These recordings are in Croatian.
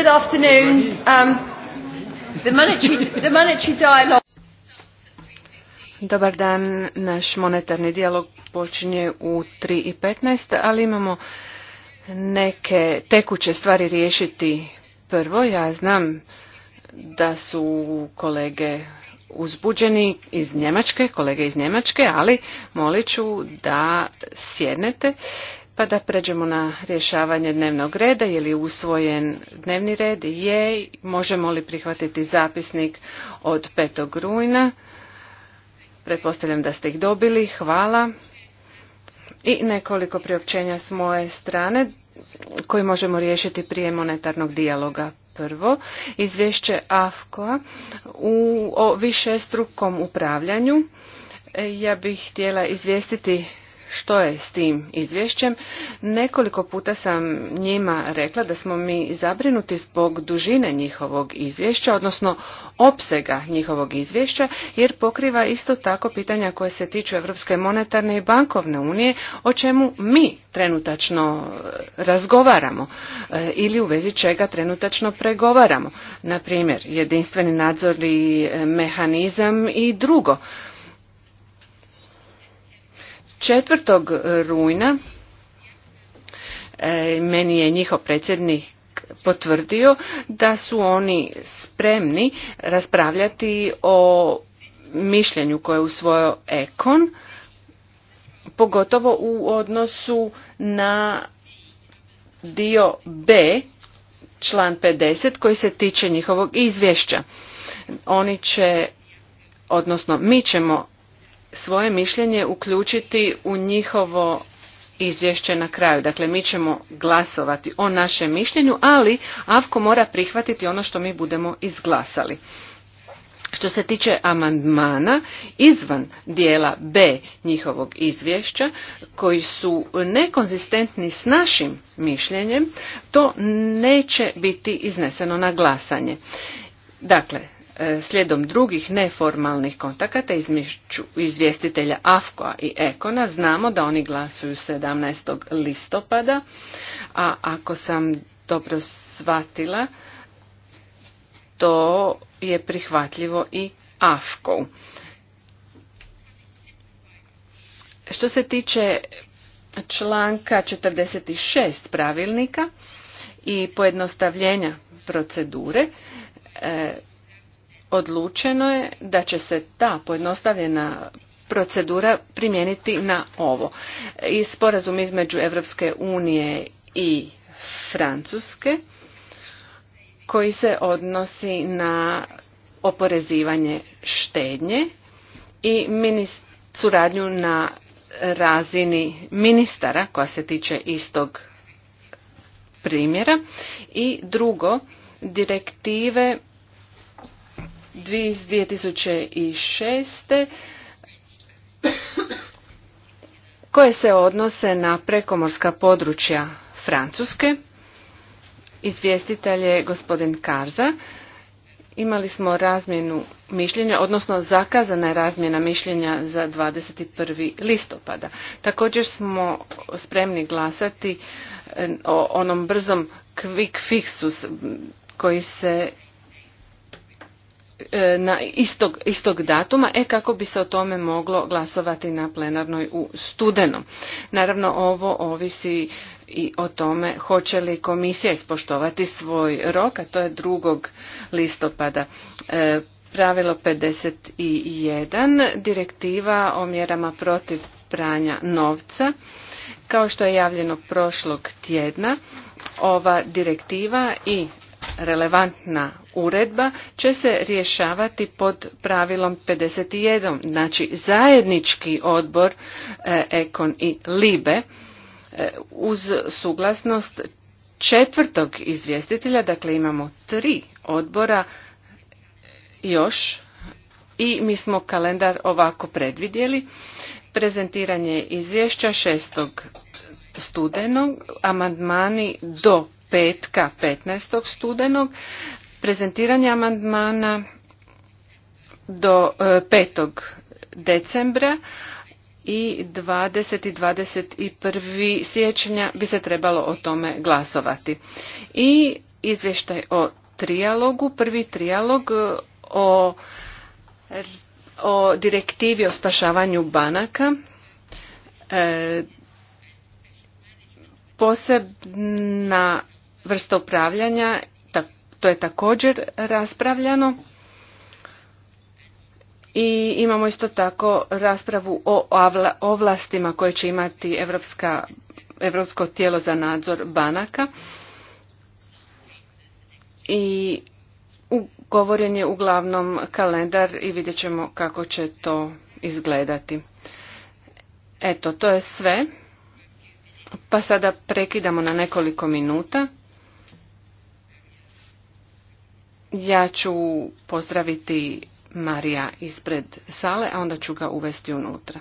Good afternoon. Um, the monetary, the monetary dialogue... Dobar dan, naš monetarni dijalog počinje u 3.15, ali imamo neke tekuće stvari riješiti prvo. Ja znam da su kolege uzbuđeni iz Njemačke, kolege iz Njemačke, ali molit ću da sjednete pa da pređemo na rješavanje dnevnog reda, je li usvojen dnevni red? Je, možemo li prihvatiti zapisnik od 5. rujna? Pretpostavljam da ste ih dobili, hvala. I nekoliko priopćenja s moje strane koji možemo riješiti prije monetarnog dijaloga. Prvo, izvješće AFKO-a o višestrukom upravljanju. E, ja bih htjela izvijestiti što je s tim izvješćem. Nekoliko puta sam njima rekla da smo mi zabrinuti zbog dužine njihovog izvješća, odnosno opsega njihovog izvješća, jer pokriva isto tako pitanja koje se tiču Europske monetarne i bankovne unije, o čemu mi trenutačno e, razgovaramo e, ili u vezi čega trenutačno pregovaramo. Na primjer, jedinstveni nadzorni e, mehanizam i drugo. 4. rujna e, meni je njihov predsjednik potvrdio da su oni spremni raspravljati o mišljenju koje je usvojio Ekon, pogotovo u odnosu na dio B, član 50, koji se tiče njihovog izvješća. Oni će, odnosno mi ćemo svoje mišljenje uključiti u njihovo izvješće na kraju. Dakle, mi ćemo glasovati o našem mišljenju, ali AFKO mora prihvatiti ono što mi budemo izglasali. Što se tiče amandmana, izvan dijela B njihovog izvješća, koji su nekonzistentni s našim mišljenjem, to neće biti izneseno na glasanje. Dakle, E, slijedom drugih neformalnih kontakata između izvjestitelja AFKOA i EKONA znamo da oni glasuju 17. listopada, a ako sam dobro shvatila, to je prihvatljivo i AFKOU. Što se tiče članka 46 pravilnika i pojednostavljenja procedure, e, odlučeno je da će se ta pojednostavljena procedura primijeniti na ovo. I sporazum između Europske unije i Francuske koji se odnosi na oporezivanje štednje i suradnju na razini ministara koja se tiče istog primjera i drugo direktive 2006 koje se odnose na prekomorska područja Francuske. Izvjestitelj je gospodin Karza. Imali smo razmjenu mišljenja, odnosno zakazana je razmjena mišljenja za 21. listopada. Također smo spremni glasati e, o onom brzom quick fixu koji se E, na istog, istog datuma e kako bi se o tome moglo glasovati na plenarnoj u studenom. Naravno ovo ovisi i o tome hoće li komisija ispoštovati svoj rok, a to je 2. listopada. E, pravilo 51, direktiva o mjerama protiv pranja novca. Kao što je javljeno prošlog tjedna, ova direktiva i relevantna uredba će se rješavati pod pravilom 51. Znači zajednički odbor e, Ekon i Libe e, uz suglasnost četvrtog izvjestitelja, dakle imamo tri odbora još i mi smo kalendar ovako predvidjeli. Prezentiranje izvješća 6. studenog, amandmani do petka 15. studenog, prezentiranje amandmana do 5. E, decembra i 20. i 21. siječnja bi se trebalo o tome glasovati. I izvještaj o trijalogu, prvi trijalog e, o, o direktivi o spašavanju banaka. E, posebna vrsta upravljanja, to je također raspravljano. I imamo isto tako raspravu o ovlastima koje će imati Evropska, Evropsko tijelo za nadzor banaka. I ugovoren je uglavnom kalendar i vidjet ćemo kako će to izgledati. Eto, to je sve. Pa sada prekidamo na nekoliko minuta. Ja ću pozdraviti Marija ispred sale, a onda ću ga uvesti unutra.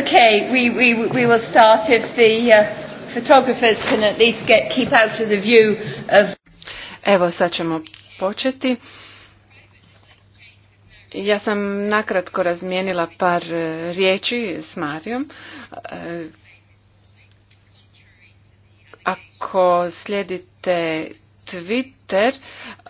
Okay, we, we, we will start if the uh, photographers can at least get, keep out of the view of... Evo, sad ćemo početi. Ja sam nakratko razmijenila par e, riječi s Marijom. E, ako slijedite Twitter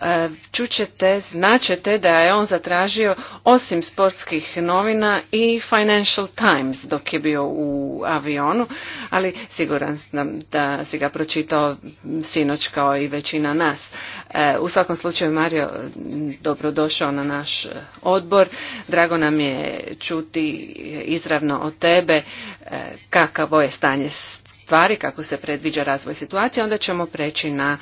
e, čućete, značete da je on zatražio osim sportskih novina i Financial Times dok je bio u avionu, ali siguran sam da si ga pročitao sinoć kao i većina nas. E, u svakom slučaju Mario dobrodošao na naš odbor. Drago nam je čuti izravno od tebe e, kakavo je stanje stvari, kako se predviđa razvoj situacije, onda ćemo preći na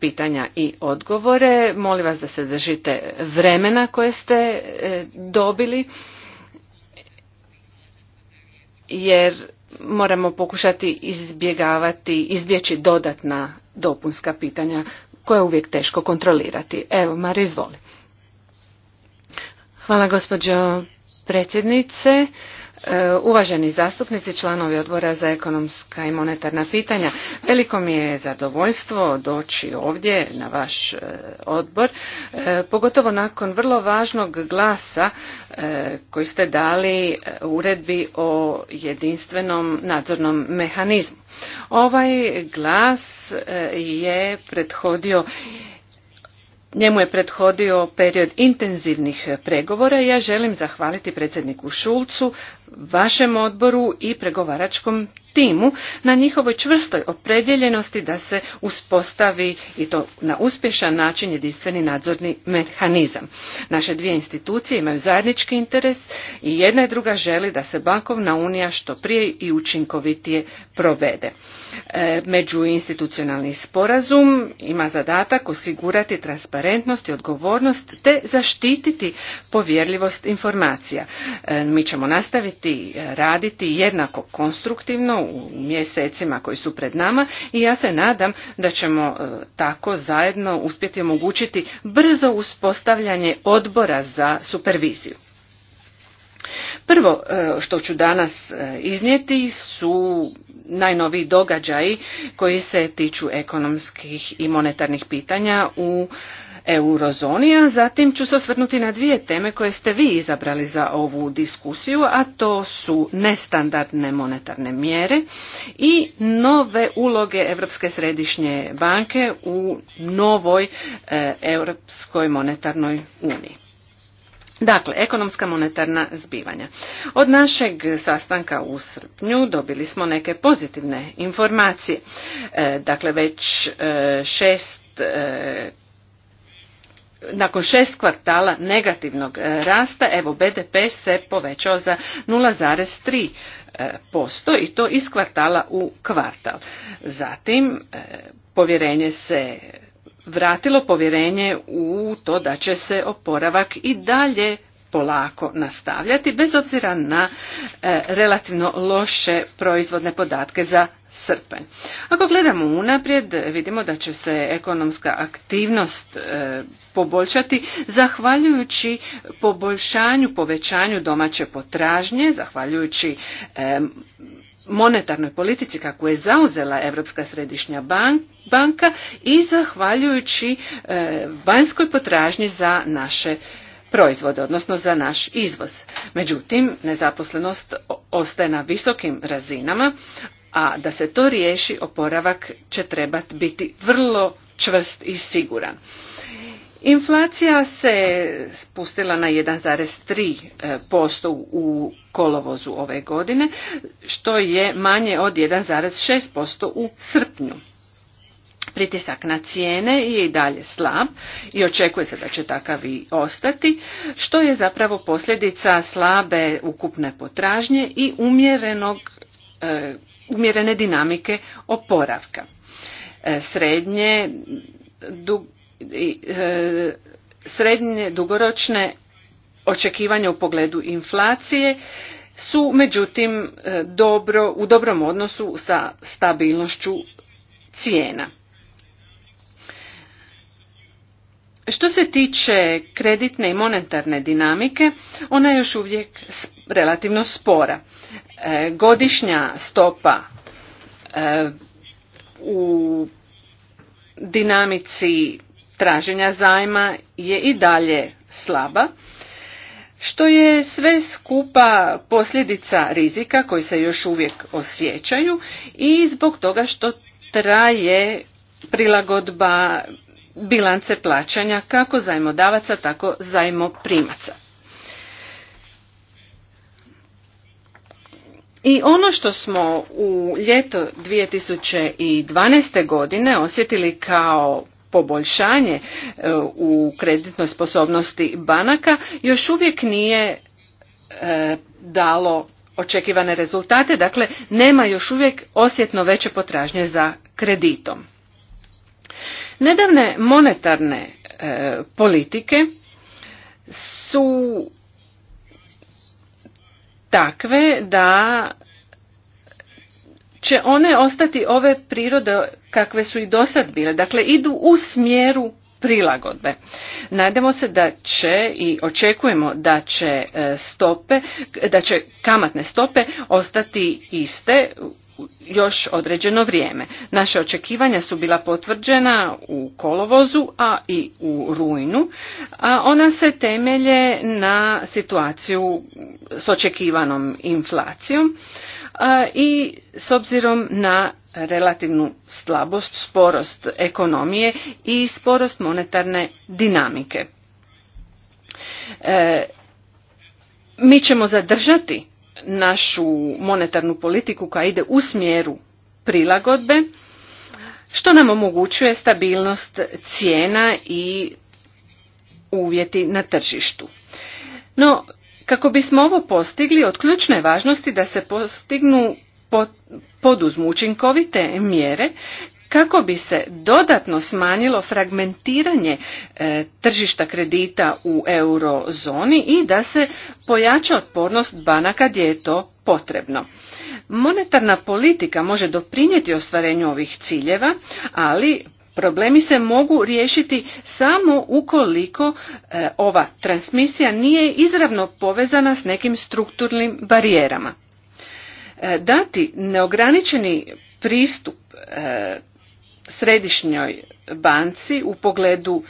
pitanja i odgovore. Molim vas da se držite vremena koje ste e, dobili, jer moramo pokušati izbjegavati, izbjeći dodatna dopunska pitanja koje je uvijek teško kontrolirati. Evo, Mari, izvoli. Hvala gospođo predsjednice. E, uvaženi zastupnici, članovi odbora za ekonomska i monetarna pitanja, veliko mi je zadovoljstvo doći ovdje na vaš e, odbor, e, pogotovo nakon vrlo važnog glasa koji ste dali uredbi o jedinstvenom nadzornom mehanizmu. Ovaj glas je prethodio Njemu je prethodio period intenzivnih pregovora i ja želim zahvaliti predsjedniku Šulcu vašem odboru i pregovaračkom timu na njihovoj čvrstoj opredjeljenosti da se uspostavi i to na uspješan način jedinstveni nadzorni mehanizam. Naše dvije institucije imaju zajednički interes i jedna i druga želi da se bankovna unija što prije i učinkovitije provede. E, međuinstitucionalni sporazum ima zadatak osigurati transparentnost i odgovornost te zaštititi povjerljivost informacija. E, mi ćemo nastaviti početi raditi jednako konstruktivno u mjesecima koji su pred nama i ja se nadam da ćemo e, tako zajedno uspjeti omogućiti brzo uspostavljanje odbora za superviziju. Prvo e, što ću danas e, iznijeti su najnoviji događaji koji se tiču ekonomskih i monetarnih pitanja u eurozoni, a zatim ću se osvrnuti na dvije teme koje ste vi izabrali za ovu diskusiju, a to su nestandardne monetarne mjere i nove uloge Europske središnje banke u novoj e, Europskoj monetarnoj uniji. Dakle, ekonomska monetarna zbivanja. Od našeg sastanka u srpnju dobili smo neke pozitivne informacije. E, dakle, već e, šest nakon šest kvartala negativnog e, rasta, evo BDP se povećao za 0,3 e, posto i to iz kvartala u kvartal. Zatim e, povjerenje se vratilo povjerenje u to da će se oporavak i dalje polako nastavljati bez obzira na e, relativno loše proizvodne podatke za srpen. Ako gledamo unaprijed vidimo da će se ekonomska aktivnost e, poboljšati zahvaljujući poboljšanju, povećanju domaće potražnje, zahvaljujući e, monetarnoj politici kako je zauzela Europska središnja banka i zahvaljujući vanjskoj potražnji za naše proizvode, odnosno za naš izvoz. Međutim, nezaposlenost ostaje na visokim razinama, a da se to riješi, oporavak će trebati biti vrlo čvrst i siguran. Inflacija se spustila na 1,3% u kolovozu ove godine, što je manje od 1,6% u srpnju Pritisak na cijene je i dalje slab i očekuje se da će takav i ostati, što je zapravo posljedica slabe ukupne potražnje i umjerenog, e, umjerene dinamike oporavka. E, srednje, e, srednje dugoročne očekivanja u pogledu inflacije su međutim dobro, u dobrom odnosu sa stabilnošću cijena. Što se tiče kreditne i monetarne dinamike, ona je još uvijek relativno spora. E, godišnja stopa e, u dinamici traženja zajma je i dalje slaba, što je sve skupa posljedica rizika koji se još uvijek osjećaju i zbog toga što traje prilagodba bilance plaćanja kako zajmodavaca, tako zajmoprimaca. I ono što smo u ljeto 2012. godine osjetili kao poboljšanje e, u kreditnoj sposobnosti banaka još uvijek nije e, dalo očekivane rezultate, dakle nema još uvijek osjetno veće potražnje za kreditom. Nedavne monetarne e, politike su takve da će one ostati ove prirode kakve su i dosad bile. Dakle, idu u smjeru prilagodbe. Nadamo se da će i očekujemo da će e, stope, da će kamatne stope ostati iste još određeno vrijeme. Naše očekivanja su bila potvrđena u kolovozu, a i u rujnu, a ona se temelje na situaciju s očekivanom inflacijom i s obzirom na relativnu slabost, sporost ekonomije i sporost monetarne dinamike. E, mi ćemo zadržati našu monetarnu politiku koja ide u smjeru prilagodbe, što nam omogućuje stabilnost cijena i uvjeti na tržištu. No, kako bismo ovo postigli, od ključne važnosti da se postignu poduzmu učinkovite mjere kako bi se dodatno smanjilo fragmentiranje e, tržišta kredita u eurozoni i da se pojača otpornost banaka gdje je to potrebno. Monetarna politika može doprinijeti ostvarenju ovih ciljeva, ali Problemi se mogu riješiti samo ukoliko e, ova transmisija nije izravno povezana s nekim strukturnim barijerama. E, dati neograničeni pristup središnjoj banci u pogledu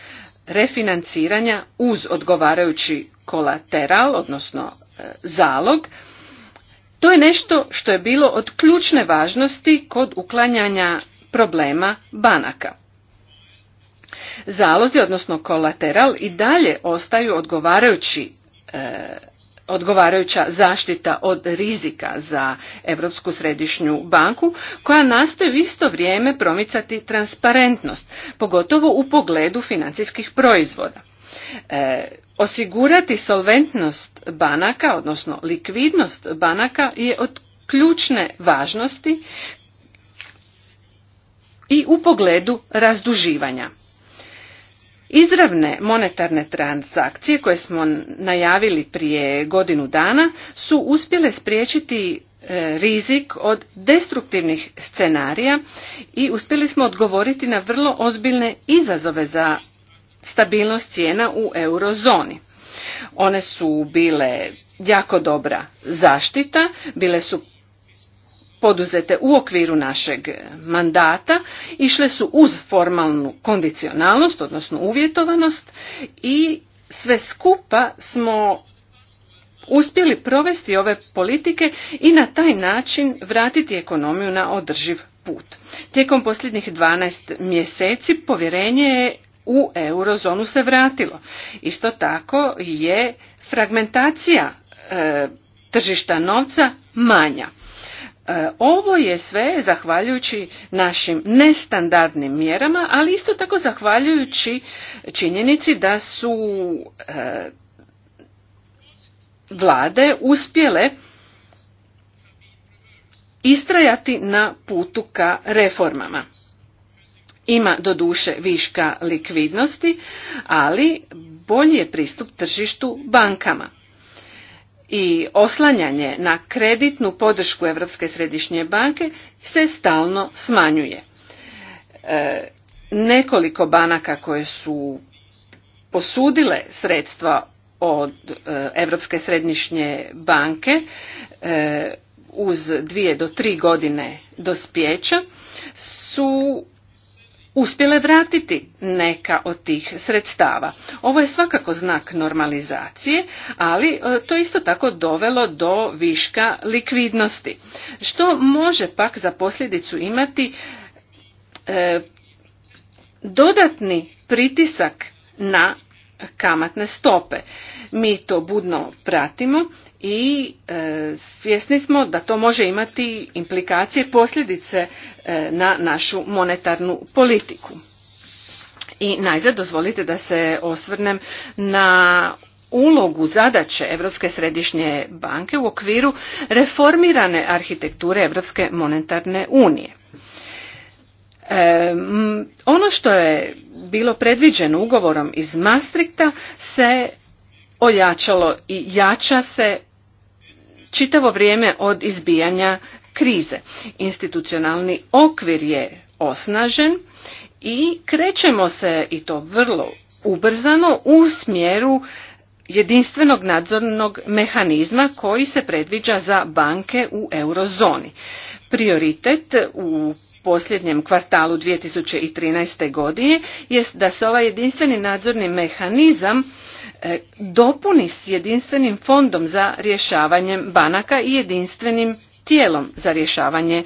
refinanciranja uz odgovarajući kolateral, odnosno e, zalog, to je nešto što je bilo od ključne važnosti kod uklanjanja problema banaka. Zalozi, odnosno kolateral, i dalje ostaju odgovarajući e, odgovarajuća zaštita od rizika za Europsku središnju banku koja nastoji u isto vrijeme promicati transparentnost, pogotovo u pogledu financijskih proizvoda. E, osigurati solventnost banaka, odnosno likvidnost banaka je od ključne važnosti i u pogledu razduživanja. Izravne monetarne transakcije koje smo najavili prije godinu dana su uspjele spriječiti e, rizik od destruktivnih scenarija i uspjeli smo odgovoriti na vrlo ozbiljne izazove za stabilnost cijena u eurozoni. One su bile jako dobra zaštita, bile su poduzete u okviru našeg mandata išle su uz formalnu kondicionalnost, odnosno uvjetovanost i sve skupa smo uspjeli provesti ove politike i na taj način vratiti ekonomiju na održiv put. Tijekom posljednjih 12 mjeseci povjerenje je u eurozonu se vratilo. Isto tako je fragmentacija e, tržišta novca manja. E, ovo je sve zahvaljujući našim nestandardnim mjerama, ali isto tako zahvaljujući činjenici da su e, vlade uspjele istrajati na putu ka reformama. Ima doduše viška likvidnosti, ali bolji je pristup tržištu bankama i oslanjanje na kreditnu podršku Europske središnje banke se stalno smanjuje. E, nekoliko banaka koje su posudile sredstva od Europske središnje banke e, uz dvije do tri godine dospjeća su uspjele vratiti neka od tih sredstava. Ovo je svakako znak normalizacije, ali e, to isto tako dovelo do viška likvidnosti. Što može pak za posljedicu imati e, dodatni pritisak na kamatne stope. Mi to budno pratimo i e, svjesni smo da to može imati implikacije posljedice e, na našu monetarnu politiku. I najzad dozvolite da se osvrnem na ulogu zadaće Europske središnje banke u okviru reformirane arhitekture Europske monetarne unije. E, ono što je bilo predviđeno ugovorom iz Maastrichta se ojačalo i jača se čitavo vrijeme od izbijanja krize. Institucionalni okvir je osnažen i krećemo se i to vrlo ubrzano u smjeru jedinstvenog nadzornog mehanizma koji se predviđa za banke u eurozoni. Prioritet u posljednjem kvartalu 2013. godine jest da se ovaj jedinstveni nadzorni mehanizam e, dopuni s jedinstvenim fondom za rješavanje banaka i jedinstvenim tijelom za rješavanje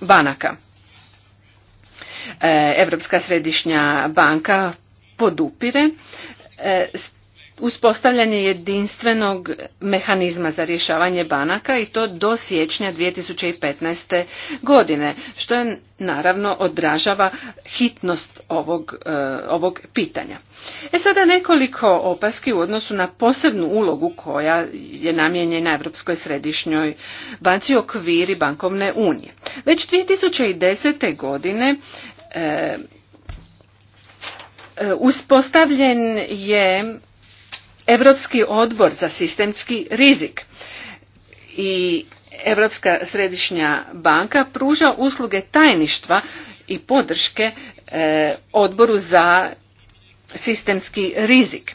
banaka. E, Europska središnja banka podupire e, uspostavljanje jedinstvenog mehanizma za rješavanje banaka i to do siječnja 2015. godine, što je naravno odražava hitnost ovog, e, ovog pitanja. E sada nekoliko opaski u odnosu na posebnu ulogu koja je namijenjena Europskoj središnjoj banci okviri bankovne unije. Već 2010. godine e, e, uspostavljen je Europski odbor za sistemski rizik i Europska središnja banka pruža usluge tajništva i podrške e, odboru za sistemski rizik.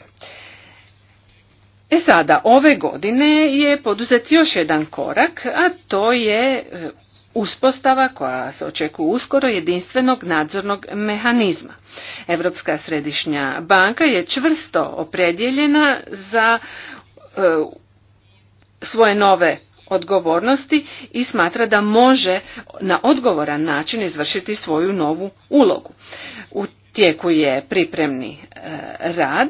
E sada, ove godine je poduzet još jedan korak, a to je e, uspostava koja se očekuje uskoro jedinstvenog nadzornog mehanizma. Europska središnja banka je čvrsto opredjeljena za e, svoje nove odgovornosti i smatra da može na odgovoran način izvršiti svoju novu ulogu. U tijeku je pripremni e, rad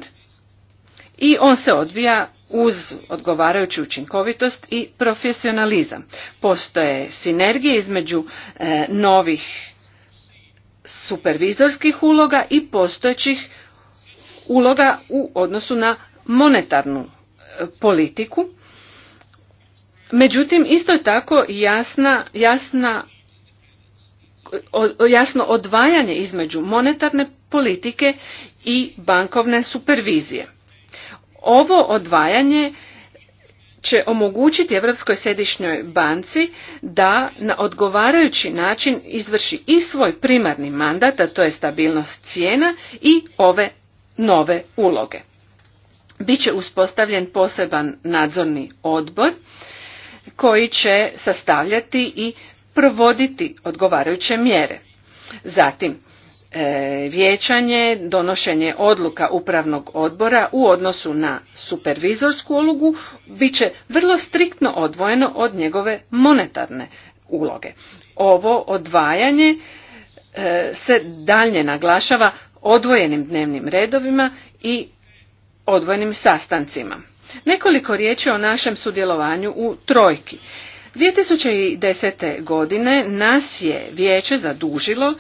i on se odvija uz odgovarajuću učinkovitost i profesionalizam. Postoje sinergije između e, novih supervizorskih uloga i postojećih uloga u odnosu na monetarnu e, politiku. Međutim, isto je tako jasna, jasna, jasno odvajanje između monetarne politike i bankovne supervizije. Ovo odvajanje će omogućiti Europskoj središnjoj banci da na odgovarajući način izvrši i svoj primarni mandat, a to je stabilnost cijena i ove nove uloge. Biće uspostavljen poseban nadzorni odbor koji će sastavljati i provoditi odgovarajuće mjere. Zatim, E, vijećanje, donošenje odluka upravnog odbora u odnosu na supervizorsku ulogu bit će vrlo striktno odvojeno od njegove monetarne uloge. Ovo odvajanje e, se dalje naglašava odvojenim dnevnim redovima i odvojenim sastancima. Nekoliko riječi o našem sudjelovanju u trojki. 2010. godine nas je vijeće zadužilo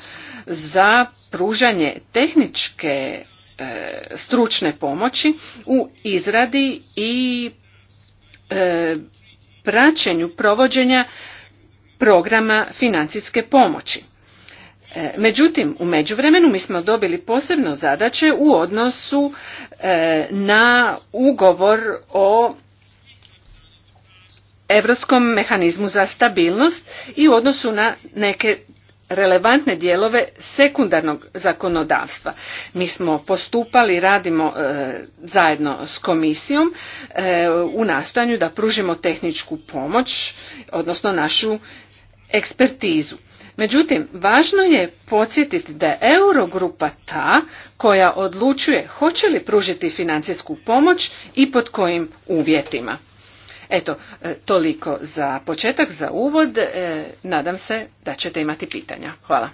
za pružanje tehničke e, stručne pomoći u izradi i e, praćenju provođenja programa financijske pomoći. E, međutim, u međuvremenu mi smo dobili posebno zadaće u odnosu na ugovor o europskom mehanizmu za stabilnost i u odnosu na neke relevantne dijelove sekundarnog zakonodavstva. Mi smo postupali, radimo e, zajedno s komisijom e, u nastojanju da pružimo tehničku pomoć, odnosno našu ekspertizu. Međutim, važno je podsjetiti da je Eurogrupa ta koja odlučuje hoće li pružiti financijsku pomoć i pod kojim uvjetima. Eto, e, toliko za početak, za uvod. E, nadam se da ćete imati pitanja. Hvala.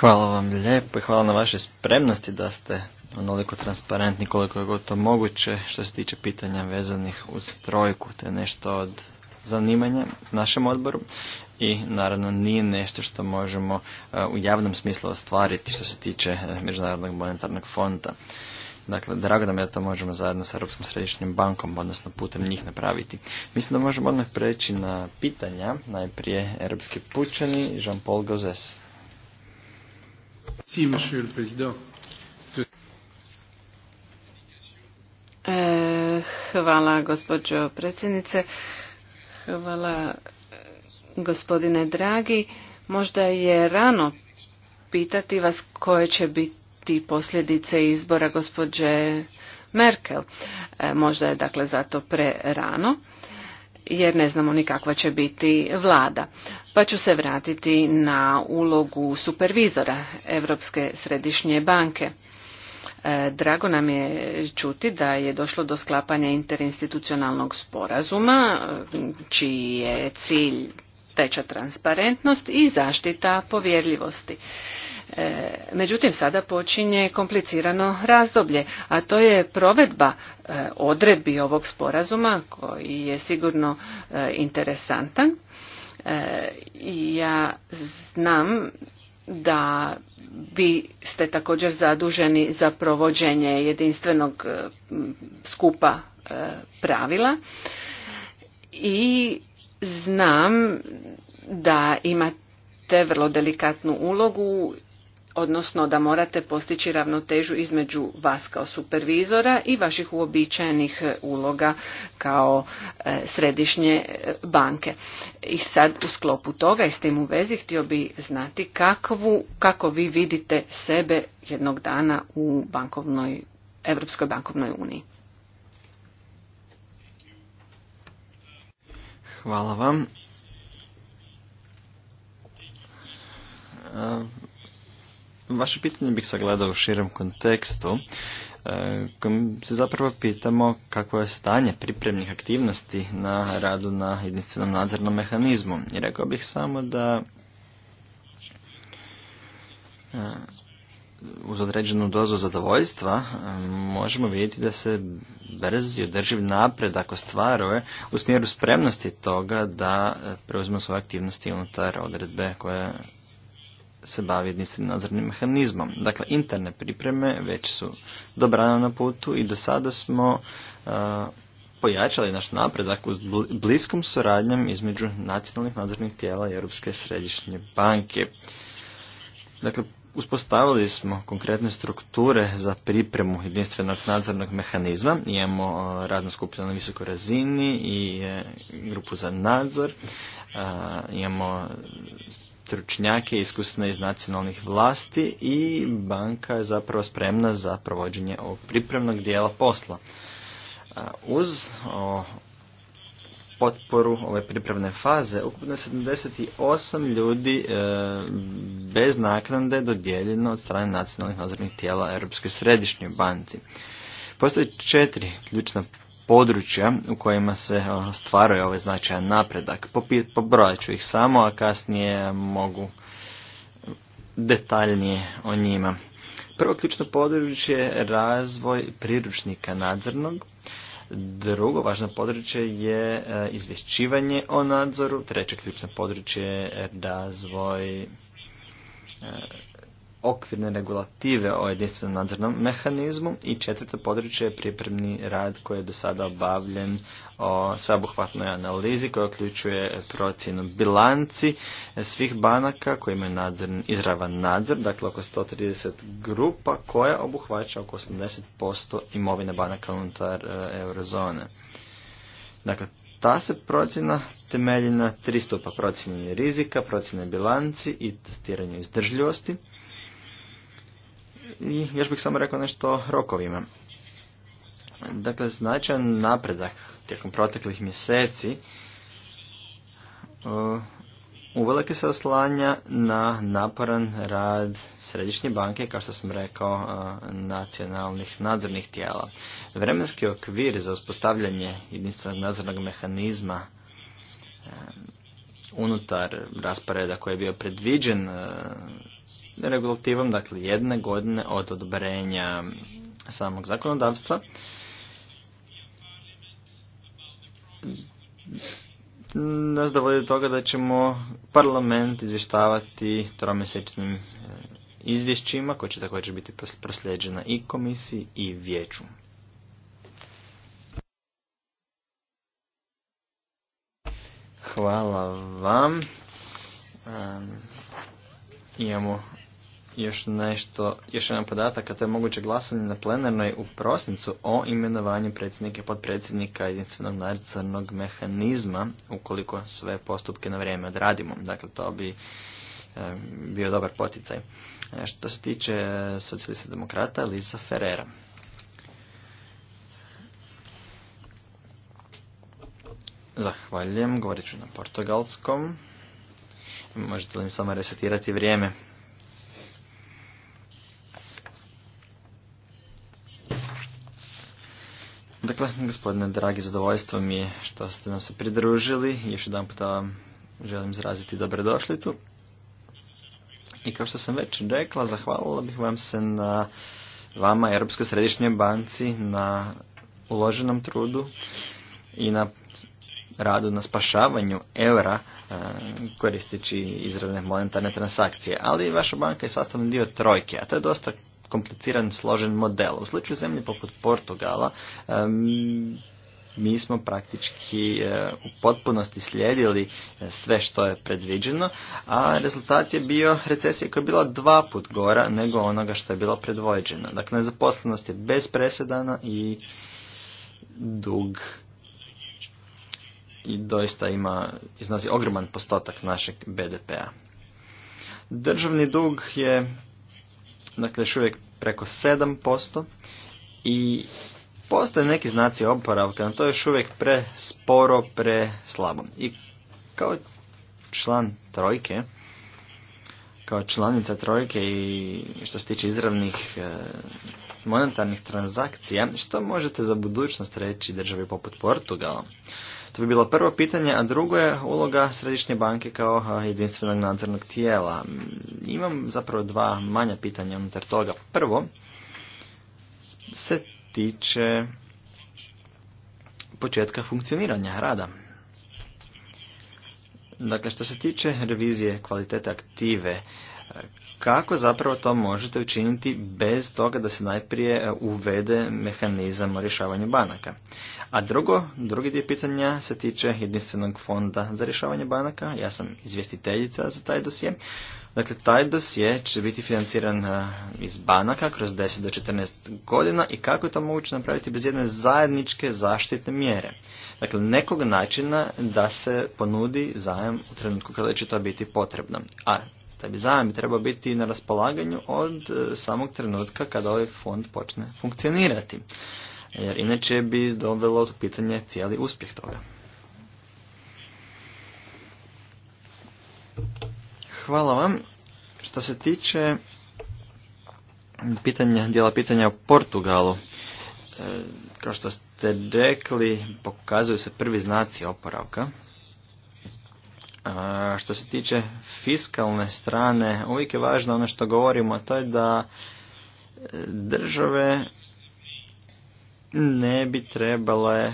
Hvala vam lijepo i hvala na vaše spremnosti da ste onoliko transparentni koliko je gotovo moguće što se tiče pitanja vezanih uz trojku. To je nešto od zanimanja našem odboru i naravno nije nešto što možemo e, u javnom smislu ostvariti što se tiče Međunarodnog monetarnog fonda. Dakle, drago nam je da to možemo zajedno sa Europskom središnjim bankom, odnosno putem njih napraviti. Mislim da možemo odmah preći na pitanja. Najprije Europski pučani, Jean-Paul Gozes. Si, e, hvala, gospođo predsjednice. Hvala, gospodine dragi. Možda je rano pitati vas koje će biti i posljedice izbora gospođe Merkel. E, možda je dakle zato pre rano jer ne znamo ni kakva će biti vlada. Pa ću se vratiti na ulogu supervizora Europske središnje banke. E, drago nam je čuti da je došlo do sklapanja interinstitucionalnog sporazuma, čiji je cilj veća transparentnost i zaštita povjerljivosti. E, međutim, sada počinje komplicirano razdoblje, a to je provedba e, odredbi ovog sporazuma koji je sigurno e, interesantan. Ja znam da vi ste također zaduženi za provođenje jedinstvenog skupa pravila i znam da imate vrlo delikatnu ulogu odnosno da morate postići ravnotežu između vas kao supervizora i vaših uobičajenih e, uloga kao e, središnje e, banke. I sad u sklopu toga i s tim u vezi htio bi znati kakvu, kako vi vidite sebe jednog dana u bankovnoj, Europskoj bankovnoj uniji. Hvala vam. Vaše pitanje bih sagledao u širem kontekstu e, kojim se zapravo pitamo kako je stanje pripremnih aktivnosti na radu na jedinstvenom nadzornom mehanizmu. I rekao bih samo da e, uz određenu dozu zadovoljstva e, možemo vidjeti da se brzi održiv ako ostvaruje u smjeru spremnosti toga da preuzme svoje aktivnosti unutar odredbe koje se bavi jedinstvenim nadzornim mehanizmom. Dakle, interne pripreme već su dobrano na putu i do sada smo e, pojačali naš napredak uz bliskom suradnjom između nacionalnih nadzornih tijela i Europske središnje banke. Dakle, Uspostavili smo konkretne strukture za pripremu jedinstvenog nadzornog mehanizma. Imamo e, radnu skupinu na visokoj razini i e, grupu za nadzor. E, imamo stručnjake iskusne iz nacionalnih vlasti i banka je zapravo spremna za provođenje ovog pripremnog dijela posla. Uz potporu ove pripravne faze, ukupno 78 ljudi e, bez naknade dodijeljeno od strane nacionalnih nadzornih tijela Europske središnje banci. Postoje četiri ključna područja u kojima se e, stvaruje ovaj značajan napredak. Pobrojat ću ih samo, a kasnije mogu detaljnije o njima. Prvo ključno područje je razvoj priručnika nadzornog. Drugo važno područje je e, izvješćivanje o nadzoru. Treće ključno područje je razvoj e, okvirne regulative o jedinstvenom nadzornom mehanizmu i četvrto područje je pripremni rad koji je do sada obavljen o sveobuhvatnoj analizi koja uključuje procjenu bilanci svih banaka koji imaju nadzor, izravan nadzor, dakle oko 130 grupa koja obuhvaća oko 80% imovine banaka unutar e, eurozone. Dakle, ta se procjena temelji na tri stupa rizika, procjene bilanci i testiranju izdržljivosti. I još bih samo rekao nešto o rokovima. Dakle, značajan napredak tijekom proteklih mjeseci uh, uvelike se oslanja na naporan rad središnje banke, kao što sam rekao, uh, nacionalnih nadzornih tijela. Vremenski okvir za uspostavljanje jedinstvenog nadzornog mehanizma unutar rasporeda koji je bio predviđen e, regulativom, dakle jedne godine od odobrenja samog zakonodavstva. Nas dovodi do toga da ćemo parlament izvještavati tromjesečnim e, izvješćima koje će također biti prosljeđena i komisiji i vijeću. Hvala vam. Um, imamo još nešto, još jedan podatak, a to je moguće glasanje na plenarnoj u prosincu o imenovanju predsjednika i podpredsjednika jedinstvenog nadzornog mehanizma ukoliko sve postupke na vrijeme odradimo. Dakle, to bi bio dobar poticaj. E, što se tiče socijalista demokrata, Lisa Ferrera. Zahvaljujem, govorit ću na portugalskom. Možete li mi samo resetirati vrijeme? Dakle, gospodine dragi, zadovoljstvo mi je što ste nam se pridružili. Još jedan puta vam želim izraziti dobrodošlicu. I kao što sam već rekla, zahvalila bih vam se na vama, Europskoj središnjoj banci, na uloženom trudu i na radu na spašavanju eura e, koristeći izravne monetarne transakcije. Ali vaša banka je sastavni dio trojke, a to je dosta kompliciran, složen model. U slučaju zemlje poput Portugala mi smo praktički e, u potpunosti slijedili e, sve što je predviđeno, a rezultat je bio recesija koja je bila dva put gora nego onoga što je bilo predvođeno. Dakle, nezaposlenost je bez presedana i dug i doista ima, iznosi ogroman postotak našeg BDP-a. Državni dug je dakle još uvijek preko 7% i postoje neki znaci oporavka, no to je još uvijek pre slabo. I kao član trojke, kao članica trojke i što se tiče izravnih e, monetarnih transakcija, što možete za budućnost reći državi poput Portugala? To bi bilo prvo pitanje, a drugo je uloga Središnje banke kao jedinstvenog nadzornog tijela. Imam zapravo dva manja pitanja unutar toga. Prvo se tiče početka funkcioniranja rada. Dakle, što se tiče revizije kvalitete aktive, kako zapravo to možete učiniti bez toga da se najprije e, uvede mehanizam o rješavanju banaka? A drugo, drugi dio pitanja se tiče jedinstvenog fonda za rješavanje banaka. Ja sam izvjestiteljica za taj dosje. Dakle, taj dosje će biti financiran e, iz banaka kroz 10 do 14 godina i kako je to moguće napraviti bez jedne zajedničke zaštitne mjere. Dakle, nekog načina da se ponudi zajem u trenutku kada će to biti potrebno. A taj bi zajam trebao biti na raspolaganju od e, samog trenutka kada ovaj fond počne funkcionirati. Jer inače bi dovelo u pitanje cijeli uspjeh toga. Hvala vam. Što se tiče pitanja, dijela pitanja o Portugalu, e, kao što ste rekli, pokazuju se prvi znaci oporavka što se tiče fiskalne strane, uvijek je važno ono što govorimo, to je da e, države ne bi trebale e,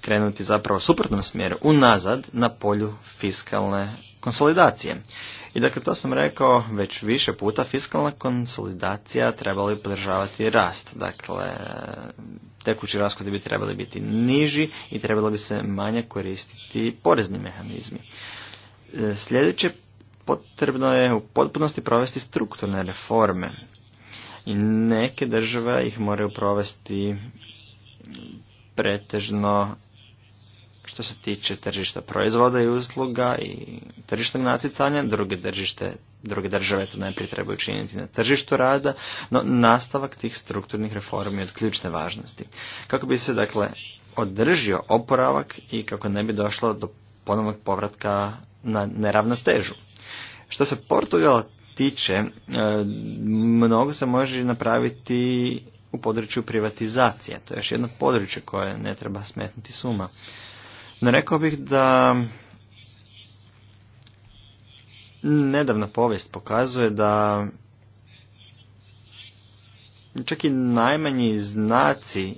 krenuti zapravo suprotnom smjeru unazad na polju fiskalne konsolidacije. I dakle, to sam rekao već više puta, fiskalna konsolidacija trebala bi podržavati rast. Dakle, tekući rashodi bi trebali biti niži i trebalo bi se manje koristiti porezni mehanizmi. E, sljedeće, potrebno je u potpunosti provesti strukturne reforme. I neke države ih moraju provesti pretežno što se tiče tržišta proizvoda i usluga i tržišnog natjecanja, druge, držište, druge države to najprije trebaju činiti na tržištu rada, no nastavak tih strukturnih reformi je od ključne važnosti. Kako bi se dakle održio oporavak i kako ne bi došlo do ponovnog povratka na neravnotežu. Što se Portugala tiče, e, mnogo se može napraviti u području privatizacije. To je još jedno područje koje ne treba smetnuti suma. No rekao bih da nedavna povijest pokazuje da čak i najmanji znaci e,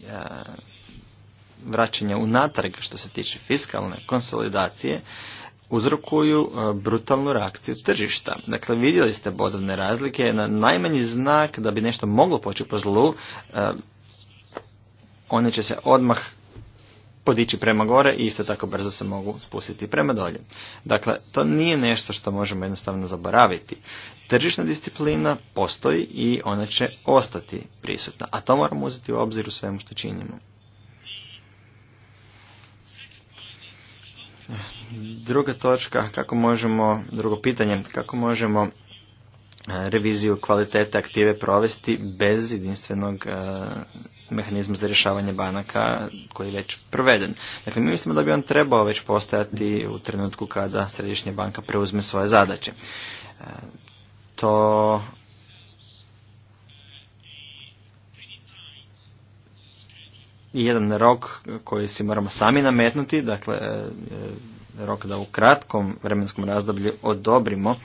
vraćanja unatrag što se tiče fiskalne konsolidacije uzrokuju e, brutalnu reakciju tržišta. Dakle, vidjeli ste bodovne razlike na najmanji znak da bi nešto moglo poći po zlu, e, one će se odmah podići prema gore i isto tako brzo se mogu spustiti prema dolje. Dakle, to nije nešto što možemo jednostavno zaboraviti. Tržišna disciplina postoji i ona će ostati prisutna, a to moramo uzeti u obzir u svemu što činimo. Druga točka, kako možemo, drugo pitanje, kako možemo reviziju kvalitete aktive provesti bez jedinstvenog mehanizma za rješavanje banaka koji je već proveden. Dakle, mi mislimo da bi on trebao već postojati u trenutku kada Središnja banka preuzme svoje zadaće. To i jedan rok koji si moramo sami nametnuti, dakle e, rok da u kratkom vremenskom razdoblju odobrimo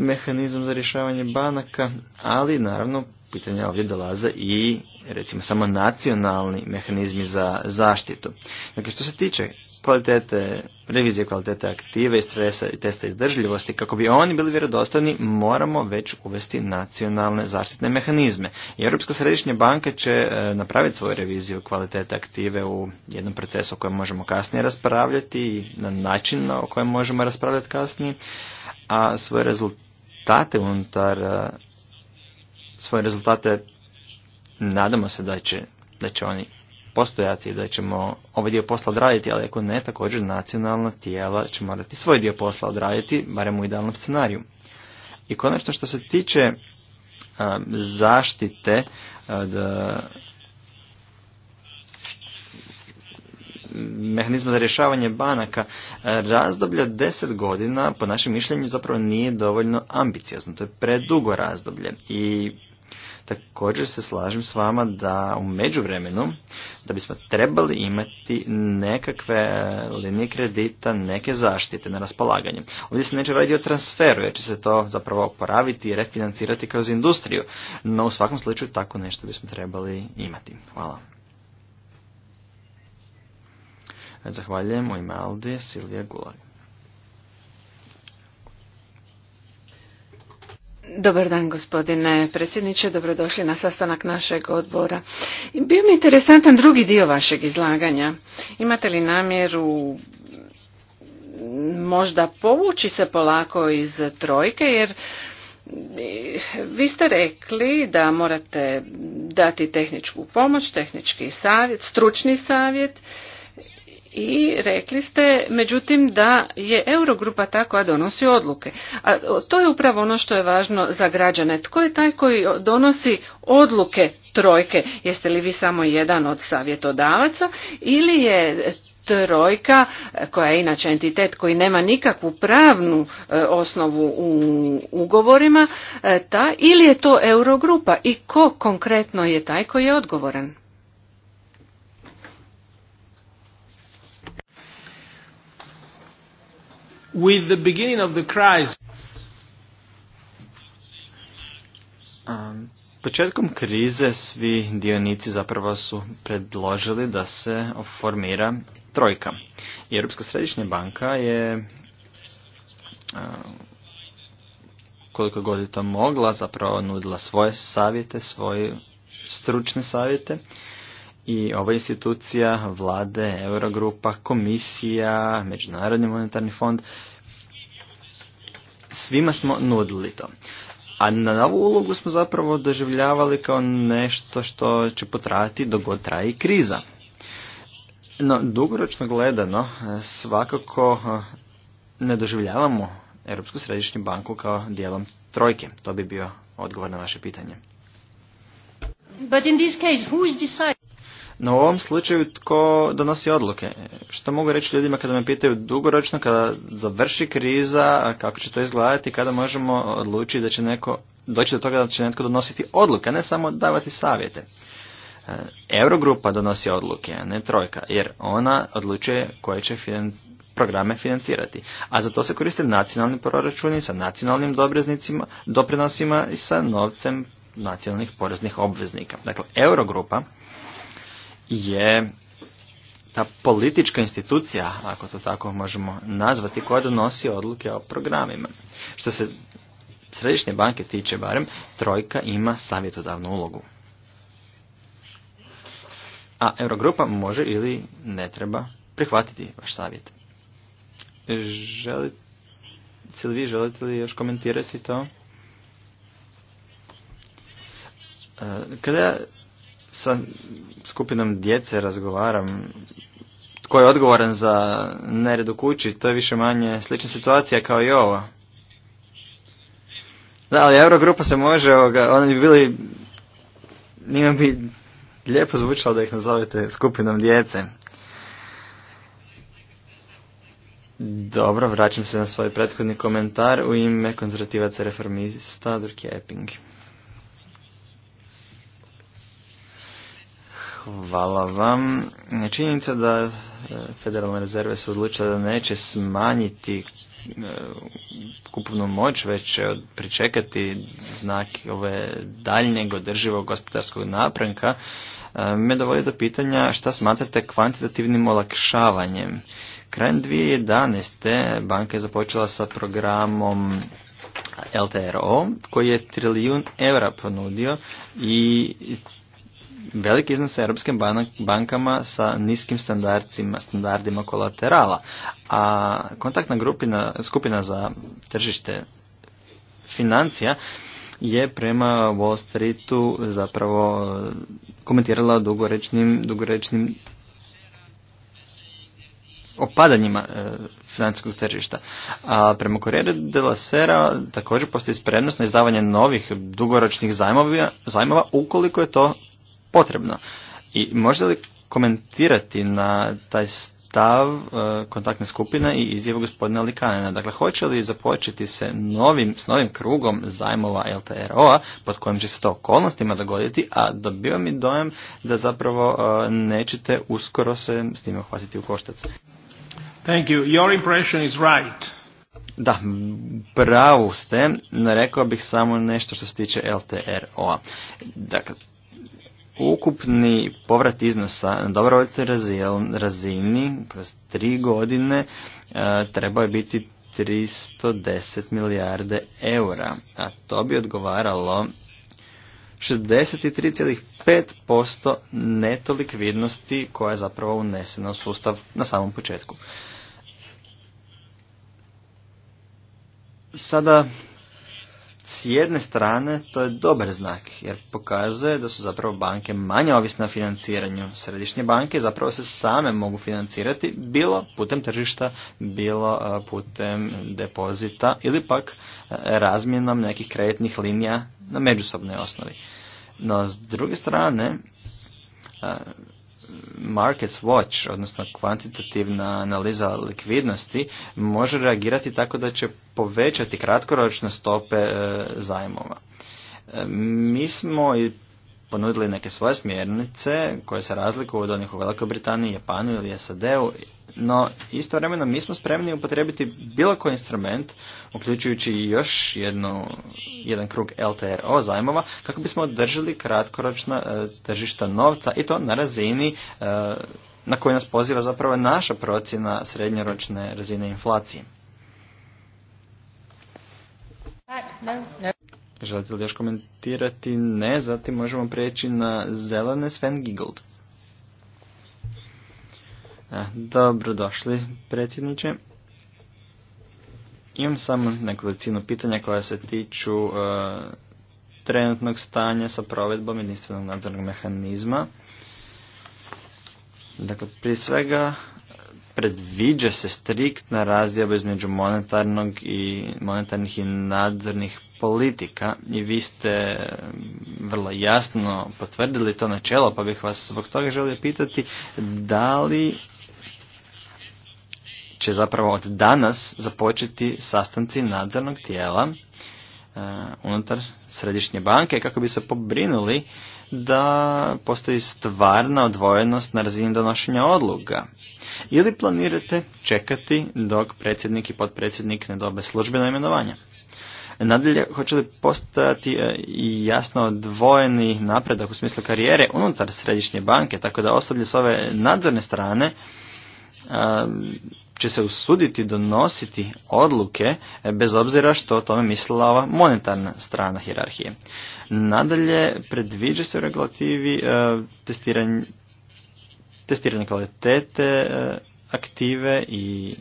mehanizam za rješavanje banaka, ali naravno pitanja ovdje dolaze i recimo samo nacionalni mehanizmi za zaštitu. Dakle, što se tiče kvalitete, revizije kvalitete aktive i stresa i testa izdržljivosti, kako bi oni bili vjerodostojni, moramo već uvesti nacionalne zaštitne mehanizme. I Europska središnja banka će e, napraviti svoju reviziju kvalitete aktive u jednom procesu o kojem možemo kasnije raspravljati i na način o kojem možemo raspravljati kasnije, a svoje rezultate rezultate unutar e, svoje rezultate nadamo se da će, da će oni postojati i da ćemo ovaj dio posla odraditi, ali ako ne, također nacionalna tijela će morati svoj dio posla odraditi, barem u idealnom scenariju. I konačno što se tiče e, zaštite e, da, mehanizma za rješavanje banaka, razdoblje od deset godina, po našem mišljenju, zapravo nije dovoljno ambiciozno. To je predugo razdoblje i također se slažem s vama da u međuvremenu da bismo trebali imati nekakve linije kredita, neke zaštite na raspolaganju. Ovdje se neće raditi o transferu, jer će se to zapravo oporaviti i refinancirati kroz industriju, no u svakom slučaju tako nešto bismo trebali imati. Hvala. Zahvaljujem u ime Silvija Dobar dan gospodine predsjedniče, dobrodošli na sastanak našeg odbora. Bio mi interesantan drugi dio vašeg izlaganja. Imate li namjeru možda povući se polako iz trojke jer vi ste rekli da morate dati tehničku pomoć, tehnički savjet, stručni savjet i rekli ste međutim da je Eurogrupa ta koja donosi odluke. A to je upravo ono što je važno za građane. Tko je taj koji donosi odluke trojke? Jeste li vi samo jedan od savjetodavaca ili je trojka e, koja je inače entitet koji nema nikakvu pravnu e, osnovu u ugovorima e, ta ili je to Eurogrupa i ko konkretno je taj koji je odgovoran? with the beginning of the početkom krize svi dionici zapravo su predložili da se formira trojka. Europska središnja banka je koliko god je to mogla zapravo nudila svoje savjete, svoje stručne savjete i ova institucija, vlade, Eurogrupa, komisija, Međunarodni monetarni fond, svima smo nudili to. A na ovu ulogu smo zapravo doživljavali kao nešto što će potrajati dok god traji kriza. No, dugoročno gledano, svakako eh, ne doživljavamo Europsku središnju banku kao dijelom trojke. To bi bio odgovor na vaše pitanje. But in this case, who is no u ovom slučaju tko donosi odluke? Što mogu reći ljudima kada me pitaju dugoročno, kada završi kriza, kako će to izgledati, kada možemo odlučiti da će neko, doći do toga da će netko donositi odluke, ne samo davati savjete. E, Eurogrupa donosi odluke, a ne trojka, jer ona odlučuje koje će programe financirati. A za to se koriste nacionalni proračuni sa nacionalnim dobreznicima, doprinosima i sa novcem nacionalnih poreznih obveznika. Dakle, Eurogrupa je ta politička institucija, ako to tako možemo nazvati, koja donosi odluke o programima. Što se središnje banke tiče barem, trojka ima savjetodavnu ulogu. A Eurogrupa može ili ne treba prihvatiti vaš savjet. Želite li želite još komentirati to? E, kada sa skupinom djece razgovaram tko je odgovoran za nered u kući, to je više manje slična situacija kao i ova. Da, ali Eurogrupa se može, ovoga, oni bi bili, njima bi lijepo zvučalo da ih nazovete skupinom djece. Dobro, vraćam se na svoj prethodni komentar u ime konzervativaca reformista Durke Epping. Hvala vam. Činjenica da e, federalne rezerve su odlučile da neće smanjiti e, kupovnu moć, već će pričekati znak ove daljnjeg održivog gospodarskog naprenka, e, me dovodi do pitanja šta smatrate kvantitativnim olakšavanjem. Krajem 2011. banka je započela sa programom LTRO koji je trilijun evra ponudio i veliki iznose europskim bankama sa niskim standardima, standardima kolaterala. A kontaktna grupina, skupina za tržište financija je prema Wall Streetu zapravo komentirala dugoročnim dugorečnim, opadanjima e, financijskog tržišta. A prema Corriere de la Sera također postoji spremnost na izdavanje novih dugoročnih zajmova ukoliko je to potrebno. I možete li komentirati na taj stav e, kontaktne skupine i izjavu gospodina Likanena. Dakle, hoće li započeti se novim, s novim krugom zajmova LTRO-a, pod kojim će se to okolnostima dogoditi, a dobio mi dojam da zapravo e, nećete uskoro se s time uhvatiti u koštac. Thank you. Your impression is right. Da, pravu ste, rekao bih samo nešto što se tiče LTRO-a. Dakle, ukupni povrat iznosa na dobrovoljnoj razini kroz tri godine e, trebao je biti 310 milijarde eura, a to bi odgovaralo 63,5% neto likvidnosti koja je zapravo unesena u sustav na samom početku. Sada s jedne strane to je dobar znak jer pokazuje da su zapravo banke manje ovisne o financiranju. Središnje banke zapravo se same mogu financirati bilo putem tržišta, bilo e, putem depozita ili pak e, razmjenom nekih kreditnih linija na međusobnoj osnovi. No s druge strane e, Markets Watch, odnosno kvantitativna analiza likvidnosti, može reagirati tako da će povećati kratkoročne stope e, zajmova. E, mi smo i ponudili neke svoje smjernice koje se razlikuju od onih u Velikoj Britaniji, Japanu ili SAD-u no istovremeno mi smo spremni upotrebiti bilo koji instrument, uključujući još jednu, jedan krug LTRO zajmova, kako bismo održali kratkoročna e, tržišta novca i to na razini e, na koju nas poziva zapravo naša procjena srednjoročne razine inflacije. Želite li još komentirati? Ne, zatim možemo prijeći na zelene Sven giggled. E, dobro došli, predsjedniče. Imam samo nekolicinu pitanja koja se tiču e, trenutnog stanja sa provedbom jedinstvenog nadzornog mehanizma. Dakle, prije svega predviđa se striktna razdjela između monetarnog i monetarnih i nadzornih politika i vi ste vrlo jasno potvrdili to načelo, pa bih vas zbog toga želio pitati da li će zapravo od danas započeti sastanci nadzornog tijela e, unutar središnje banke kako bi se pobrinuli da postoji stvarna odvojenost na razini donošenja odluga. Ili planirate čekati dok predsjednik i potpredsjednik ne dobe službeno imenovanja? Nadalje, hoće li postojati e, jasno odvojeni napredak u smislu karijere unutar središnje banke, tako da osoblje s ove nadzorne strane će se usuditi donositi odluke e, bez obzira što o tome mislila ova monetarna strana hjerarhije. Nadalje, predviđa se u regulativi e, testiranje, testiranje kvalitete e, aktive i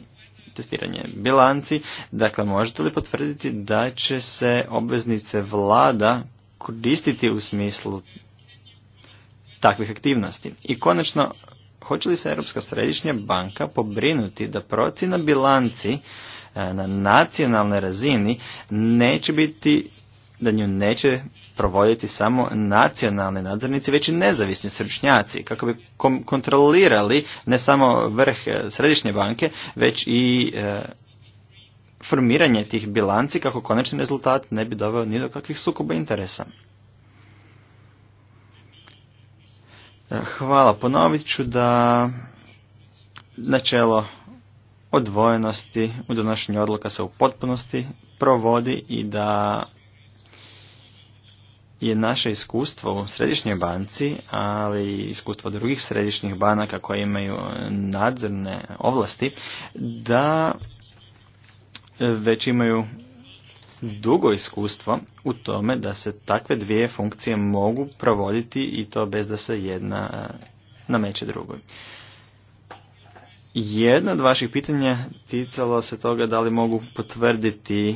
testiranje bilanci. Dakle, možete li potvrditi da će se obveznice vlada koristiti u smislu takvih aktivnosti? I konačno, hoće li se Europska središnja banka pobrinuti da procjena bilanci e, na nacionalnoj razini neće biti da nju neće provoditi samo nacionalni nadzornici, već i nezavisni stručnjaci, kako bi kontrolirali ne samo vrh e, središnje banke, već i e, formiranje tih bilanci kako konačni rezultat ne bi doveo ni do kakvih sukoba interesa. Hvala. Ponovit ću da načelo odvojenosti u donošenju odluka se u potpunosti provodi i da je naše iskustvo u središnjoj banci, ali i iskustvo drugih središnjih banaka koje imaju nadzorne ovlasti, da već imaju dugo iskustvo u tome da se takve dvije funkcije mogu provoditi i to bez da se jedna eh, nameće drugoj. Jedno od vaših pitanja ticalo se toga da li mogu potvrditi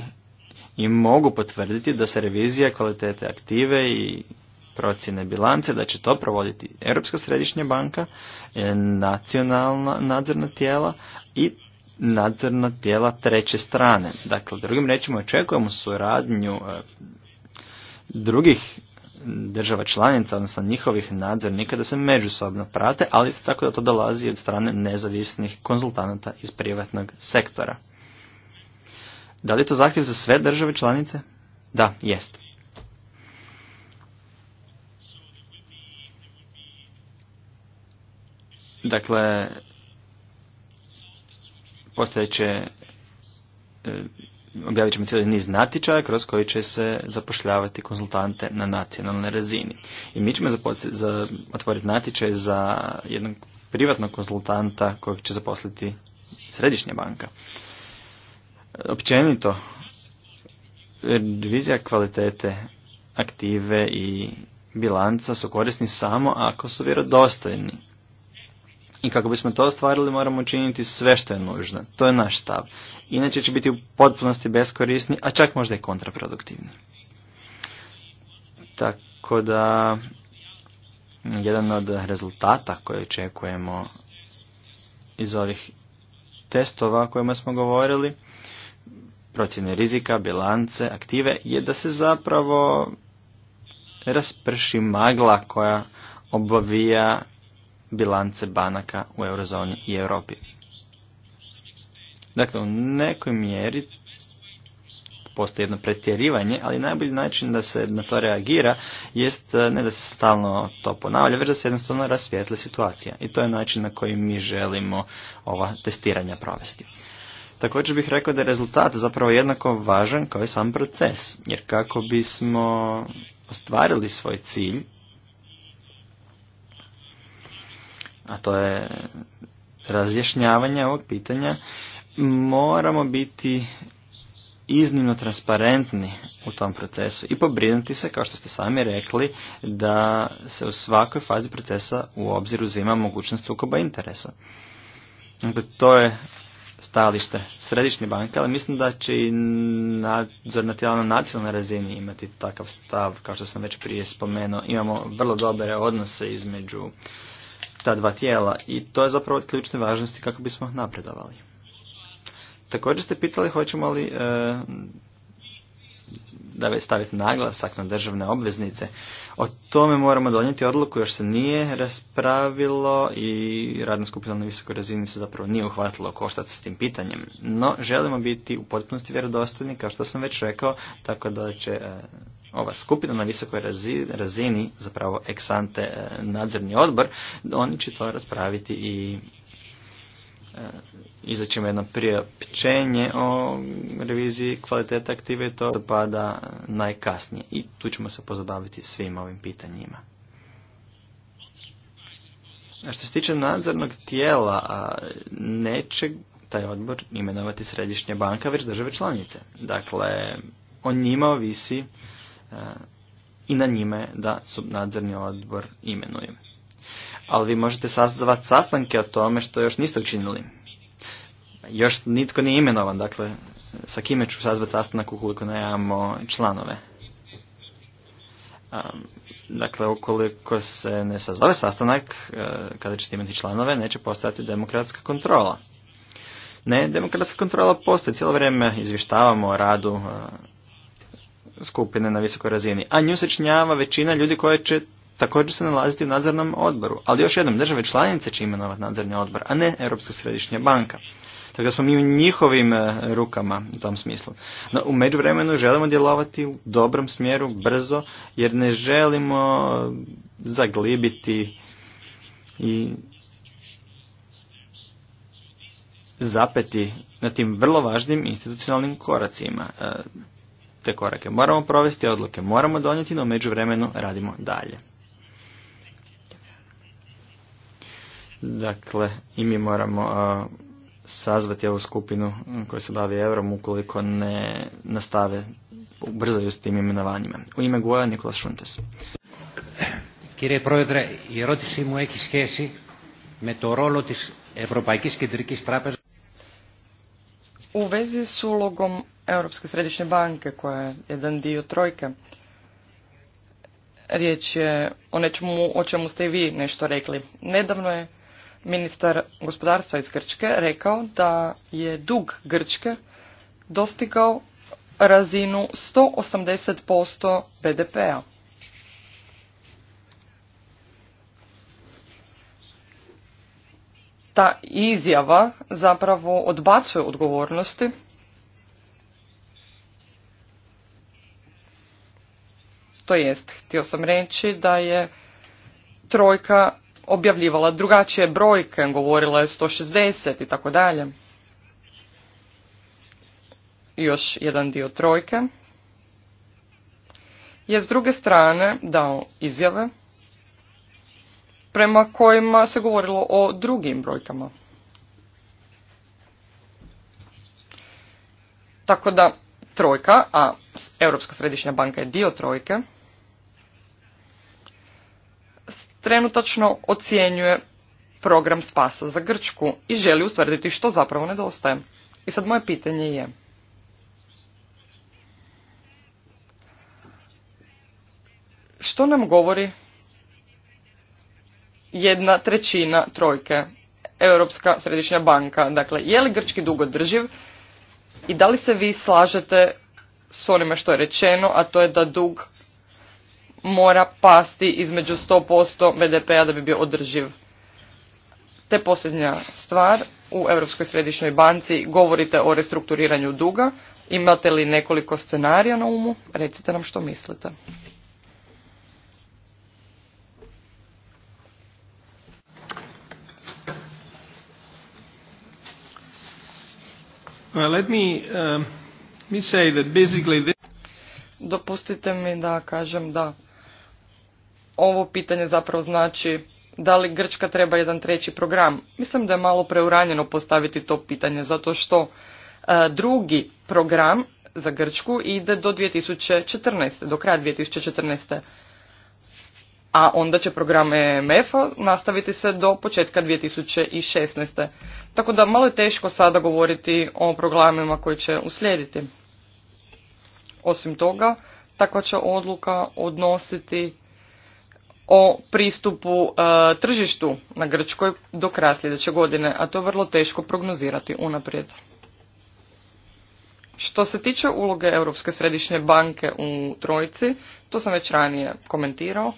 i mogu potvrditi da se revizija kvalitete aktive i procjene bilance, da će to provoditi Europska središnja banka, eh, nacionalna nadzorna tijela i nadzorna tijela treće strane. Dakle, drugim rečima očekujemo suradnju e, drugih država članica, odnosno njihovih nadzornika da se međusobno prate, ali isto tako da to dolazi od strane nezavisnih konzultanata iz privatnog sektora. Da li je to zahtjev za sve države članice? Da, jest. Dakle, postojeće e, objavit ćemo cijeli niz natječaja kroz koji će se zapošljavati konzultante na nacionalnoj razini. I mi ćemo za, otvoriti natječaj za jednog privatnog konzultanta kojeg će zaposliti Središnja banka. Općenito, revizija kvalitete aktive i bilanca su korisni samo ako su vjerodostojni i kako bismo to ostvarili moramo učiniti sve što je nužno. To je naš stav. Inače će biti u potpunosti beskorisni, a čak možda i kontraproduktivni. Tako da jedan od rezultata koje očekujemo iz ovih testova o kojima smo govorili, procjene rizika, bilance, aktive, je da se zapravo rasprši magla koja obavija bilance banaka u eurozoni i Europi. Dakle, u nekoj mjeri postoji jedno pretjerivanje, ali najbolji način da se na to reagira jest eh, ne da se stalno to ponavlja, već da se jednostavno rasvijetli situacija. I to je način na koji mi želimo ova testiranja provesti. Također bih rekao da je rezultat zapravo jednako važan kao i sam proces, jer kako bismo ostvarili svoj cilj, a to je razjašnjavanje ovog pitanja, moramo biti iznimno transparentni u tom procesu i pobrinuti se, kao što ste sami rekli, da se u svakoj fazi procesa u obzir uzima mogućnost sukoba interesa. Dakle, to je stajalište središnje banke, ali mislim da će i na tijelo na nacionalnoj razini imati takav stav, kao što sam već prije spomenuo. Imamo vrlo dobre odnose između ta dva tijela i to je zapravo od ključne važnosti kako bismo napredovali. Također ste pitali hoćemo li e, da staviti naglasak na državne obveznice. O tome moramo donijeti odluku, još se nije raspravilo i radna skupina na visokoj razini se zapravo nije uhvatila koštac s tim pitanjem. No, želimo biti u potpunosti vjerodostojni, kao što sam već rekao, tako da će e, ova skupina na visokoj razini, zapravo eksante e, nadzorni odbor, oni će to raspraviti i e, izaćemo jedno priopćenje o reviziji kvalitete aktive to dopada najkasnije. I tu ćemo se pozabaviti svim ovim pitanjima. A što se tiče nadzornog tijela, neće taj odbor imenovati središnja banka, već države članice. Dakle, o njima ovisi E, i na njime da subnadzorni odbor imenuju. Ali vi možete sazvati sastanke o tome što još niste učinili. Još nitko nije imenovan, dakle sa kime ću sazvati sastanak ukoliko nemamo članove. Dakle, ukoliko se ne sazove sastanak, e, kada ćete imati članove, neće postojati demokratska kontrola. Ne, demokratska kontrola postoji. Cijelo vrijeme izvještavamo o radu e, skupine na visokoj razini. A nju sečnjava većina ljudi koje će također se nalaziti u nadzornom odboru. Ali još jednom, države članice će imenovati nadzorni odbor, a ne Europska središnja banka. Tako da smo mi u njihovim e, rukama u tom smislu. No, u međuvremenu želimo djelovati u dobrom smjeru, brzo, jer ne želimo zaglibiti i zapeti na tim vrlo važnim institucionalnim koracima. E, te korake moramo provesti, odluke moramo donijeti, no međuvremeno radimo dalje. Dakle, i mi moramo a, sazvati ovu skupinu koja se bavi eurom ukoliko ne nastave, ubrzaju s tim imenovanjima. U ime Goja Nikola Šuntes. Kire provedre, η ερώτησή eki me to u vezi s ulogom Europske središnje banke koja je jedan dio trojke. Riječ je o nečemu o čemu ste i vi nešto rekli. Nedavno je ministar gospodarstva iz Grčke rekao da je dug Grčke dostigao razinu 180% BDP-a. ta izjava zapravo odbacuje odgovornosti to jest htio sam reći da je trojka objavljivala drugačije brojke govorila je 160 i tako dalje još jedan dio trojke je s druge strane dao izjave prema kojima se govorilo o drugim brojkama. Tako da trojka, a Europska središnja banka je dio trojke, trenutačno ocjenjuje program spasa za Grčku i želi ustvrditi što zapravo nedostaje. I sad moje pitanje je, što nam govori jedna trećina trojke, Europska središnja banka. Dakle, je li grčki dug održiv i da li se vi slažete s onime što je rečeno, a to je da dug mora pasti između 100% BDP-a da bi bio održiv. Te posljednja stvar, u Europskoj središnjoj banci govorite o restrukturiranju duga. Imate li nekoliko scenarija na umu? Recite nam što mislite. Um, Dopustite mi da kažem da ovo pitanje zapravo znači da li Grčka treba jedan treći program. Mislim da je malo preuranjeno postaviti to pitanje zato što uh, drugi program za Grčku ide do 2014. do kraja 2014 a onda će program EMF-a nastaviti se do početka 2016. Tako da malo je teško sada govoriti o programima koji će uslijediti. Osim toga, takva će odluka odnositi o pristupu e, tržištu na Grčkoj do kraja sljedeće godine, a to je vrlo teško prognozirati unaprijed. Što se tiče uloge Europske središnje banke u Trojci, to sam već ranije komentirao.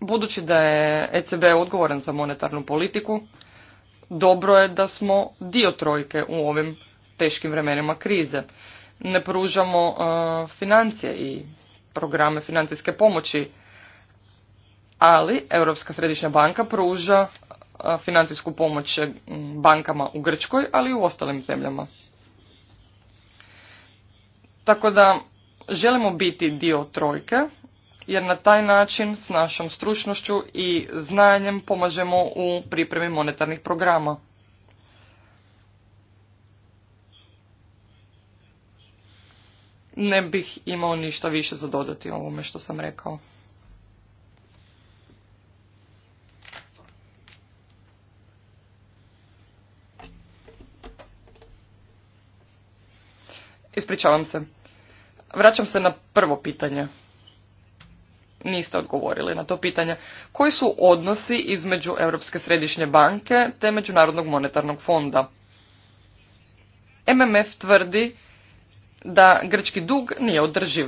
Budući da je ECB odgovoran za monetarnu politiku, dobro je da smo dio trojke u ovim teškim vremenima krize. Ne pružamo e, financije i programe financijske pomoći, ali Europska središnja banka pruža e, financijsku pomoć bankama u Grčkoj, ali i u ostalim zemljama. Tako da želimo biti dio trojke, jer na taj način s našom stručnošću i znanjem pomažemo u pripremi monetarnih programa. Ne bih imao ništa više za dodati ovome što sam rekao. Ispričavam se. Vraćam se na prvo pitanje niste odgovorili na to pitanje. Koji su odnosi između Europske središnje banke te Međunarodnog monetarnog fonda? MMF tvrdi da grčki dug nije održiv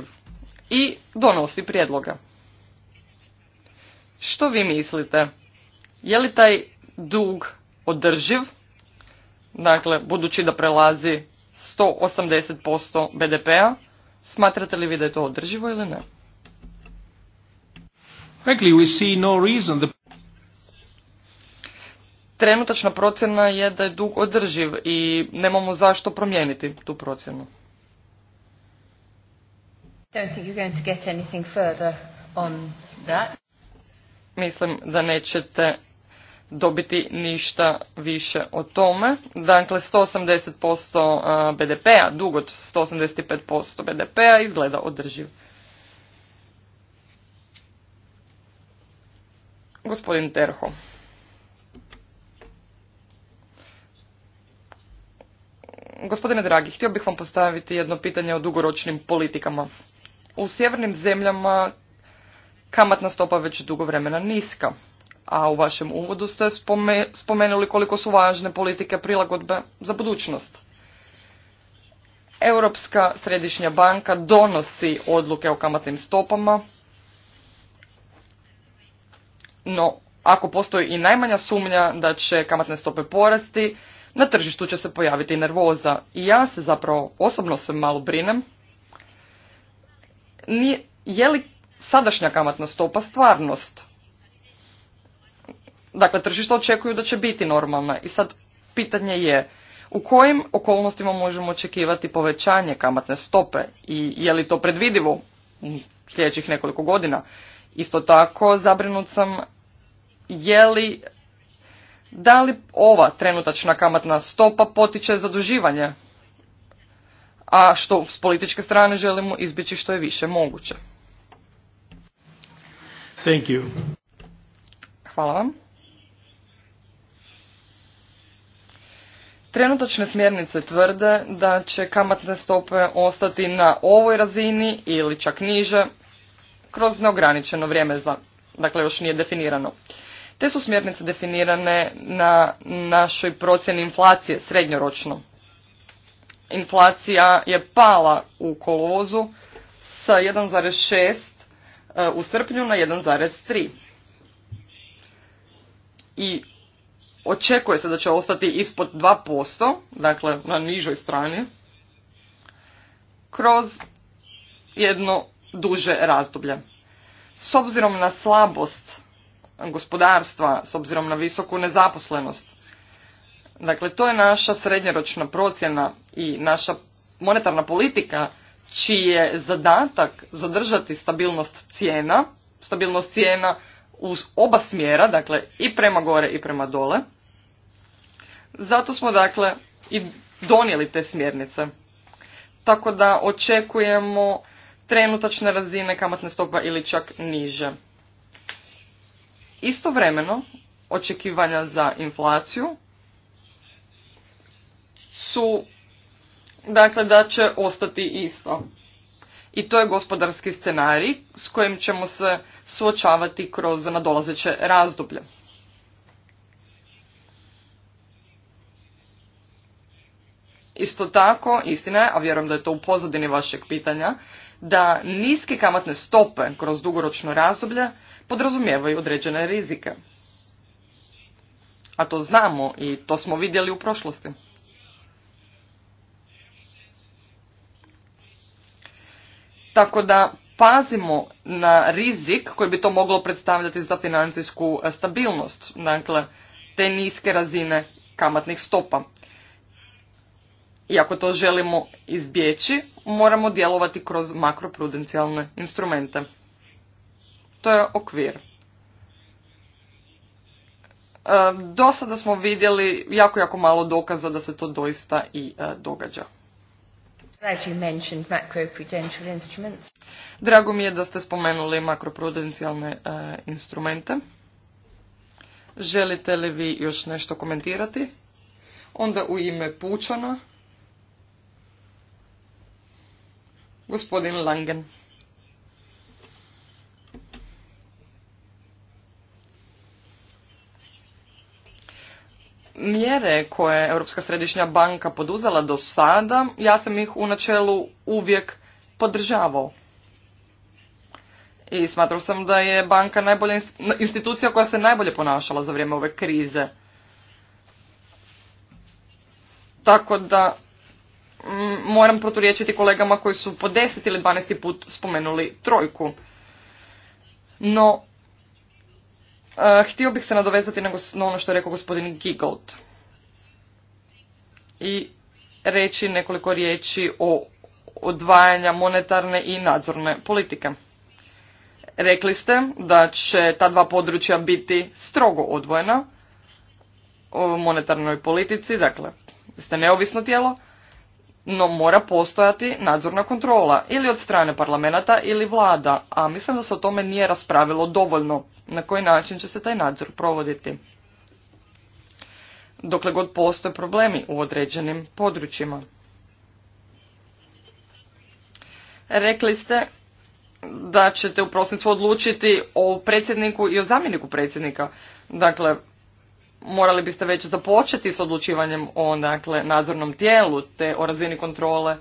i donosi prijedloga. Što vi mislite? Je li taj dug održiv? Dakle, budući da prelazi 180% BDP-a, smatrate li vi da je to održivo ili ne? Frankly, we see no reason the... Trenutačna procjena je da je dug održiv i nemamo zašto promijeniti tu procjenu. Don't think Mislim da nećete dobiti ništa više o tome. Dakle, 180% BDP-a, dug od 185% BDP-a izgleda održiv. Gospodin Terho. Gospodine dragi, htio bih vam postaviti jedno pitanje o dugoročnim politikama. U sjevernim zemljama kamatna stopa već dugo vremena niska, a u vašem uvodu ste spomenuli koliko su važne politike prilagodbe za budućnost. Europska središnja banka donosi odluke o kamatnim stopama no ako postoji i najmanja sumnja da će kamatne stope porasti, na tržištu će se pojaviti nervoza. I ja se zapravo osobno se malo brinem. je li sadašnja kamatna stopa stvarnost? Dakle, tržišta očekuju da će biti normalna. I sad pitanje je u kojim okolnostima možemo očekivati povećanje kamatne stope i je li to predvidivo u sljedećih nekoliko godina? Isto tako zabrinut sam je da li ova trenutačna kamatna stopa potiče zaduživanje, a što s političke strane želimo izbjeći što je više moguće. Thank you. Hvala vam. Trenutačne smjernice tvrde da će kamatne stope ostati na ovoj razini ili čak niže kroz neograničeno vrijeme, za, dakle još nije definirano. Te su smjernice definirane na našoj procjeni inflacije srednjoročno. Inflacija je pala u kolozu sa 1,6 e, u srpnju na 1,3. I očekuje se da će ostati ispod 2%, dakle na nižoj strani, kroz jedno duže razdoblje. S obzirom na slabost gospodarstva, s obzirom na visoku nezaposlenost, dakle to je naša srednjoročna procjena i naša monetarna politika čiji je zadatak zadržati stabilnost cijena, stabilnost cijena uz oba smjera, dakle i prema gore i prema dole. Zato smo dakle i donijeli te smjernice. Tako da očekujemo trenutačne razine kamatne stopa ili čak niže. Istovremeno, očekivanja za inflaciju su dakle da će ostati isto. I to je gospodarski scenarij s kojim ćemo se suočavati kroz nadolazeće razdoblje. Isto tako, istina je, a vjerujem da je to u pozadini vašeg pitanja, da niske kamatne stope kroz dugoročno razdoblje podrazumijevaju određene rizike. A to znamo i to smo vidjeli u prošlosti. Tako da pazimo na rizik koji bi to moglo predstavljati za financijsku stabilnost, dakle te niske razine kamatnih stopa. I ako to želimo izbjeći, moramo djelovati kroz makroprudencijalne instrumente. To je okvir. E, do sada smo vidjeli jako, jako malo dokaza da se to doista i e, događa. Drago mi je da ste spomenuli makroprudencijalne e, instrumente. Želite li vi još nešto komentirati? Onda u ime Pučana Gospodin Langen. Mjere koje je Europska središnja banka poduzela do sada, ja sam ih u načelu uvijek podržavao. I smatrao sam da je banka najbolja institucija koja se najbolje ponašala za vrijeme ove krize. Tako da moram proturječiti kolegama koji su po deset ili dvanesti put spomenuli trojku. No, e, htio bih se nadovezati na, ono što je rekao gospodin Gigold i reći nekoliko riječi o odvajanja monetarne i nadzorne politike. Rekli ste da će ta dva područja biti strogo odvojena u monetarnoj politici, dakle, ste neovisno tijelo, no mora postojati nadzorna kontrola ili od strane parlamenta ili vlada, a mislim da se o tome nije raspravilo dovoljno na koji način će se taj nadzor provoditi. Dokle god postoje problemi u određenim područjima. Rekli ste da ćete u prosincu odlučiti o predsjedniku i o zamjeniku predsjednika. Dakle, morali biste već započeti s odlučivanjem o dakle, nadzornom tijelu te o razini kontrole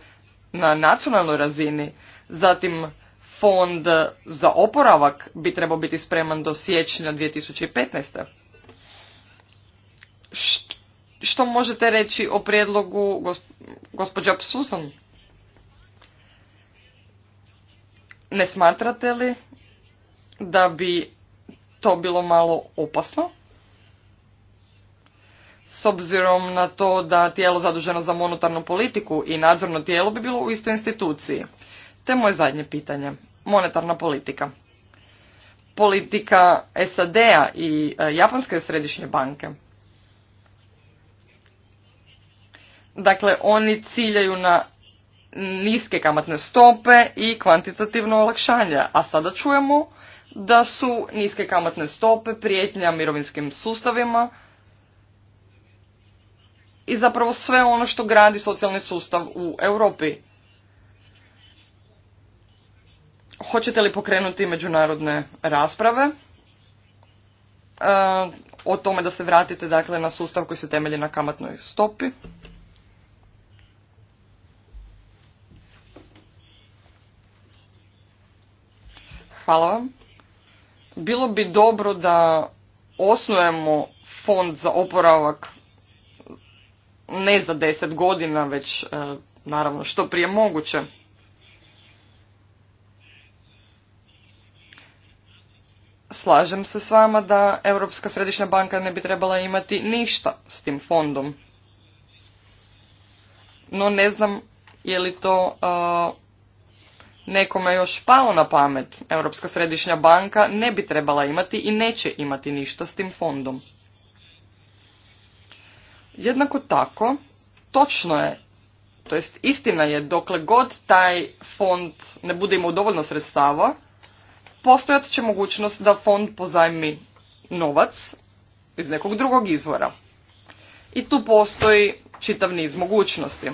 na nacionalnoj razini. Zatim fond za oporavak bi trebao biti spreman do siječnja 2015. Što, što možete reći o prijedlogu gospođa Psusan? Ne smatrate li da bi to bilo malo opasno? s obzirom na to da tijelo zaduženo za monetarnu politiku i nadzorno tijelo bi bilo u istoj instituciji. Te moje zadnje pitanje. Monetarna politika. Politika SAD-a i e, Japanske središnje banke. Dakle, oni ciljaju na niske kamatne stope i kvantitativno olakšanje. A sada čujemo da su niske kamatne stope prijetnja mirovinskim sustavima, i zapravo sve ono što gradi socijalni sustav u Europi. Hoćete li pokrenuti međunarodne rasprave? E, o tome da se vratite dakle na sustav koji se temelji na kamatnoj stopi. Hvala vam. Bilo bi dobro da osnujemo fond za oporavak ne za deset godina, već e, naravno što prije moguće. Slažem se s vama da Europska središnja banka ne bi trebala imati ništa s tim fondom. No ne znam je li to e, nekome još palo na pamet. Europska središnja banka ne bi trebala imati i neće imati ništa s tim fondom. Jednako tako, točno je, to jest istina je, dokle god taj fond ne bude imao dovoljno sredstava, postojat će mogućnost da fond pozajmi novac iz nekog drugog izvora. I tu postoji čitav niz mogućnosti.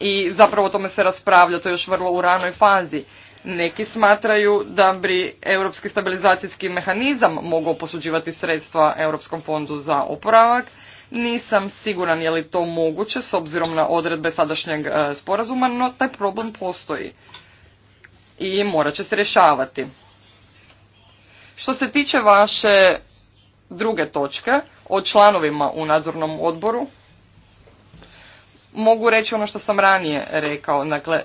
I zapravo o tome se raspravlja, to je još vrlo u ranoj fazi. Neki smatraju da bi Europski stabilizacijski mehanizam mogao posuđivati sredstva Europskom fondu za oporavak. Nisam siguran je li to moguće s obzirom na odredbe sadašnjeg e, sporazuma, no taj problem postoji i morat će se rješavati. Što se tiče vaše druge točke o članovima u nadzornom odboru, mogu reći ono što sam ranije rekao. Dakle,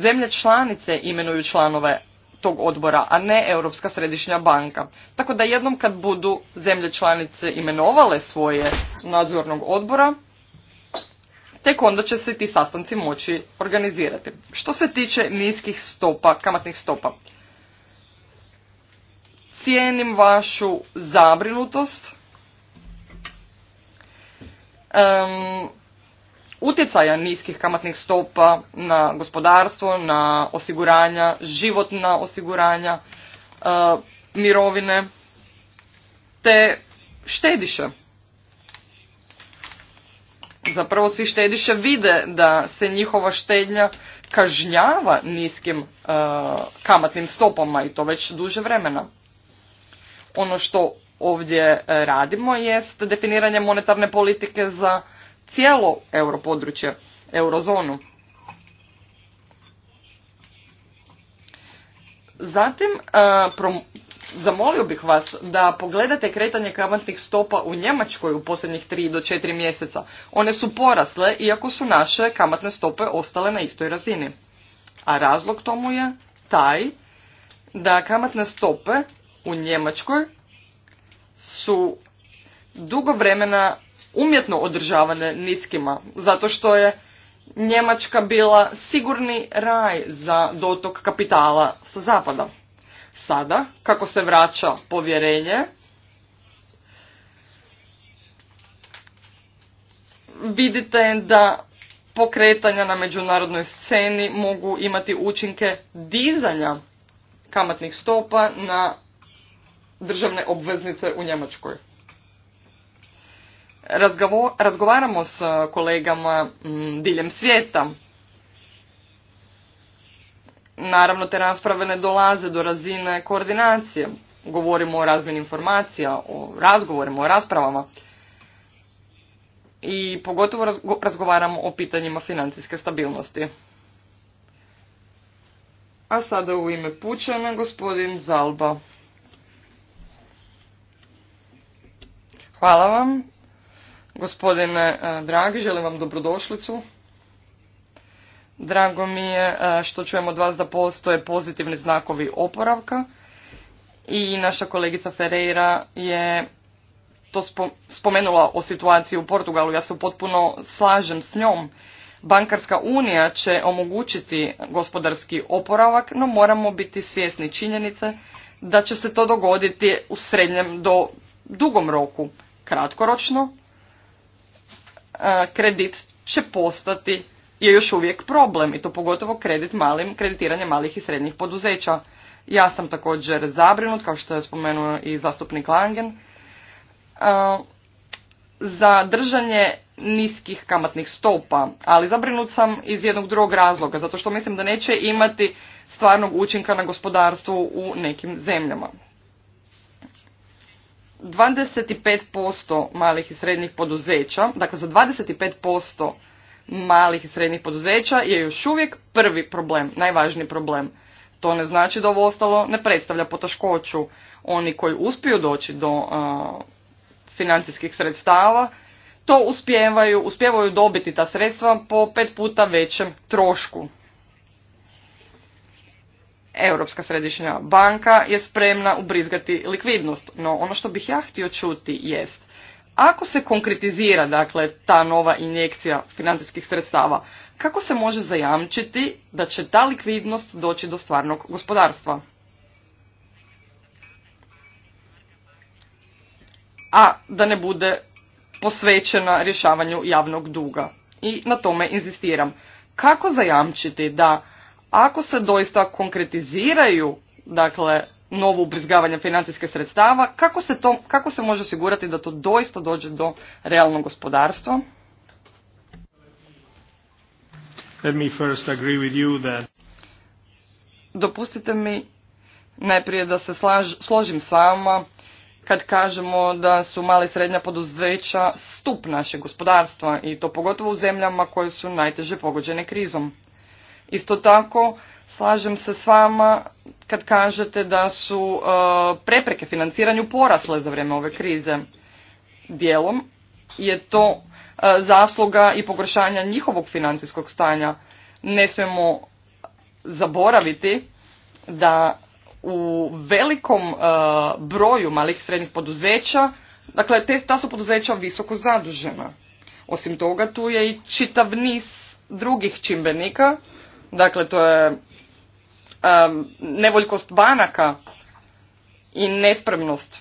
zemlje članice imenuju članove tog odbora, a ne Europska središnja banka. Tako da jednom kad budu zemlje članice imenovale svoje nadzornog odbora, tek onda će se ti sastanci moći organizirati. Što se tiče niskih stopa, kamatnih stopa, cijenim vašu zabrinutost utjecaja niskih kamatnih stopa na gospodarstvo, na osiguranja, životna osiguranja, e, mirovine, te štediše. Zapravo svi štediše vide da se njihova štednja kažnjava niskim e, kamatnim stopama i to već duže vremena. Ono što ovdje e, radimo je definiranje monetarne politike za cijelo europodručje, eurozonu. Zatim, e, zamolio bih vas da pogledate kretanje kamatnih stopa u Njemačkoj u posljednjih 3 do 4 mjeseca. One su porasle, iako su naše kamatne stope ostale na istoj razini. A razlog tomu je taj da kamatne stope u Njemačkoj su dugo vremena umjetno održavane niskima, zato što je Njemačka bila sigurni raj za dotok kapitala sa zapada. Sada, kako se vraća povjerenje, vidite da pokretanja na međunarodnoj sceni mogu imati učinke dizanja kamatnih stopa na državne obveznice u Njemačkoj razgovaramo s eh, kolegama mm, diljem svijeta. Naravno, te rasprave ne dolaze do razine koordinacije. Govorimo o razmjeni informacija, o razgovorima, o raspravama. I pogotovo razgovaramo o pitanjima financijske stabilnosti. A sada u ime Pučana gospodin Zalba. Hvala vam. Gospodine e, dragi, želim vam dobrodošlicu. Drago mi je e, što čujem od vas da postoje pozitivni znakovi oporavka i naša kolegica Ferreira je to spomenula o situaciji u Portugalu. Ja se potpuno slažem s njom. Bankarska unija će omogućiti gospodarski oporavak, no moramo biti svjesni činjenice da će se to dogoditi u srednjem do dugom roku, kratkoročno kredit će postati je još uvijek problem i to pogotovo kredit malim, kreditiranje malih i srednjih poduzeća. Ja sam također zabrinut, kao što je spomenuo i zastupnik Langen, za držanje niskih kamatnih stopa, ali zabrinut sam iz jednog drugog razloga, zato što mislim da neće imati stvarnog učinka na gospodarstvu u nekim zemljama. 25% malih i srednjih poduzeća, dakle za 25% malih i srednjih poduzeća je još uvijek prvi problem, najvažniji problem. To ne znači da ovo ostalo ne predstavlja poteškoću. Oni koji uspiju doći do uh, financijskih sredstava, to uspijevaju, uspijevaju dobiti ta sredstva po pet puta većem trošku. Europska središnja banka je spremna ubrizgati likvidnost, no ono što bih ja htio čuti jest ako se konkretizira dakle ta nova injekcija financijskih sredstava, kako se može zajamčiti da će ta likvidnost doći do stvarnog gospodarstva? A da ne bude posvećena rješavanju javnog duga. I na tome inzistiram. Kako zajamčiti da ako se doista konkretiziraju dakle novo ubrizgavanje financijskih sredstava, kako se, to, kako se može osigurati da to doista dođe do realnog gospodarstva? Let me first agree with you that... Dopustite mi najprije da se složim s vama kad kažemo da su mali i srednja poduzeća stup našeg gospodarstva i to pogotovo u zemljama koje su najteže pogođene krizom. Isto tako, slažem se s vama kad kažete da su e, prepreke financiranju porasle za vrijeme ove krize. Dijelom je to e, zasluga i pogoršanja njihovog financijskog stanja. Ne smijemo zaboraviti da u velikom e, broju malih i srednjih poduzeća, dakle te, ta su poduzeća visoko zadužena. Osim toga tu je i čitav niz drugih čimbenika Dakle, to je um, nevoljkost banaka i nespremnost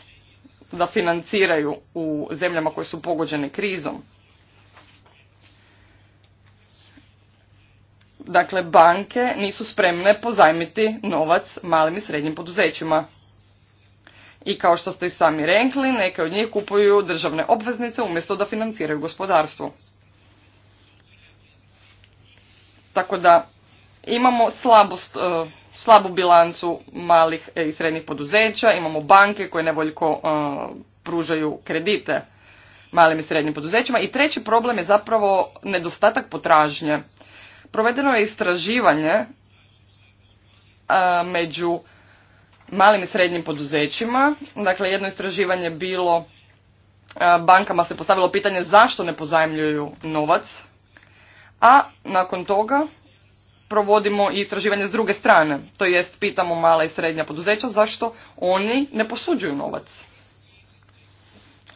da financiraju u zemljama koje su pogođene krizom. Dakle, banke nisu spremne pozajmiti novac malim i srednjim poduzećima. I kao što ste i sami rekli, neke od njih kupuju državne obveznice umjesto da financiraju gospodarstvo. Tako da imamo slabost, e, slabu bilancu malih i srednjih poduzeća, imamo banke koje nevoljko e, pružaju kredite malim i srednjim poduzećima. I treći problem je zapravo nedostatak potražnje. Provedeno je istraživanje e, među malim i srednjim poduzećima. Dakle, jedno istraživanje bilo bankama se postavilo pitanje zašto ne pozajmljuju novac, a nakon toga provodimo i istraživanje s druge strane, to jest pitamo mala i srednja poduzeća zašto oni ne posuđuju novac.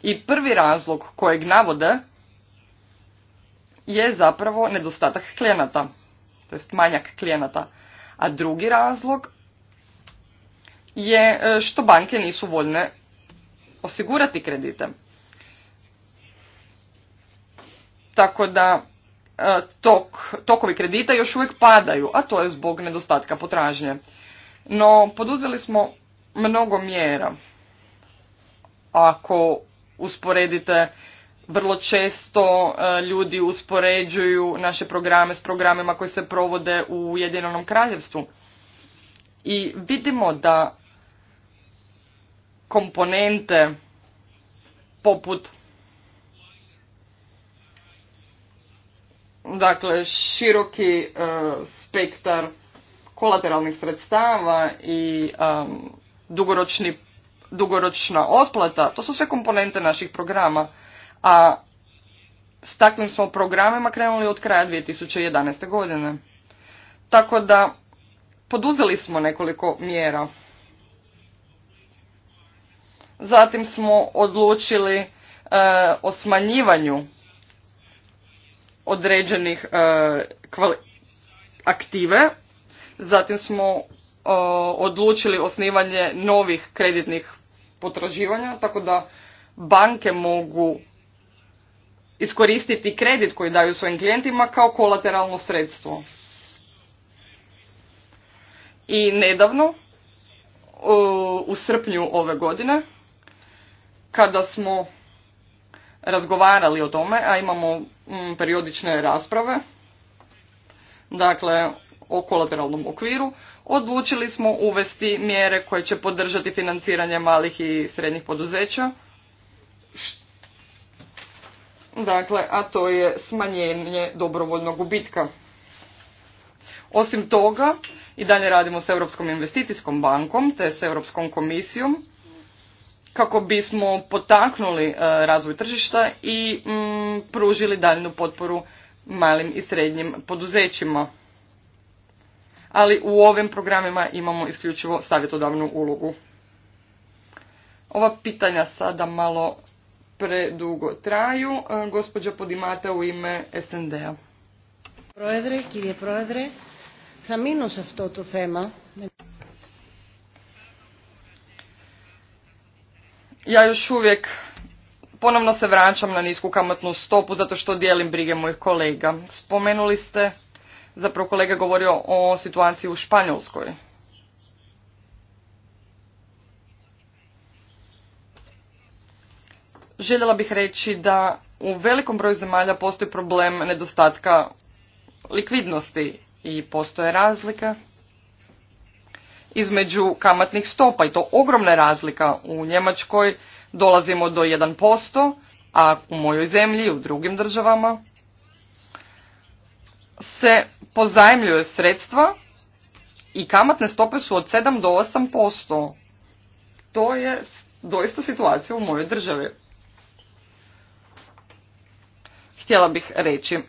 I prvi razlog kojeg navode je zapravo nedostatak klijenata, to jest manjak klijenata. A drugi razlog je e, što banke nisu voljne osigurati kredite. Tako da E, tok, tokovi kredita još uvijek padaju, a to je zbog nedostatka potražnje. No, poduzeli smo mnogo mjera. Ako usporedite, vrlo često e, ljudi uspoređuju naše programe s programima koji se provode u Ujedinjenom kraljevstvu. I vidimo da komponente poput dakle široki e, spektar kolateralnih sredstava i e, dugoročni, dugoročna otplata, to su sve komponente naših programa. A s takvim smo programima krenuli od kraja 2011. godine. Tako da poduzeli smo nekoliko mjera. Zatim smo odlučili e, o smanjivanju određenih e, aktive. Zatim smo e, odlučili osnivanje novih kreditnih potraživanja, tako da banke mogu iskoristiti kredit koji daju svojim klijentima kao kolateralno sredstvo. I nedavno, u srpnju ove godine, kada smo razgovarali o tome, a imamo mm, periodične rasprave, dakle o kolateralnom okviru, odlučili smo uvesti mjere koje će podržati financiranje malih i srednjih poduzeća, dakle, a to je smanjenje dobrovoljnog gubitka. Osim toga, i dalje radimo s Europskom investicijskom bankom te s Europskom komisijom kako bismo potaknuli e, razvoj tržišta i mm, pružili daljnu potporu malim i srednjim poduzećima. Ali u ovim programima imamo isključivo savjetodavnu ulogu. Ova pitanja sada malo predugo traju. E, gospođa Podimata u ime SND-a. Proedre, kirje proedre, sam minus to tema. ja još uvijek ponovno se vraćam na nisku kamatnu stopu zato što dijelim brige mojih kolega. Spomenuli ste, zapravo kolega govorio o situaciji u Španjolskoj. Željela bih reći da u velikom broju zemalja postoji problem nedostatka likvidnosti i postoje razlike između kamatnih stopa i to ogromna razlika. U Njemačkoj dolazimo do 1%, a u mojoj zemlji i u drugim državama se pozajmljuje sredstva i kamatne stope su od 7 do 8%. To je doista situacija u mojoj državi. Htjela bih reći,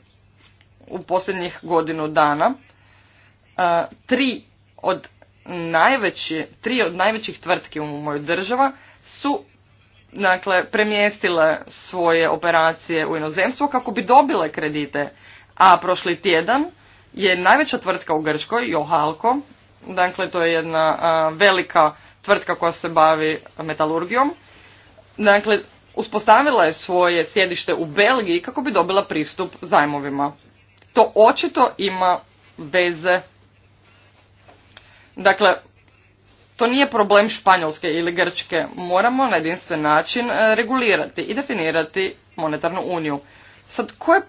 u posljednjih godinu dana tri od najveći, tri od najvećih tvrtki u mojoj država su dakle, premjestile svoje operacije u inozemstvo kako bi dobile kredite. A prošli tjedan je najveća tvrtka u Grčkoj, Johalko, dakle to je jedna velika tvrtka koja se bavi metalurgijom, dakle uspostavila je svoje sjedište u Belgiji kako bi dobila pristup zajmovima. To očito ima veze Dakle, to nije problem Španjolske ili Grčke. Moramo na jedinstven način e, regulirati i definirati monetarnu uniju. Sad, koje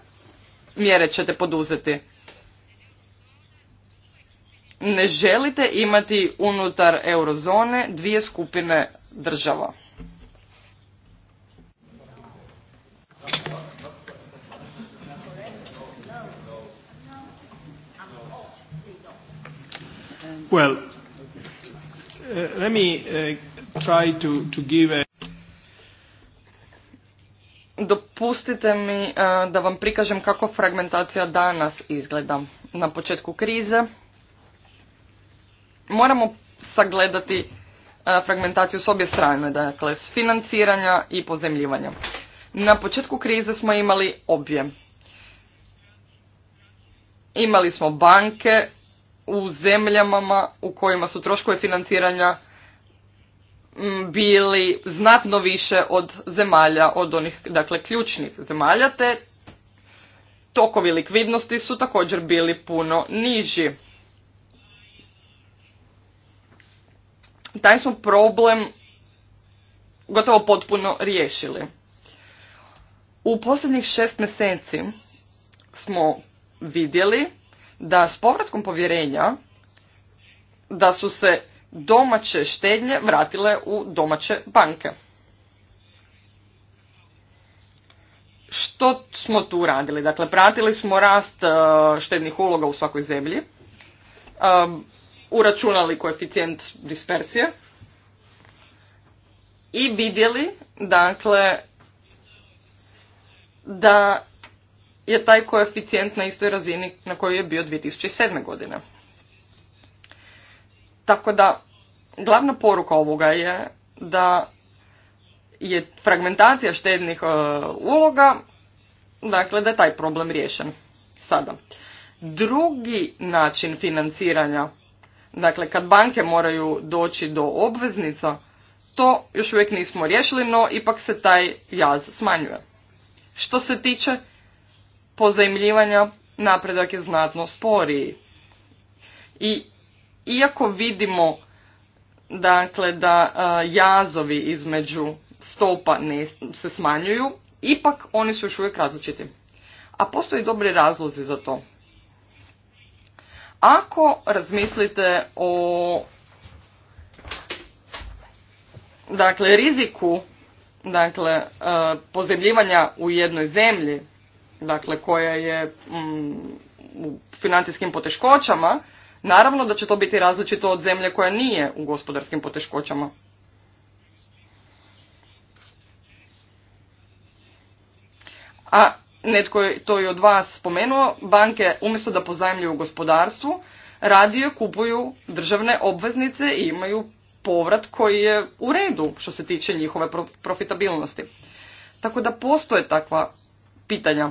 mjere ćete poduzeti? Ne želite imati unutar eurozone dvije skupine država. Well, uh, let me uh, try to, to give a... Dopustite mi uh, da vam prikažem kako fragmentacija danas izgleda. Na početku krize moramo sagledati uh, fragmentaciju s obje strane, dakle s financiranja i pozemljivanja. Na početku krize smo imali obje. Imali smo banke u zemljama u kojima su troškovi financiranja mm, bili znatno više od zemalja, od onih dakle ključnih zemalja, te tokovi likvidnosti su također bili puno niži. Taj smo problem gotovo potpuno riješili. U posljednjih šest mjeseci smo vidjeli da s povratkom povjerenja da su se domaće štednje vratile u domaće banke. Što smo tu radili? Dakle, pratili smo rast e, štednih uloga u svakoj zemlji, e, uračunali koeficijent dispersije i vidjeli, dakle, da je taj koeficijent na istoj razini na kojoj je bio 2007. godine. Tako da, glavna poruka ovoga je da je fragmentacija štednih e, uloga, dakle da je taj problem riješen sada. Drugi način financiranja, dakle kad banke moraju doći do obveznica, to još uvijek nismo riješili, no ipak se taj jaz smanjuje. Što se tiče pozajmljivanja napredak je znatno sporiji. I iako vidimo dakle da jazovi između stopa se smanjuju, ipak oni su još uvijek različiti. A postoje dobri razlozi za to. Ako razmislite o dakle riziku dakle pozemljivanja u jednoj zemlji dakle koja je mm, u financijskim poteškoćama, naravno da će to biti različito od zemlje koja nije u gospodarskim poteškoćama. A netko je to i od vas spomenuo, banke umjesto da pozajmljuju gospodarstvu, radije kupuju državne obveznice i imaju povrat koji je u redu što se tiče njihove profitabilnosti. Tako da postoje takva pitanja.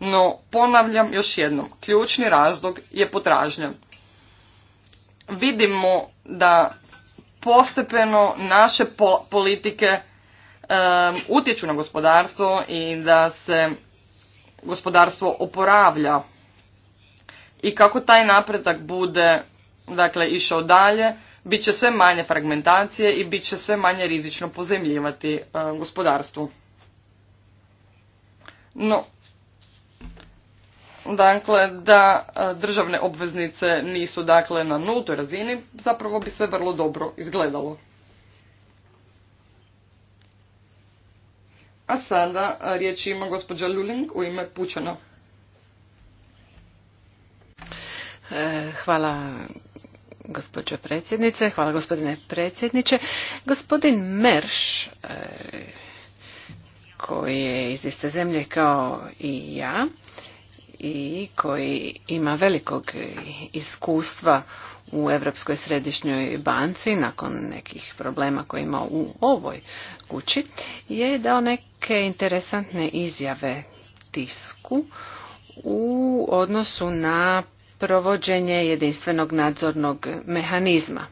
No, ponavljam još jednom, ključni razlog je potražnja. Vidimo da postepeno naše politike utječu na gospodarstvo i da se gospodarstvo oporavlja. I kako taj napredak bude dakle išao dalje, bit će sve manje fragmentacije i bit će sve manje rizično pozemljivati gospodarstvu. No, dakle da e, državne obveznice nisu dakle na nultoj razini, zapravo bi sve vrlo dobro izgledalo. A sada e, riječ ima gospođa Luling u ime Pučana. E, hvala gospođo predsjednice, hvala gospodine predsjedniče. Gospodin Merš, koji je iz iste zemlje kao i ja, i koji ima velikog iskustva u Europskoj središnjoj banci nakon nekih problema koje ima u ovoj kući je dao neke interesantne izjave tisku u odnosu na provođenje jedinstvenog nadzornog mehanizma.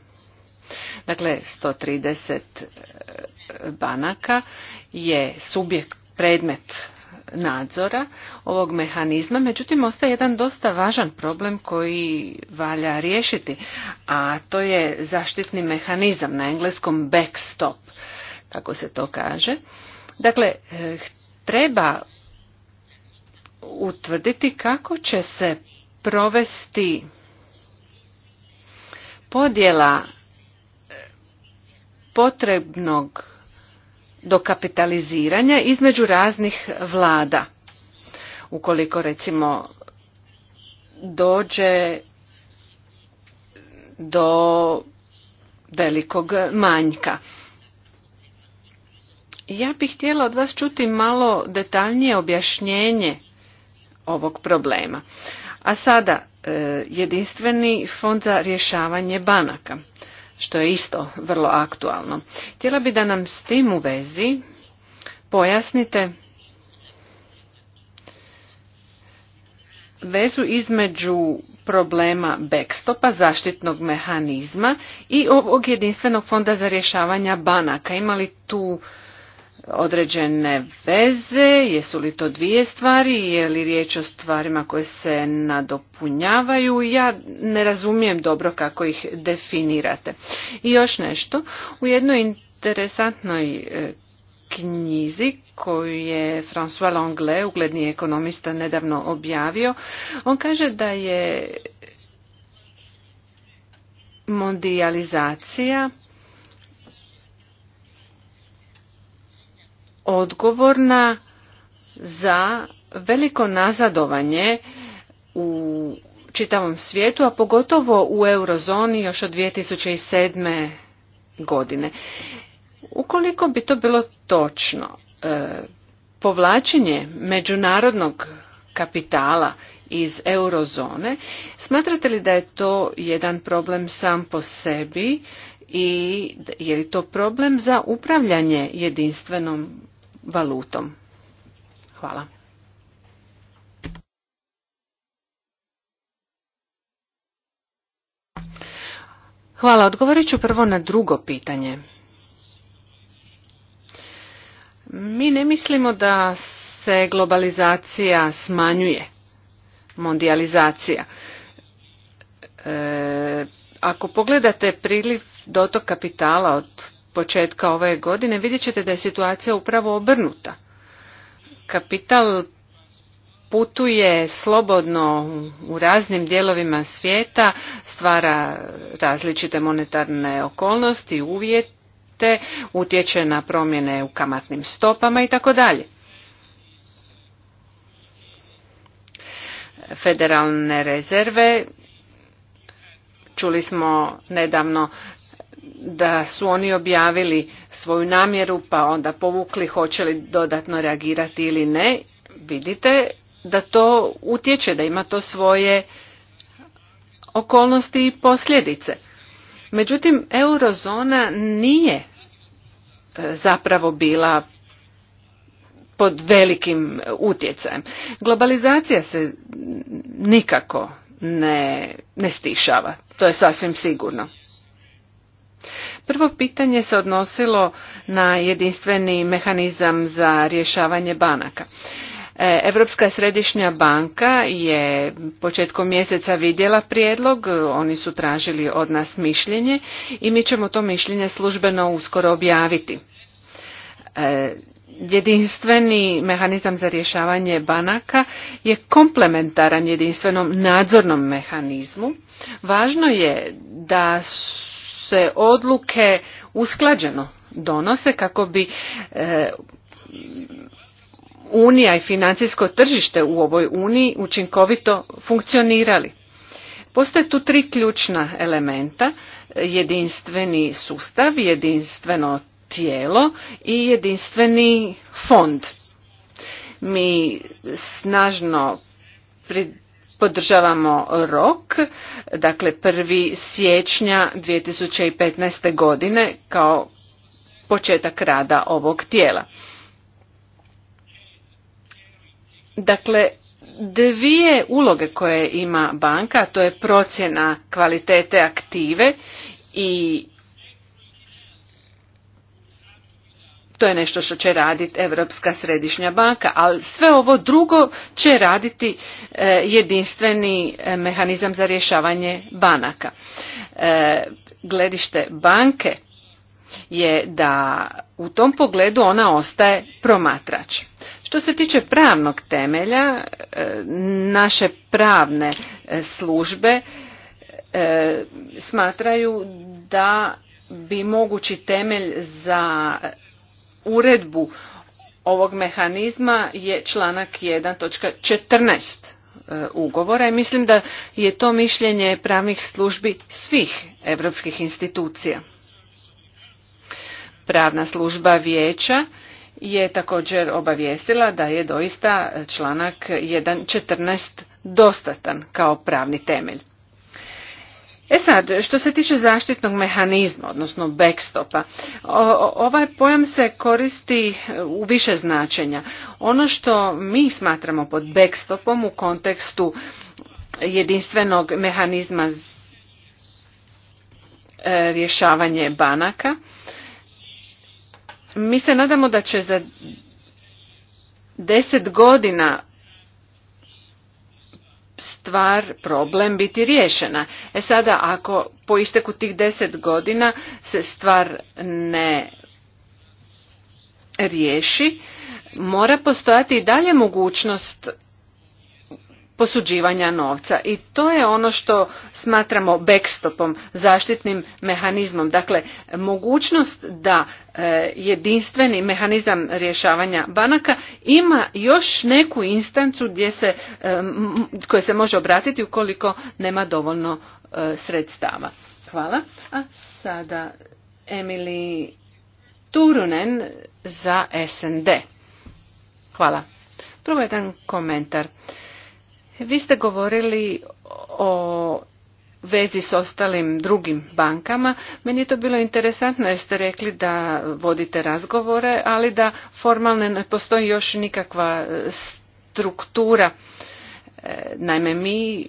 Dakle, 130 e, banaka je subjekt predmet nadzora ovog mehanizma, međutim ostaje jedan dosta važan problem koji valja riješiti, a to je zaštitni mehanizam na engleskom backstop, kako se to kaže. Dakle, eh, treba utvrditi kako će se provesti podjela eh, potrebnog do kapitaliziranja između raznih vlada. Ukoliko recimo dođe do velikog manjka. Ja bih htjela od vas čuti malo detaljnije objašnjenje ovog problema. A sada e, jedinstveni fond za rješavanje banaka što je isto vrlo aktualno. Htjela bi da nam s tim u vezi pojasnite vezu između problema backstopa, zaštitnog mehanizma i ovog jedinstvenog fonda za rješavanje banaka. Ima li tu određene veze, jesu li to dvije stvari, je li riječ o stvarima koje se nadopunjavaju, ja ne razumijem dobro kako ih definirate. I još nešto, u jednoj interesantnoj e, knjizi koju je François Langlais, ugledni ekonomista, nedavno objavio, on kaže da je mondializacija... odgovorna za veliko nazadovanje u čitavom svijetu, a pogotovo u eurozoni još od 2007. godine. Ukoliko bi to bilo točno, e, povlačenje međunarodnog kapitala iz eurozone, smatrate li da je to jedan problem sam po sebi i je li to problem za upravljanje jedinstvenom valutom. Hvala. Hvala. Odgovorit ću prvo na drugo pitanje. Mi ne mislimo da se globalizacija smanjuje, mondializacija. E, ako pogledate priliv dotok kapitala od početka ove godine, vidjet ćete da je situacija upravo obrnuta. Kapital putuje slobodno u raznim dijelovima svijeta, stvara različite monetarne okolnosti, uvjete, utječe na promjene u kamatnim stopama i tako dalje. Federalne rezerve Čuli smo nedavno da su oni objavili svoju namjeru pa onda povukli hoće li dodatno reagirati ili ne, vidite da to utječe, da ima to svoje okolnosti i posljedice. Međutim, eurozona nije e, zapravo bila pod velikim utjecajem. Globalizacija se nikako ne, ne stišava, to je sasvim sigurno. Prvo pitanje se odnosilo na jedinstveni mehanizam za rješavanje banaka. Europska središnja banka je početkom mjeseca vidjela prijedlog, oni su tražili od nas mišljenje i mi ćemo to mišljenje službeno uskoro objaviti. E, jedinstveni mehanizam za rješavanje banaka je komplementaran jedinstvenom nadzornom mehanizmu. Važno je da su se odluke usklađeno donose kako bi e, unija i financijsko tržište u ovoj uniji učinkovito funkcionirali. Postoje tu tri ključna elementa, jedinstveni sustav, jedinstveno tijelo i jedinstveni fond. Mi snažno podržavamo rok, dakle 1. siječnja 2015. godine kao početak rada ovog tijela. Dakle, dvije uloge koje ima banka, to je procjena kvalitete aktive i to je nešto što će raditi Europska središnja banka, ali sve ovo drugo će raditi e, jedinstveni e, mehanizam za rješavanje banaka. E, gledište banke je da u tom pogledu ona ostaje promatrač. Što se tiče pravnog temelja, naše pravne službe smatraju da bi mogući temelj za uredbu ovog mehanizma je članak 1.14 e, ugovora i mislim da je to mišljenje pravnih službi svih europskih institucija. Pravna služba vijeća je također obavijestila da je doista članak 1.14 dostatan kao pravni temelj. E sad, što se tiče zaštitnog mehanizma, odnosno backstopa, ovaj pojam se koristi e, u više značenja. Ono što mi smatramo pod backstopom u kontekstu jedinstvenog mehanizma e, rješavanje banaka, mi se nadamo da će za deset godina stvar, problem biti riješena. E sada, ako po isteku tih deset godina se stvar ne riješi, mora postojati i dalje mogućnost posuđivanja novca i to je ono što smatramo backstopom, zaštitnim mehanizmom. Dakle, mogućnost da e, jedinstveni mehanizam rješavanja banaka ima još neku instancu gdje se, e, koje se može obratiti ukoliko nema dovoljno e, sredstava. Hvala. A sada Emily Turunen za SND. Hvala. Prvo jedan komentar. Vi ste govorili o vezi s ostalim drugim bankama. Meni je to bilo interesantno jer ste rekli da vodite razgovore, ali da formalno ne postoji još nikakva struktura. E, naime, mi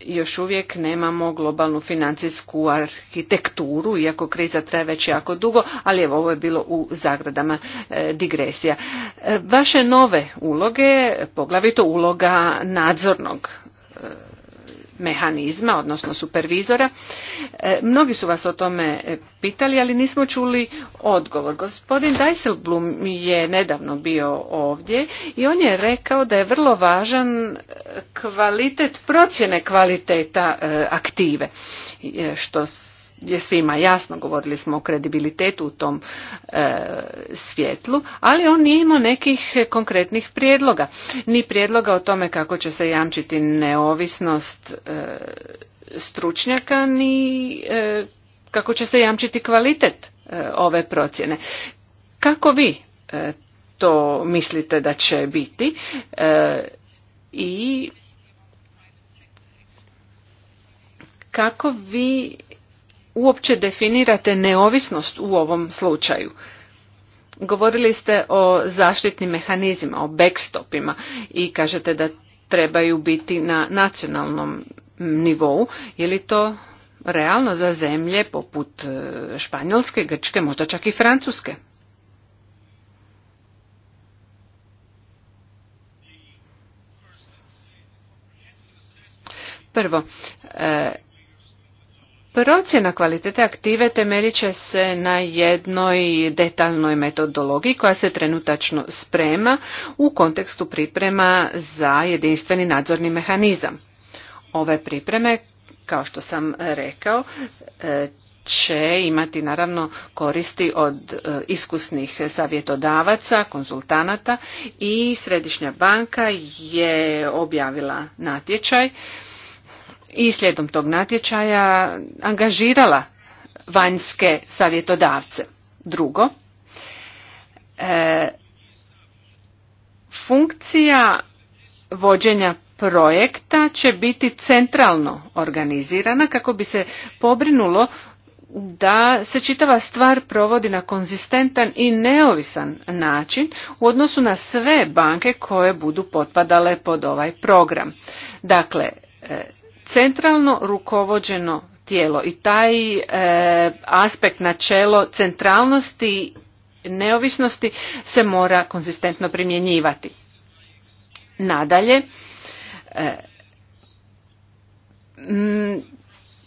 još uvijek nemamo globalnu financijsku arhitekturu, iako kriza traje već jako dugo, ali evo ovo je bilo u zagradama e, digresija. E, vaše nove uloge, poglavito uloga nadzornog e, mehanizma, odnosno supervizora. E, mnogi su vas o tome pitali, ali nismo čuli odgovor. Gospodin Dijsselblum je nedavno bio ovdje i on je rekao da je vrlo važan kvalitet procjene kvaliteta e, aktive, e, što je svima jasno, govorili smo o kredibilitetu u tom e, svjetlu, ali on nije imao nekih konkretnih prijedloga. Ni prijedloga o tome kako će se jamčiti neovisnost e, stručnjaka, ni e, kako će se jamčiti kvalitet e, ove procjene. Kako vi to mislite da će biti i kako vi uopće definirate neovisnost u ovom slučaju? Govorili ste o zaštitnim mehanizima, o backstopima i kažete da trebaju biti na nacionalnom nivou. Je li to realno za zemlje poput e, Španjolske, Grčke, možda čak i Francuske? Prvo, e, Procjena kvalitete aktive temeljit će se na jednoj detaljnoj metodologiji koja se trenutačno sprema u kontekstu priprema za jedinstveni nadzorni mehanizam. Ove pripreme, kao što sam rekao, e, će imati naravno koristi od e, iskusnih savjetodavaca, konzultanata i Središnja banka je objavila natječaj i slijedom tog natječaja angažirala vanjske savjetodavce. Drugo, e, funkcija vođenja projekta će biti centralno organizirana kako bi se pobrinulo da se čitava stvar provodi na konzistentan i neovisan način u odnosu na sve banke koje budu potpadale pod ovaj program. Dakle, e, centralno rukovođeno tijelo i taj e, aspekt načelo centralnosti neovisnosti se mora konzistentno primjenjivati. Nadalje, e,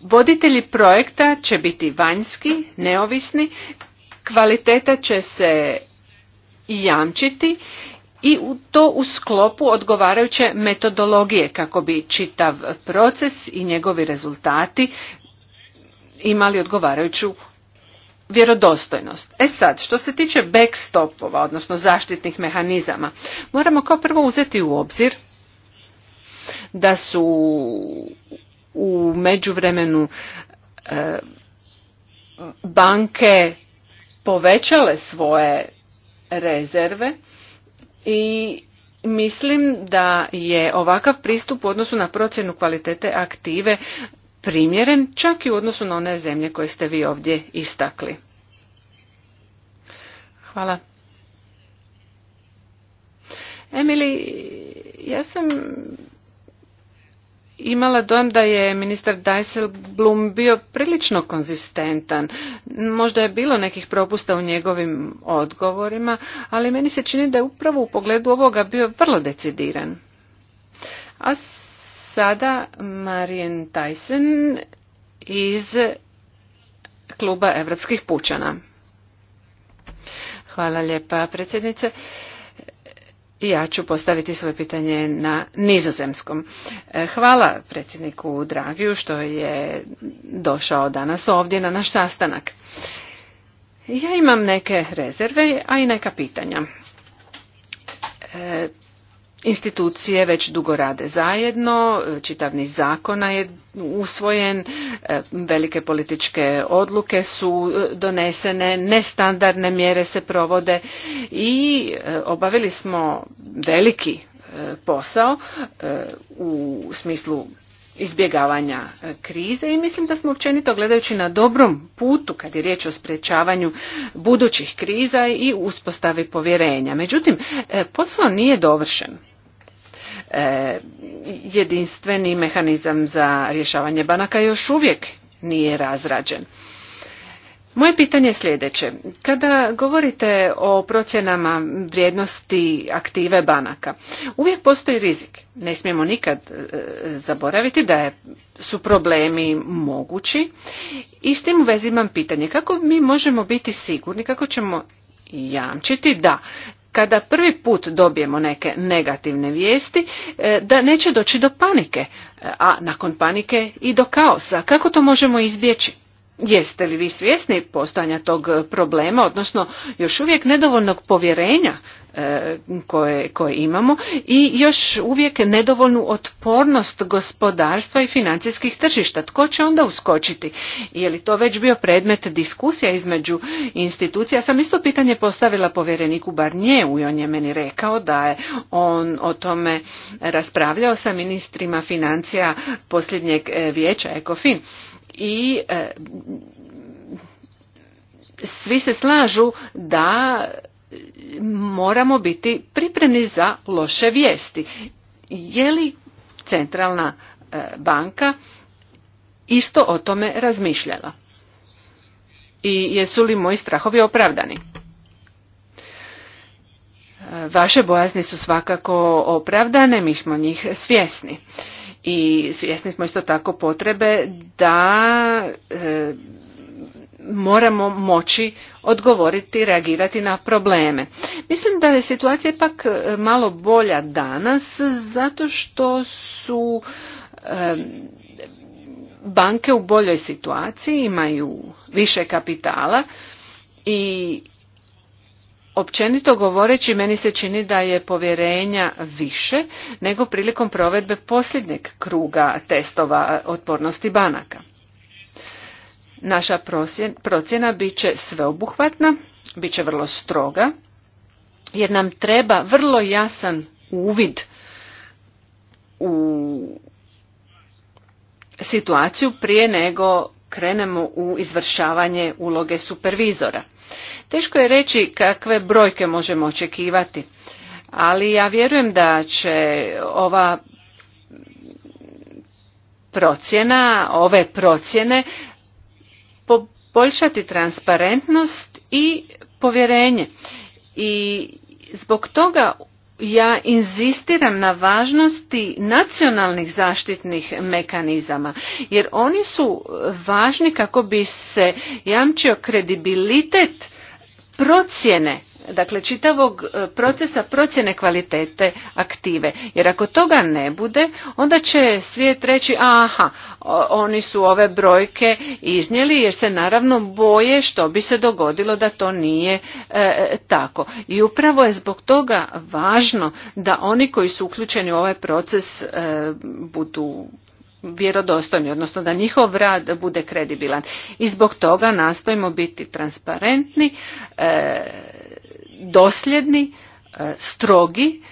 voditelji projekta će biti vanjski, neovisni, kvaliteta će se jamčiti i to u sklopu odgovarajuće metodologije kako bi čitav proces i njegovi rezultati imali odgovarajuću vjerodostojnost. E sad, što se tiče backstopova, odnosno zaštitnih mehanizama, moramo kao prvo uzeti u obzir da su u međuvremenu e, banke povećale svoje rezerve i mislim da je ovakav pristup u odnosu na procjenu kvalitete aktive primjeren čak i u odnosu na one zemlje koje ste vi ovdje istakli. Hvala. Emily, ja sam imala dojam da je ministar Dijsselblum bio prilično konzistentan. Možda je bilo nekih propusta u njegovim odgovorima, ali meni se čini da je upravo u pogledu ovoga bio vrlo decidiran. A sada Marijen Tyson iz kluba Evropskih pučana. Hvala lijepa predsjednice ja ću postaviti svoje pitanje na nizozemskom. E, hvala predsjedniku Dragiju što je došao danas ovdje na naš sastanak. Ja imam neke rezerve, a i neka pitanja. E, institucije već dugo rade zajedno, čitav niz zakona je usvojen, e, velike političke odluke su e, donesene, nestandardne mjere se provode i e, obavili smo veliki posao u smislu izbjegavanja krize i mislim da smo općenito gledajući na dobrom putu kad je riječ o sprečavanju budućih kriza i uspostavi povjerenja. Međutim, posao nije dovršen. E, jedinstveni mehanizam za rješavanje banaka još uvijek nije razrađen. Moje pitanje je sljedeće. Kada govorite o procjenama vrijednosti aktive banaka, uvijek postoji rizik. Ne smijemo nikad e, zaboraviti da su problemi mogući i s tim u vezi pitanje kako mi možemo biti sigurni, kako ćemo jamčiti da kada prvi put dobijemo neke negativne vijesti, e, da neće doći do panike, e, a nakon panike i do kaosa. Kako to možemo izbjeći? Jeste li vi svjesni postojanja tog problema, odnosno još uvijek nedovoljnog povjerenja E, koje, koje imamo i još uvijek nedovoljnu otpornost gospodarstva i financijskih tržišta. Tko će onda uskočiti? Je li to već bio predmet diskusija između institucija? sam isto pitanje postavila povjereniku Barnjeu i on je meni rekao da je on o tome raspravljao sa ministrima financija posljednjeg e, vijeća ECOFIN. I e, svi se slažu da moramo biti pripremni za loše vijesti. Je li centralna e, banka isto o tome razmišljala? I jesu li moji strahovi opravdani? Vaše bojazni su svakako opravdane, mi smo njih svjesni. I svjesni smo isto tako potrebe da e, moramo moći odgovoriti, reagirati na probleme. Mislim da je situacija ipak e, malo bolja danas zato što su banke u boljoj situaciji, imaju više kapitala i općenito govoreći meni se čini da je povjerenja više nego prilikom provedbe posljednjeg kruga testova otpornosti banaka. Naša procjena bit će sveobuhvatna, bit će vrlo stroga, jer nam treba vrlo jasan uvid u situaciju prije nego krenemo u izvršavanje uloge supervizora. Teško je reći kakve brojke možemo očekivati, ali ja vjerujem da će ova procjena, ove procjene poboljšati transparentnost i povjerenje. I zbog toga ja inzistiram na važnosti nacionalnih zaštitnih mekanizama jer oni su važni kako bi se jamčio kredibilitet procjene dakle čitavog e, procesa procjene kvalitete aktive. Jer ako toga ne bude, onda će svijet reći aha, oni su ove brojke iznijeli jer se naravno boje što bi se dogodilo da to nije e, tako. I upravo je zbog toga važno da oni koji su uključeni u ovaj proces e, budu vjerodostojni, odnosno da njihov rad bude kredibilan. I zbog toga nastojimo biti transparentni, e, dosljedni, e, strogi,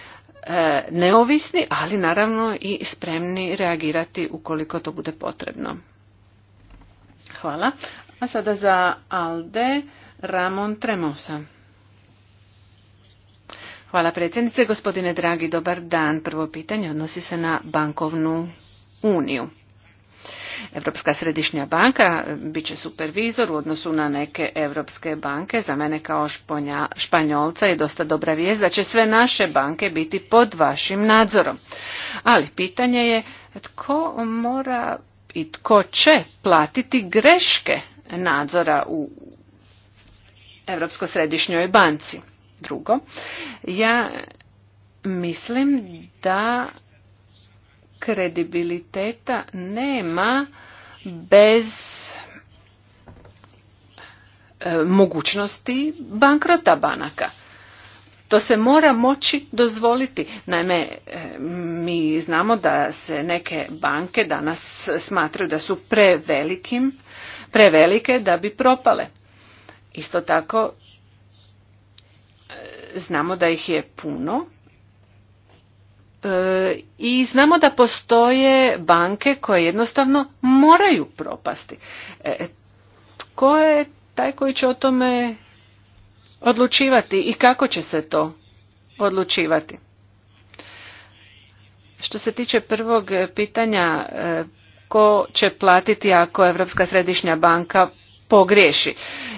e, neovisni, ali naravno i spremni reagirati ukoliko to bude potrebno. Hvala. A sada za Alde Ramon Tremosa. Hvala predsjednice. Gospodine dragi, dobar dan. Prvo pitanje odnosi se na bankovnu uniju. Europska središnja banka bit će supervizor u odnosu na neke europske banke. Za mene kao španjolca je dosta dobra vijest da će sve naše banke biti pod vašim nadzorom. Ali pitanje je tko mora i tko će platiti greške nadzora u Europskoj središnjoj banci. Drugo, ja mislim da kredibiliteta nema bez e, mogućnosti bankrota banaka. To se mora moći dozvoliti. Naime, e, mi znamo da se neke banke danas smatraju da su prevelikim, prevelike da bi propale. Isto tako e, znamo da ih je puno E, i znamo da postoje banke koje jednostavno moraju propasti. E, tko je taj koji će o tome odlučivati i kako će se to odlučivati? Što se tiče prvog pitanja, e, ko će platiti ako Europska središnja banka pogriješi?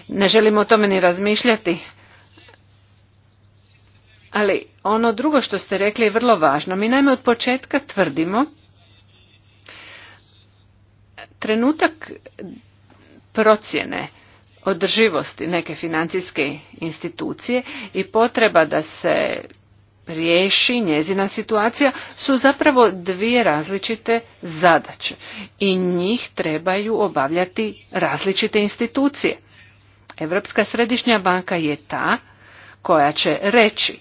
Ne želimo o tome ni razmišljati. Ali ono drugo što ste rekli je vrlo važno. Mi naime od početka tvrdimo trenutak procjene održivosti neke financijske institucije i potreba da se riješi njezina situacija su zapravo dvije različite zadaće i njih trebaju obavljati različite institucije. Europska središnja banka je ta koja će reći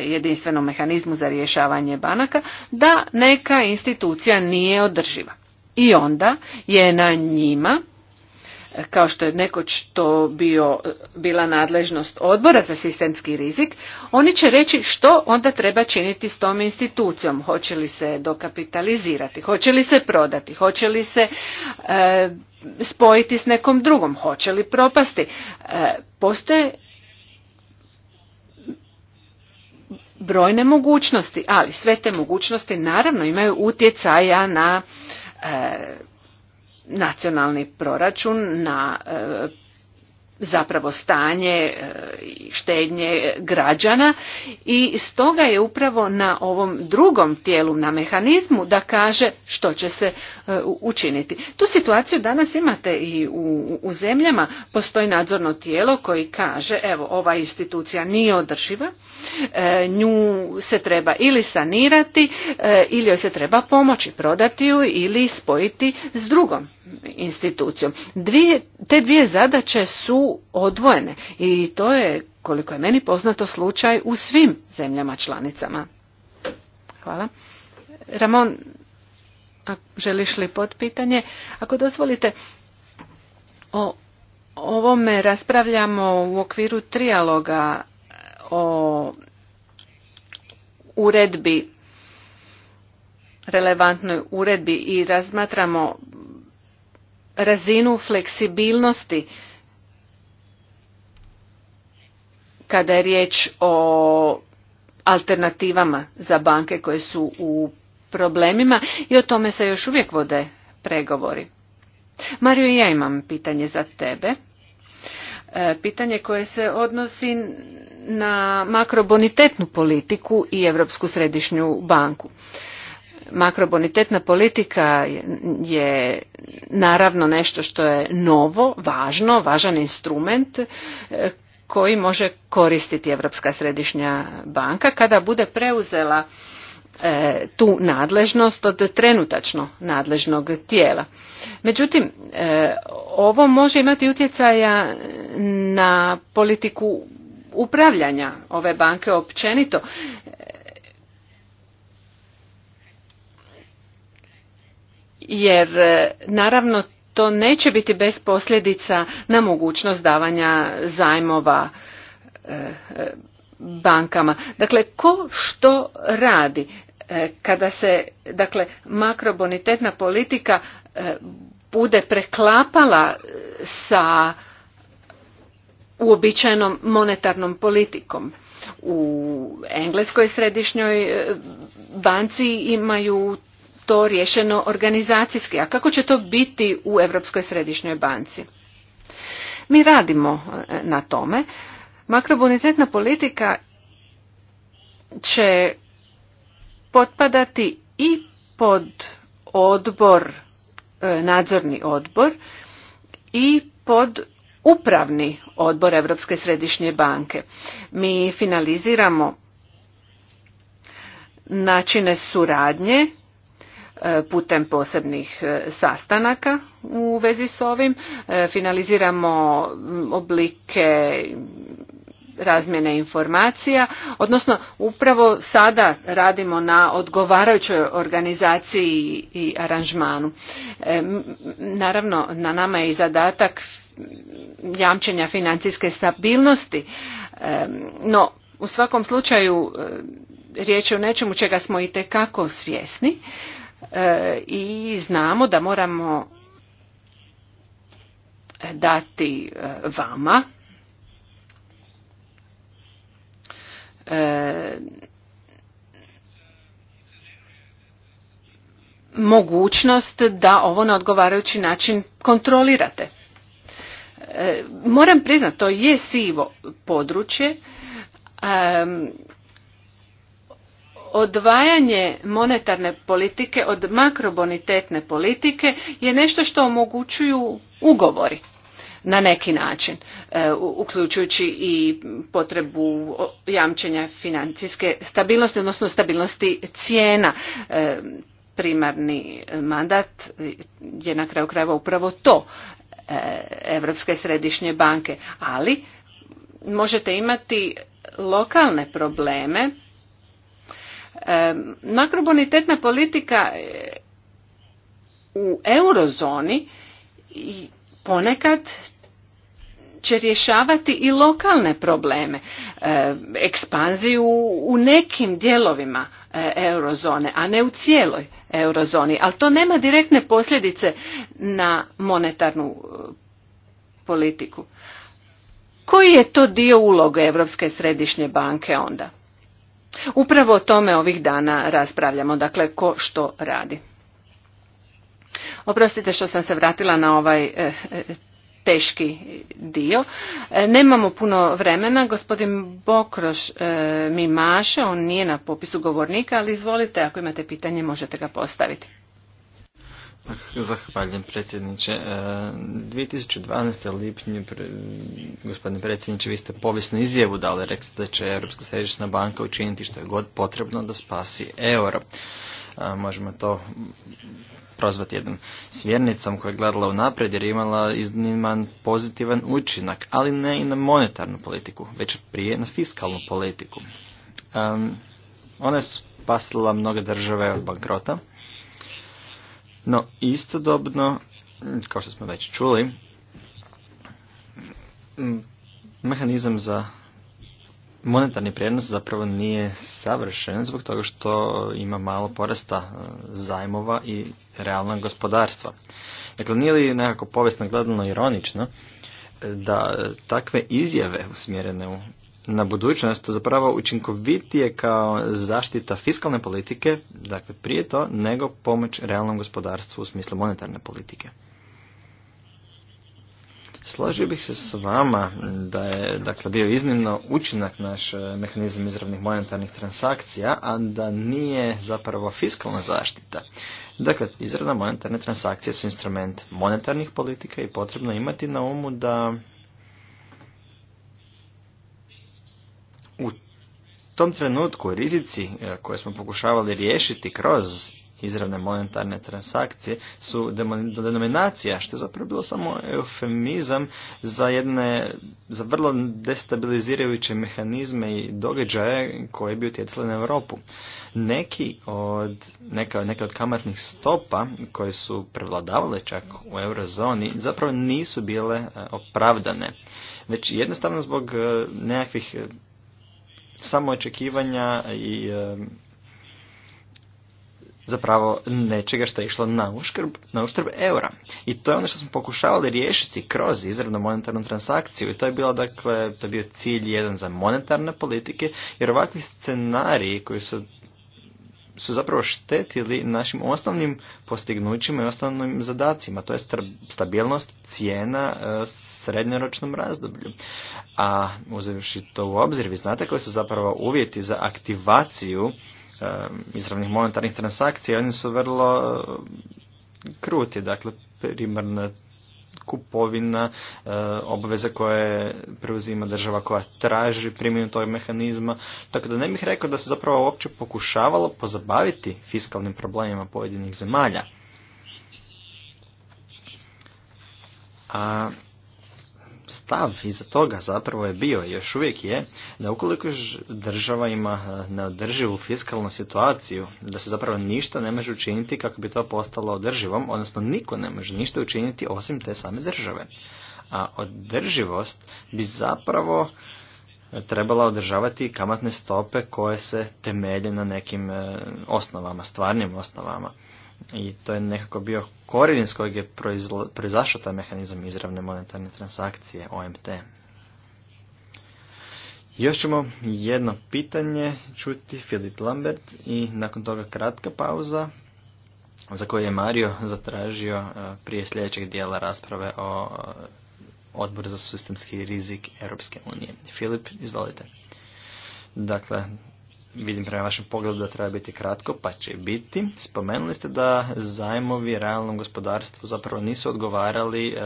jedinstvenom mehanizmu za rješavanje banaka da neka institucija nije održiva. I onda je na njima kao što je neko to bio, bila nadležnost odbora za sistemski rizik, oni će reći što onda treba činiti s tom institucijom. Hoće li se dokapitalizirati, hoće li se prodati, hoće li se e, spojiti s nekom drugom, hoće li propasti. E, postoje brojne mogućnosti, ali sve te mogućnosti naravno imaju utjecaja na e, nacionalni proračun, na e, zapravo stanje e, štednje građana i stoga je upravo na ovom drugom tijelu, na mehanizmu da kaže što će se e, učiniti. Tu situaciju danas imate i u, u zemljama, postoji nadzorno tijelo koji kaže evo ova institucija nije održiva, e, nju se treba ili sanirati ili joj se treba pomoći, prodati ju ili spojiti s drugom institucijom. Dvije, te dvije zadaće su odvojene i to je, koliko je meni poznato, slučaj u svim zemljama članicama. Hvala. Ramon, ako želiš li potpitanje? Ako dozvolite, o ovome raspravljamo u okviru trijaloga o uredbi relevantnoj uredbi i razmatramo razinu fleksibilnosti kada je riječ o alternativama za banke koje su u problemima i o tome se još uvijek vode pregovori. Mario, ja imam pitanje za tebe. E, pitanje koje se odnosi na makrobonitetnu politiku i Europsku središnju banku. Makrobonitetna politika je naravno nešto što je novo, važno, važan instrument e, koji može koristiti Europska središnja banka kada bude preuzela e, tu nadležnost od trenutačno nadležnog tijela. Međutim, e, ovo može imati utjecaja na politiku upravljanja ove banke općenito jer e, naravno to neće biti bez posljedica na mogućnost davanja zajmova e, e, bankama. Dakle, ko što radi kada se dakle, makrobonitetna politika bude preklapala sa uobičajenom monetarnom politikom. U Engleskoj središnjoj banci imaju to riješeno organizacijski. A kako će to biti u Europskoj središnjoj banci? Mi radimo e, na tome. Makrobonitetna politika će potpadati i pod odbor, e, nadzorni odbor i pod upravni odbor Europske središnje banke. Mi finaliziramo načine suradnje E, putem posebnih e, sastanaka u vezi s ovim. E, finaliziramo oblike razmjene informacija, odnosno upravo sada radimo na odgovarajućoj organizaciji i aranžmanu. Naravno, na nama je i zadatak jamčenja financijske stabilnosti, no u svakom slučaju riječ je o nečemu čega smo i tekako svjesni. E, i znamo da moramo dati e, vama e, mogućnost da ovo na odgovarajući način kontrolirate. Moram priznati, to je sivo područje, odvajanje monetarne politike od makrobonitetne politike je nešto što omogućuju ugovori na neki način, e, uključujući i potrebu jamčenja financijske stabilnosti, odnosno stabilnosti cijena. E, primarni mandat je na kraju krajeva upravo to Europske središnje banke, ali možete imati lokalne probleme Makrobonitetna politika e, u eurozoni ponekad će rješavati i lokalne probleme, e, ekspanziju u nekim dijelovima e, eurozone, a ne u cijeloj eurozoni. Ali to nema direktne posljedice na monetarnu politiku. Koji je to dio uloge Europske središnje banke onda? Upravo o tome ovih dana raspravljamo, dakle ko što radi. Oprostite što sam se vratila na ovaj eh, eh, teški dio. Eh, nemamo puno vremena. Gospodin Bokroš mi maše, on nije na popisu govornika, ali izvolite, ako imate pitanje možete ga postaviti. Zahvaljujem predsjedniče. 2012. E, lipnju, gospodine predsjedniče, vi ste povijesnu izjavu dali, rekli da će Europska središnja banka učiniti što je god potrebno da spasi euro. E, možemo to prozvati jednom svjernicom koja je gledala unaprijed jer je imala izniman pozitivan učinak, ali ne i na monetarnu politiku, već prije na fiskalnu politiku. E, ona je spasila mnoge države od bankrota, no istodobno, kao što smo već čuli, mehanizam za monetarni prijenos zapravo nije savršen zbog toga što ima malo porasta e, zajmova i realnog gospodarstva. Dakle, nije li nekako povijesno gledano ironično e, da takve izjave usmjerene u na budućnost to zapravo učinkovitije kao zaštita fiskalne politike, dakle prije to, nego pomoć realnom gospodarstvu u smislu monetarne politike. Složio bih se s vama da je dakle, bio iznimno učinak naš e, mehanizam izravnih monetarnih transakcija, a da nije zapravo fiskalna zaštita. Dakle, izravna monetarne transakcije su instrument monetarnih politika i potrebno imati na umu da U tom trenutku rizici e, koje smo pokušavali riješiti kroz izravne monetarne transakcije su denominacija, što je zapravo bilo samo eufemizam za jedne, za vrlo destabilizirajuće mehanizme i događaje koje bi utjecali na Europu. Neki od, neka, neka od kamatnih stopa koje su prevladavale čak u eurozoni zapravo nisu bile e, opravdane, već jednostavno zbog e, nekakvih samo očekivanja i zapravo nečega što je išlo na uštrb, na eura. I to je ono što smo pokušavali riješiti kroz izravnu monetarnu transakciju i to je bilo dakle, to je bio cilj jedan za monetarne politike, jer ovakvi scenariji koji su su zapravo štetili našim osnovnim postignućima i osnovnim zadacima, to je stabilnost cijena e, srednjoročnom razdoblju. A uzevši to u obzir, vi znate koji su zapravo uvjeti za aktivaciju e, izravnih monetarnih transakcija, oni su vrlo e, kruti, dakle primarna kupovina e, koje preuzima država koja traži primjenu tog mehanizma. Tako da ne bih rekao da se zapravo uopće pokušavalo pozabaviti fiskalnim problemima pojedinih zemalja. A stav iza toga zapravo je bio i još uvijek je da ukoliko država ima e, neodrživu fiskalnu situaciju, da se zapravo ništa ne može učiniti kako bi to postalo održivom, odnosno niko ne može ništa učiniti osim te same države. A održivost bi zapravo e, trebala održavati kamatne stope koje se temelje na nekim e, osnovama, stvarnim osnovama i to je nekako bio korijen iz kojeg je proizašao taj mehanizam izravne monetarne transakcije, OMT. Još ćemo jedno pitanje čuti Filip Lambert i nakon toga kratka pauza za koju je Mario zatražio e, prije sljedećeg dijela rasprave o e, odboru za sistemski rizik Europske unije. Filip, izvolite. Dakle, vidim prema vašem pogledu da treba biti kratko, pa će biti. Spomenuli ste da zajmovi realnom gospodarstvu zapravo nisu odgovarali e,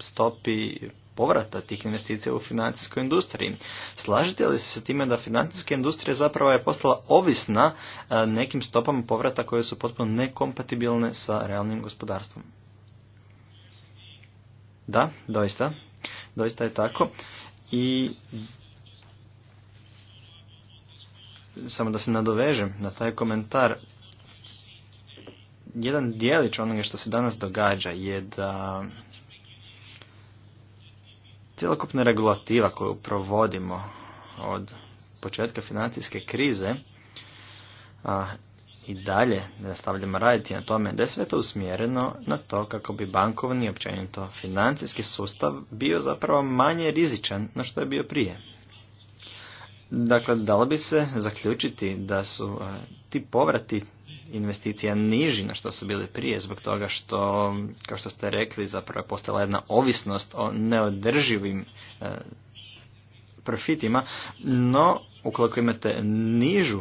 stopi povrata tih investicija u financijskoj industriji. Slažete li se sa time da financijska industrija zapravo je postala ovisna e, nekim stopama povrata koje su potpuno nekompatibilne sa realnim gospodarstvom? Da, doista. Doista je tako. I samo da se nadovežem na taj komentar, jedan dijelić onoga što se danas događa je da cjelokupna regulativa koju provodimo od početka financijske krize a, i dalje nastavljamo raditi na tome da je sve to usmjereno na to kako bi bankovni općenito financijski sustav bio zapravo manje rizičan na što je bio prije. Dakle, dalo bi se zaključiti da su e, ti povrati investicija niži na što su bili prije zbog toga što, kao što ste rekli, zapravo je postala jedna ovisnost o neodrživim e, profitima, no ukoliko imate nižu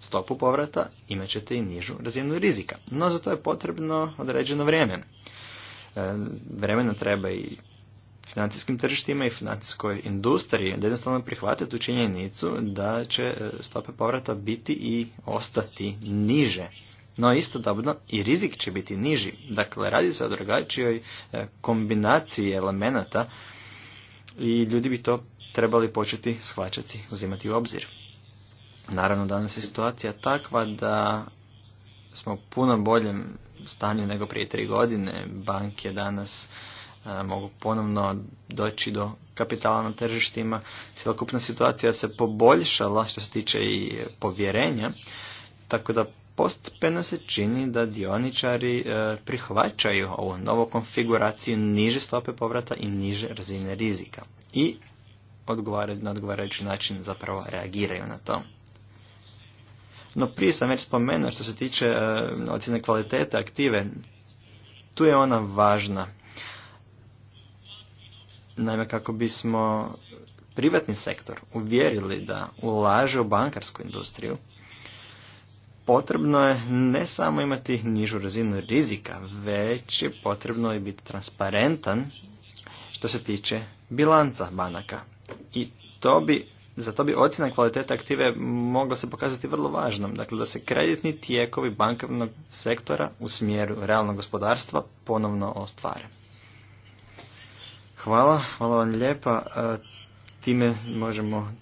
stopu povrata, imat ćete i nižu razinu rizika. No za to je potrebno određeno vrijeme. E, vremena treba i financijskim tržištima i financijskoj industriji da jednostavno prihvate tu činjenicu da će e, stope povrata biti i ostati niže. No istodobno i rizik će biti niži. Dakle, radi se o drugačijoj e, kombinaciji elemenata i ljudi bi to trebali početi shvaćati, uzimati u obzir. Naravno, danas je situacija takva da smo u puno boljem stanju nego prije tri godine. Banke danas mogu ponovno doći do kapitala na tržištima. Cjelokupna situacija se poboljšala što se tiče i povjerenja, tako da postepeno se čini da dioničari e, prihvaćaju ovu novu konfiguraciju niže stope povrata i niže razine rizika i na odgovarajući način zapravo reagiraju na to. No prije sam već spomenuo što se tiče e, ocjene kvalitete aktive, tu je ona važna Naime, kako bismo privatni sektor uvjerili da ulaže u bankarsku industriju, potrebno je ne samo imati nižu razinu rizika, već je potrebno i biti transparentan što se tiče bilanca banaka. I to bi, za to bi ocjena kvalitete aktive mogla se pokazati vrlo važnom. Dakle, da se kreditni tijekovi bankovnog sektora u smjeru realnog gospodarstva ponovno ostvare. Hvala, hvala vam lijepa. E, time možemo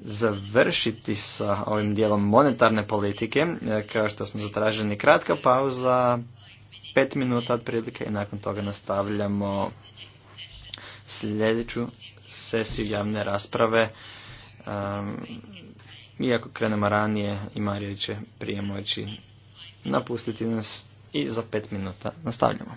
završiti sa ovim dijelom monetarne politike. E, kao što smo zatraženi kratka pauza, pet minuta otprilike i nakon toga nastavljamo sljedeću sesiju javne rasprave. E, iako krenemo ranije i Marija će prije moći napustiti nas i za pet minuta nastavljamo.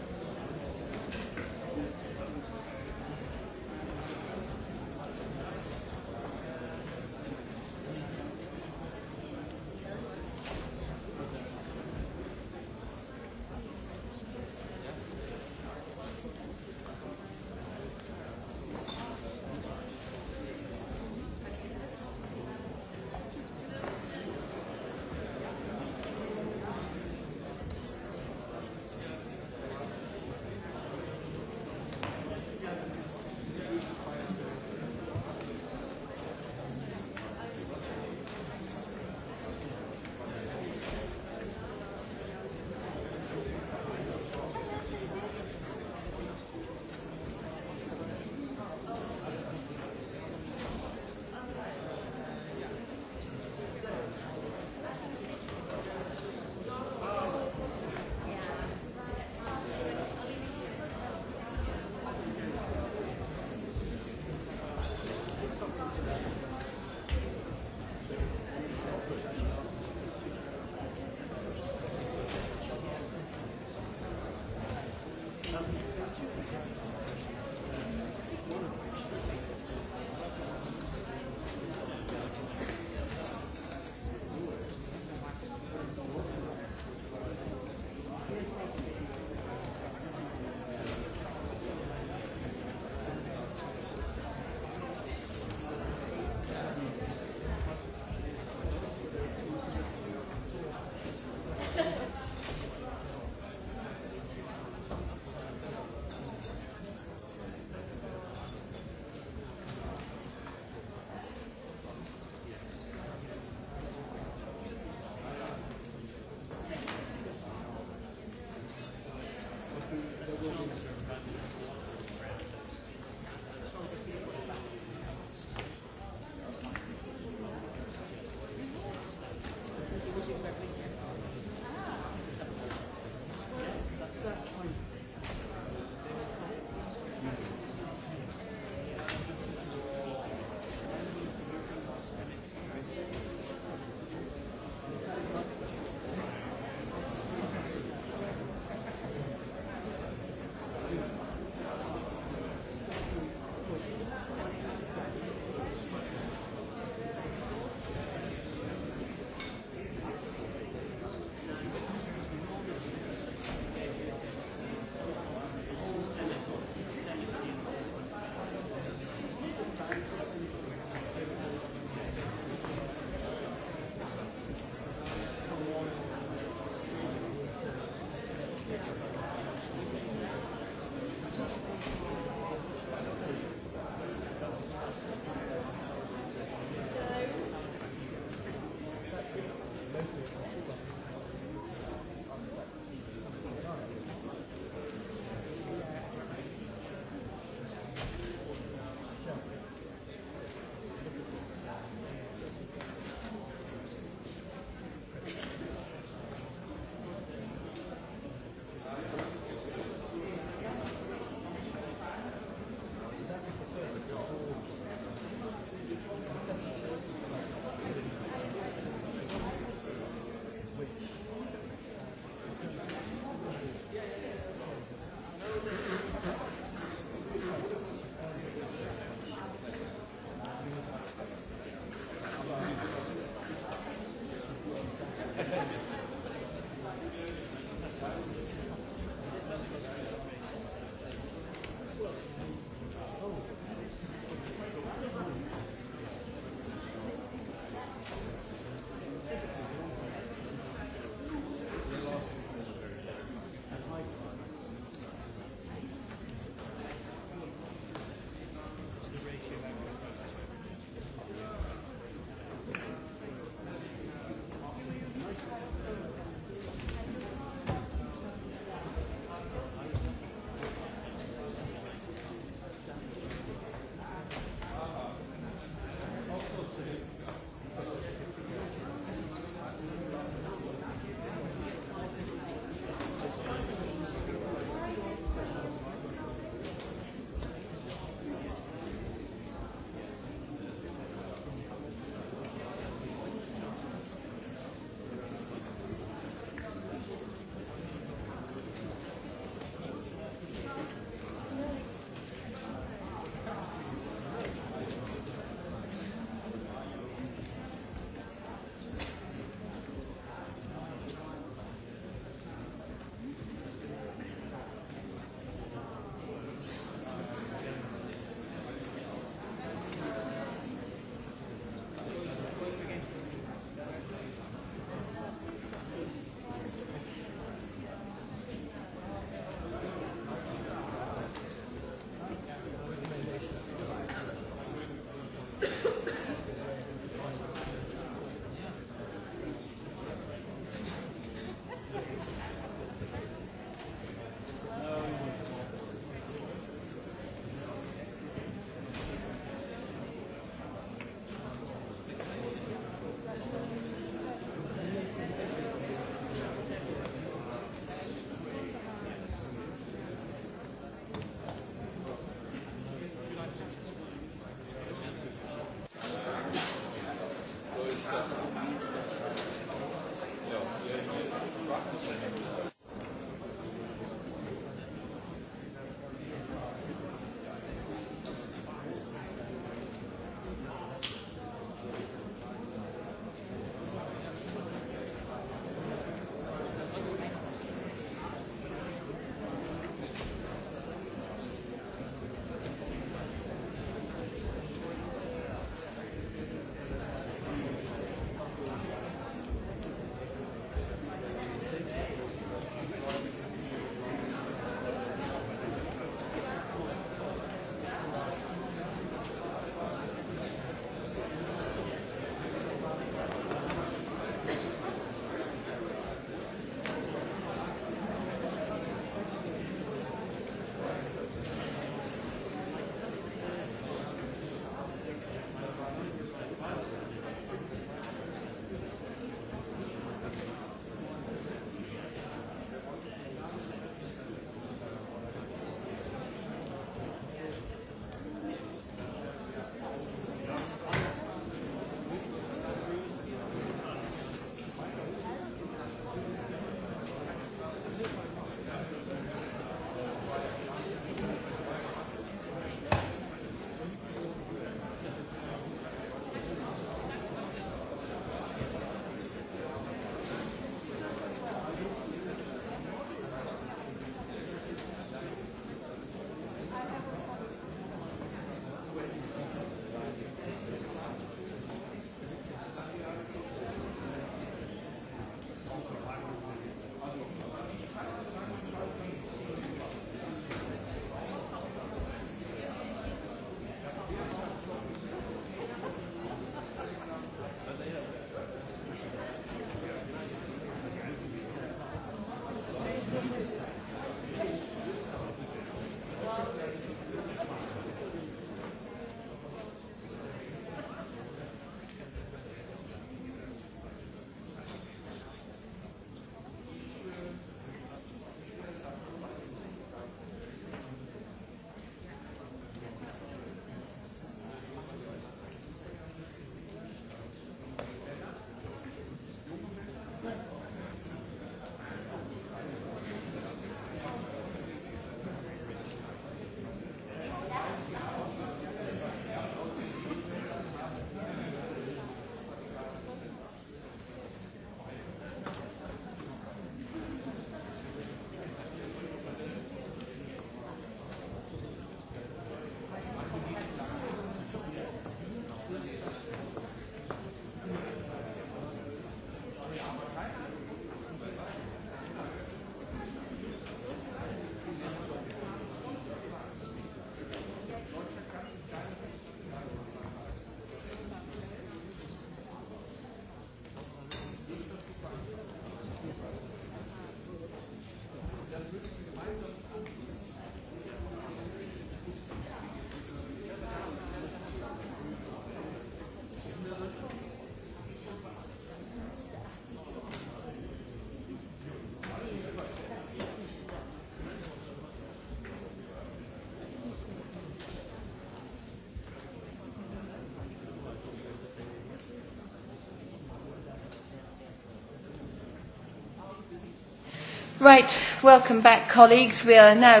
Right, welcome back colleagues. We are now...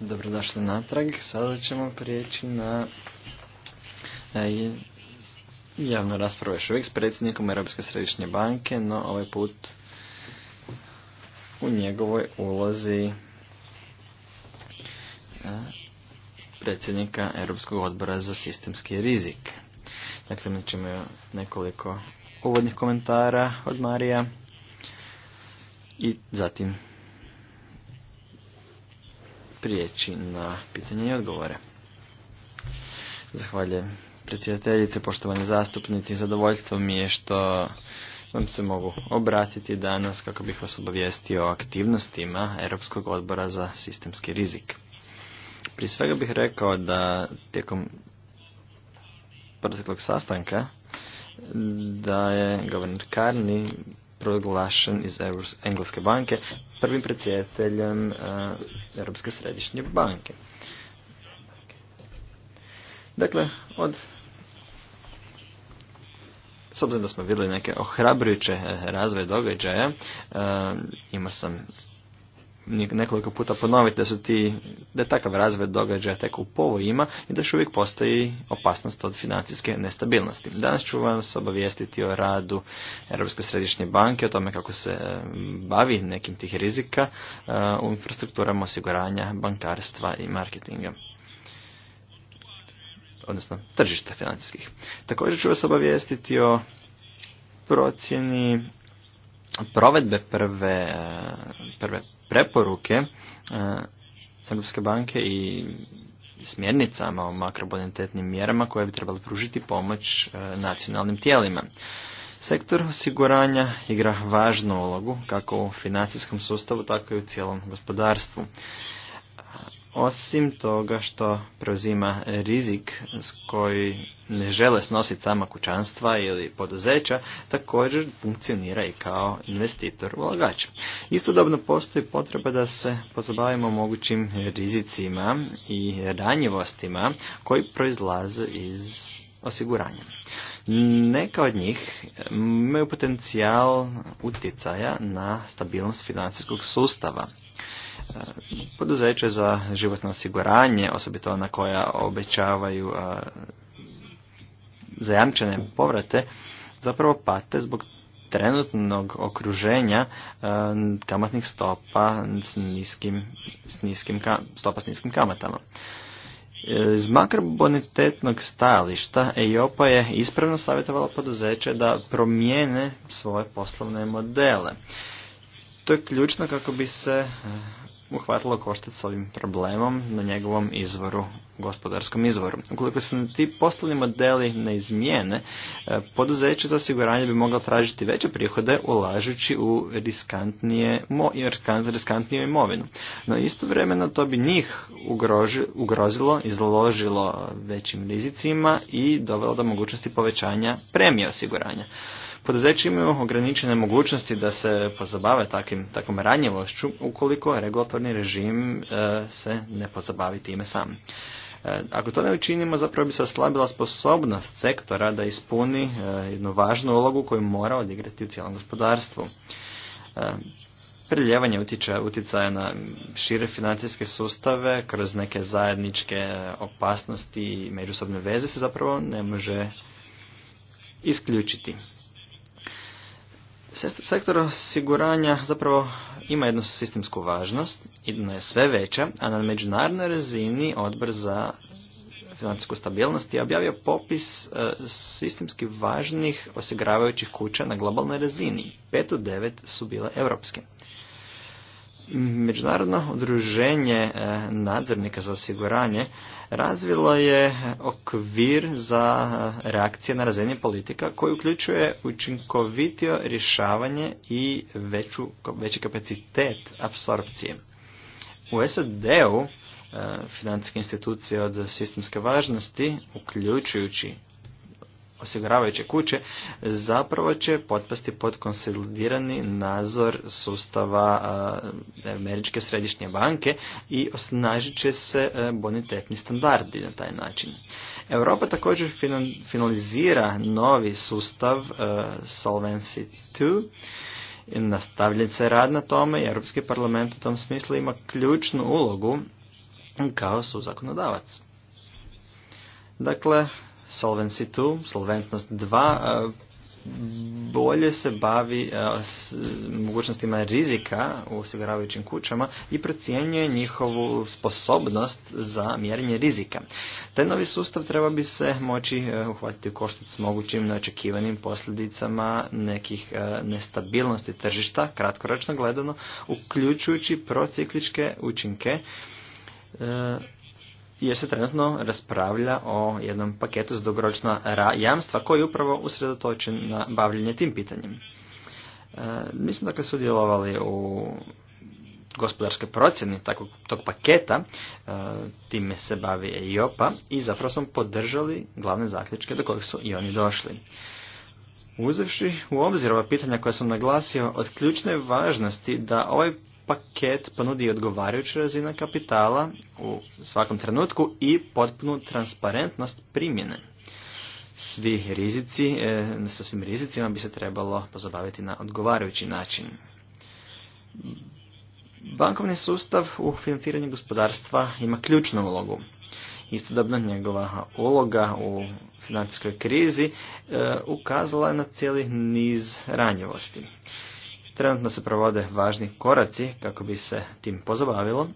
Dobrodošli natrag. Sada ćemo prijeći na javnu raspravu još uvijek s predsjednikom Europske središnje banke, no ovaj put u njegovoj ulozi predsjednika Europskog odbora za sistemski rizik. Dakle, mi ćemo nekoliko uvodnih komentara od Marija i zatim prijeći na pitanje i odgovore. Zahvaljujem predsjedateljice, poštovani zastupnici. Zadovoljstvo mi je što vam se mogu obratiti danas kako bih vas obavijestio o aktivnostima Europskog odbora za sistemski rizik. Prije svega bih rekao da tijekom proteklog sastanka da je governor Karni proglašen iz Engleske banke prvim predsjedateljem e, Europske središnje banke. Dakle, od s obzirom da smo vidjeli neke ohrabrujuće e, razvoje događaja, e, imao sam nekoliko puta ponoviti da su ti, da je takav razvoj događaja tek u povojima i da još uvijek postoji opasnost od financijske nestabilnosti. Danas ću vas obavijestiti o radu Europske središnje banke, o tome kako se eh, bavi nekim tih rizika eh, u infrastrukturama osiguranja, bankarstva i marketinga odnosno tržišta financijskih. Također ću vas obavijestiti o procjeni provedbe prve, eh, prve preporuke eh, Europske banke i smjernicama o makrobonitetnim mjerama koje bi trebali pružiti pomoć eh, nacionalnim tijelima. Sektor osiguranja igra važnu ulogu kako u financijskom sustavu, tako i u cijelom gospodarstvu osim toga što preuzima rizik s koji ne žele snositi sama kućanstva ili poduzeća, također funkcionira i kao investitor ulagač. Istodobno postoji potreba da se pozabavimo mogućim rizicima i ranjivostima koji proizlaze iz osiguranja. Neka od njih imaju potencijal utjecaja na stabilnost financijskog sustava poduzeće za životno osiguranje, osobito ona koja obećavaju zajamčene povrate, zapravo pate zbog trenutnog okruženja kamatnih stopa s niskim, stopa s niskim kamatama. E, iz makrobonitetnog stajališta EIOPA je ispravno savjetovala poduzeće da promijene svoje poslovne modele. To je ključno kako bi se e, uhvatilo koštac s ovim problemom na njegovom izvoru, gospodarskom izvoru. Ukoliko se ti poslovni modeli ne izmijene, e, poduzeće za osiguranje bi moglo tražiti veće prihode ulažući u riskantnije, riskantniju imovinu. No istovremeno to bi njih ugrozilo, izložilo većim rizicima i dovelo do mogućnosti povećanja premije osiguranja. Poduzeći imaju ograničene mogućnosti da se pozabave takim, takvom ranjivošću ukoliko regulatorni režim e, se ne pozabavi time sam. E, ako to ne učinimo, zapravo bi se oslabila sposobnost sektora da ispuni e, jednu važnu ulogu koju mora odigrati u cijelom gospodarstvu. Priljevanje utjecaja na šire financijske sustave kroz neke zajedničke opasnosti i međusobne veze se zapravo ne može isključiti. Sektor osiguranja zapravo ima jednu sistemsku važnost, jedna je sve veća, a na međunarodnoj razini odbor za financijsku stabilnost je objavio popis e, sistemski važnih osiguravajućih kuća na globalnoj razini. Pet od devet su bile europske. Međunarodno udruženje eh, nadzornika za osiguranje razvilo je eh, okvir za eh, reakcije na razini politika koji uključuje učinkovitio rješavanje i veću, veći kapacitet apsorpcije. U SAD-u financijske institucije od sistemske važnosti, uključujući osiguravajuće kuće zapravo će potpasti pod konsolidirani nadzor sustava Američke središnje banke i osnažit će se e, bonitetni standardi na taj način. Europa također finalizira novi sustav e, Solvency 2 nastavlja se rad na tome i Europski parlament u tom smislu ima ključnu ulogu kao su zakonodavac. Dakle, Solvency 2, Solventnost 2, e, bolje se bavi e, s mogućnostima rizika u osiguravajućim kućama i procjenjuje njihovu sposobnost za mjerenje rizika. Taj novi sustav treba bi se moći e, uhvatiti u koštac s mogućim neočekivanim posljedicama nekih nestabilnosti tržišta, kratkoročno gledano, uključujući procikličke učinke jer se trenutno raspravlja o jednom paketu za dugoročna jamstva koji je upravo usredotočen na bavljenje tim pitanjem. mi smo dakle sudjelovali u gospodarske procjeni takvog, tog paketa, e, time se bavi EIOPA i zapravo smo podržali glavne zaključke do kojih su i oni došli. Uzevši u obzir ova pitanja koja sam naglasio, od ključne važnosti da ovaj paket ponudi odgovarajuća razina kapitala u svakom trenutku i potpunu transparentnost primjene. Svi rizici, e, sa svim rizicima bi se trebalo pozabaviti na odgovarajući način. Bankovni sustav u financiranju gospodarstva ima ključnu ulogu. Istodobno njegova uloga u financijskoj krizi e, ukazala je na cijeli niz ranjivosti. Trenutno se provode važni koraci kako bi se tim pozabavilo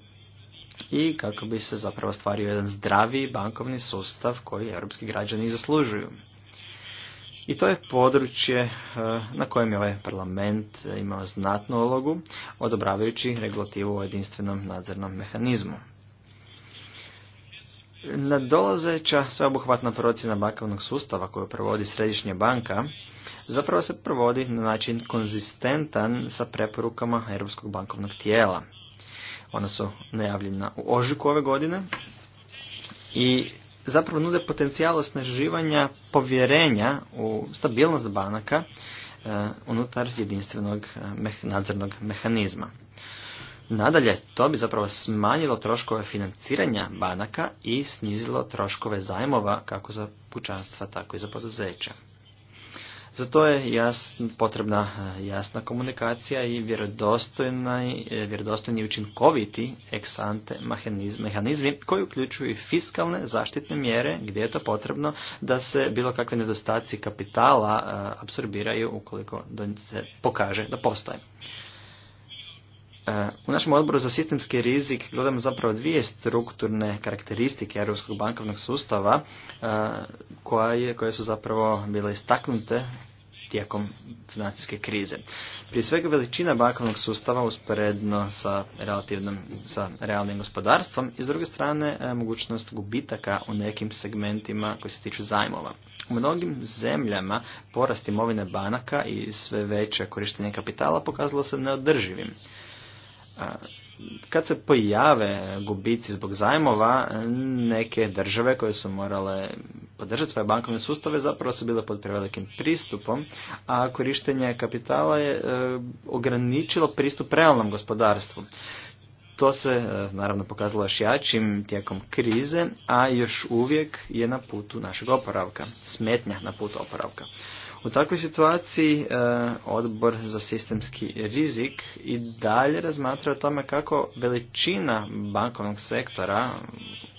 i kako bi se zapravo stvario jedan zdraviji bankovni sustav koji europski građani zaslužuju. I to je područje e, na kojem je ovaj parlament imao znatnu ulogu, odobravajući regulativu o jedinstvenom nadzornom mehanizmu. Nadolazeća sveobuhvatna procjena bankovnog sustava koju provodi Središnja banka zapravo se provodi na način konzistentan sa preporukama Europskog bankovnog tijela. Ona su najavljena u ožujku ove godine i zapravo nude potencijal osnaživanja povjerenja u stabilnost banaka e, unutar jedinstvenog e, nadzornog mehanizma. Nadalje, to bi zapravo smanjilo troškove financiranja banaka i snizilo troškove zajmova kako za pučanstva, tako i za poduzeća. Za to je jasn, potrebna e, jasna komunikacija i e, vjerodostojni i učinkoviti eksante mehanizmi koji uključuju fiskalne zaštitne mjere gdje je to potrebno da se bilo kakve nedostaci kapitala e, apsorbiraju ukoliko se pokaže da postoje. E, u našem odboru za sistemski rizik gledamo zapravo dvije strukturne karakteristike europskog bankovnog sustava e, koje, koje su zapravo bile istaknute tijekom financijske krize. Prije svega veličina bankovnog sustava usporedno sa, relativnom, sa realnim gospodarstvom i s druge strane e, mogućnost gubitaka u nekim segmentima koji se tiču zajmova. U mnogim zemljama porast imovine banaka i sve veće korištenje kapitala pokazalo se neodrživim kad se pojave gubici zbog zajmova, neke države koje su morale podržati svoje bankovne sustave zapravo su bile pod prevelikim pristupom, a korištenje kapitala je e, ograničilo pristup realnom gospodarstvu. To se e, naravno pokazalo još jačim tijekom krize, a još uvijek je na putu našeg oporavka, smetnja na putu oporavka. U takvoj situaciji e, odbor za sistemski rizik i dalje razmatra o tome kako veličina bankovnog sektora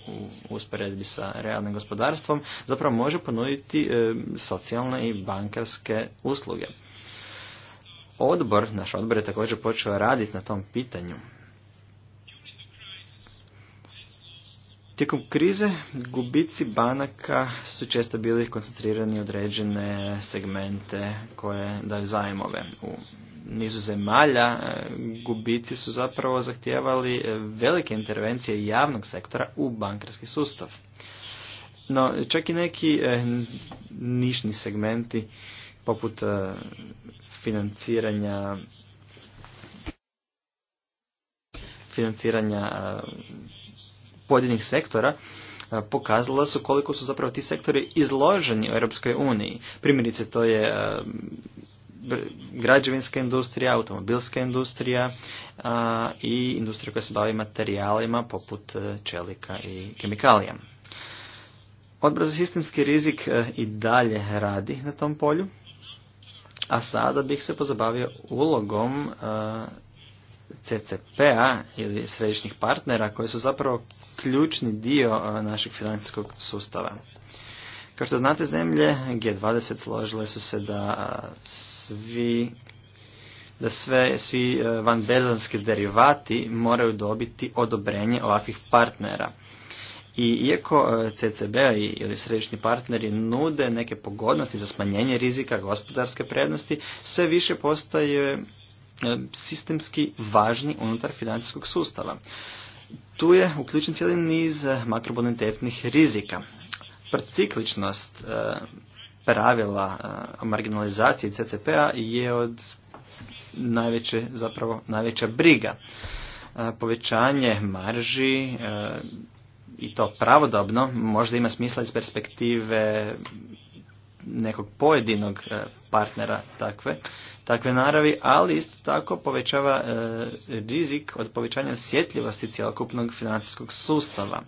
u usporedbi sa realnim gospodarstvom zapravo može ponuditi e, socijalne i bankarske usluge. Odbor, naš odbor je također počeo raditi na tom pitanju. Tijekom krize gubici banaka su često bili koncentrirani određene segmente koje daju zajmove. U nizu zemalja e, gubici su zapravo zahtijevali e, velike intervencije javnog sektora u bankarski sustav. No, čak i neki e, nišni segmenti poput financiranja financiranja pojedinih sektora e, pokazala su koliko su zapravo ti sektori izloženi u Europskoj uniji. Primjerice to je e, građevinska industrija, automobilska industrija e, i industrija koja se bavi materijalima poput čelika i kemikalija. Odbor za sistemski rizik i dalje radi na tom polju, a sada bih se pozabavio ulogom CCP-a ili središnjih partnera koji su zapravo ključni dio našeg financijskog sustava. Kao što znate, zemlje G20 složile su se da svi da sve, svi e, vanbezanski derivati moraju dobiti odobrenje ovakvih partnera. I iako e, CCB ili središnji partneri nude neke pogodnosti za smanjenje rizika gospodarske prednosti, sve više postaje E, sistemski važni unutar financijskog sustava. Tu je uključen cijeli niz makrobonitetnih rizika. Procikličnost e, pravila e, marginalizacije CCP-a je od najveće, zapravo najveća briga. Povećanje marži i to pravodobno možda ima smisla iz perspektive nekog pojedinog e, partnera takve, takve naravi, ali isto tako povećava e, rizik od povećanja osjetljivosti cjelokupnog financijskog sustava.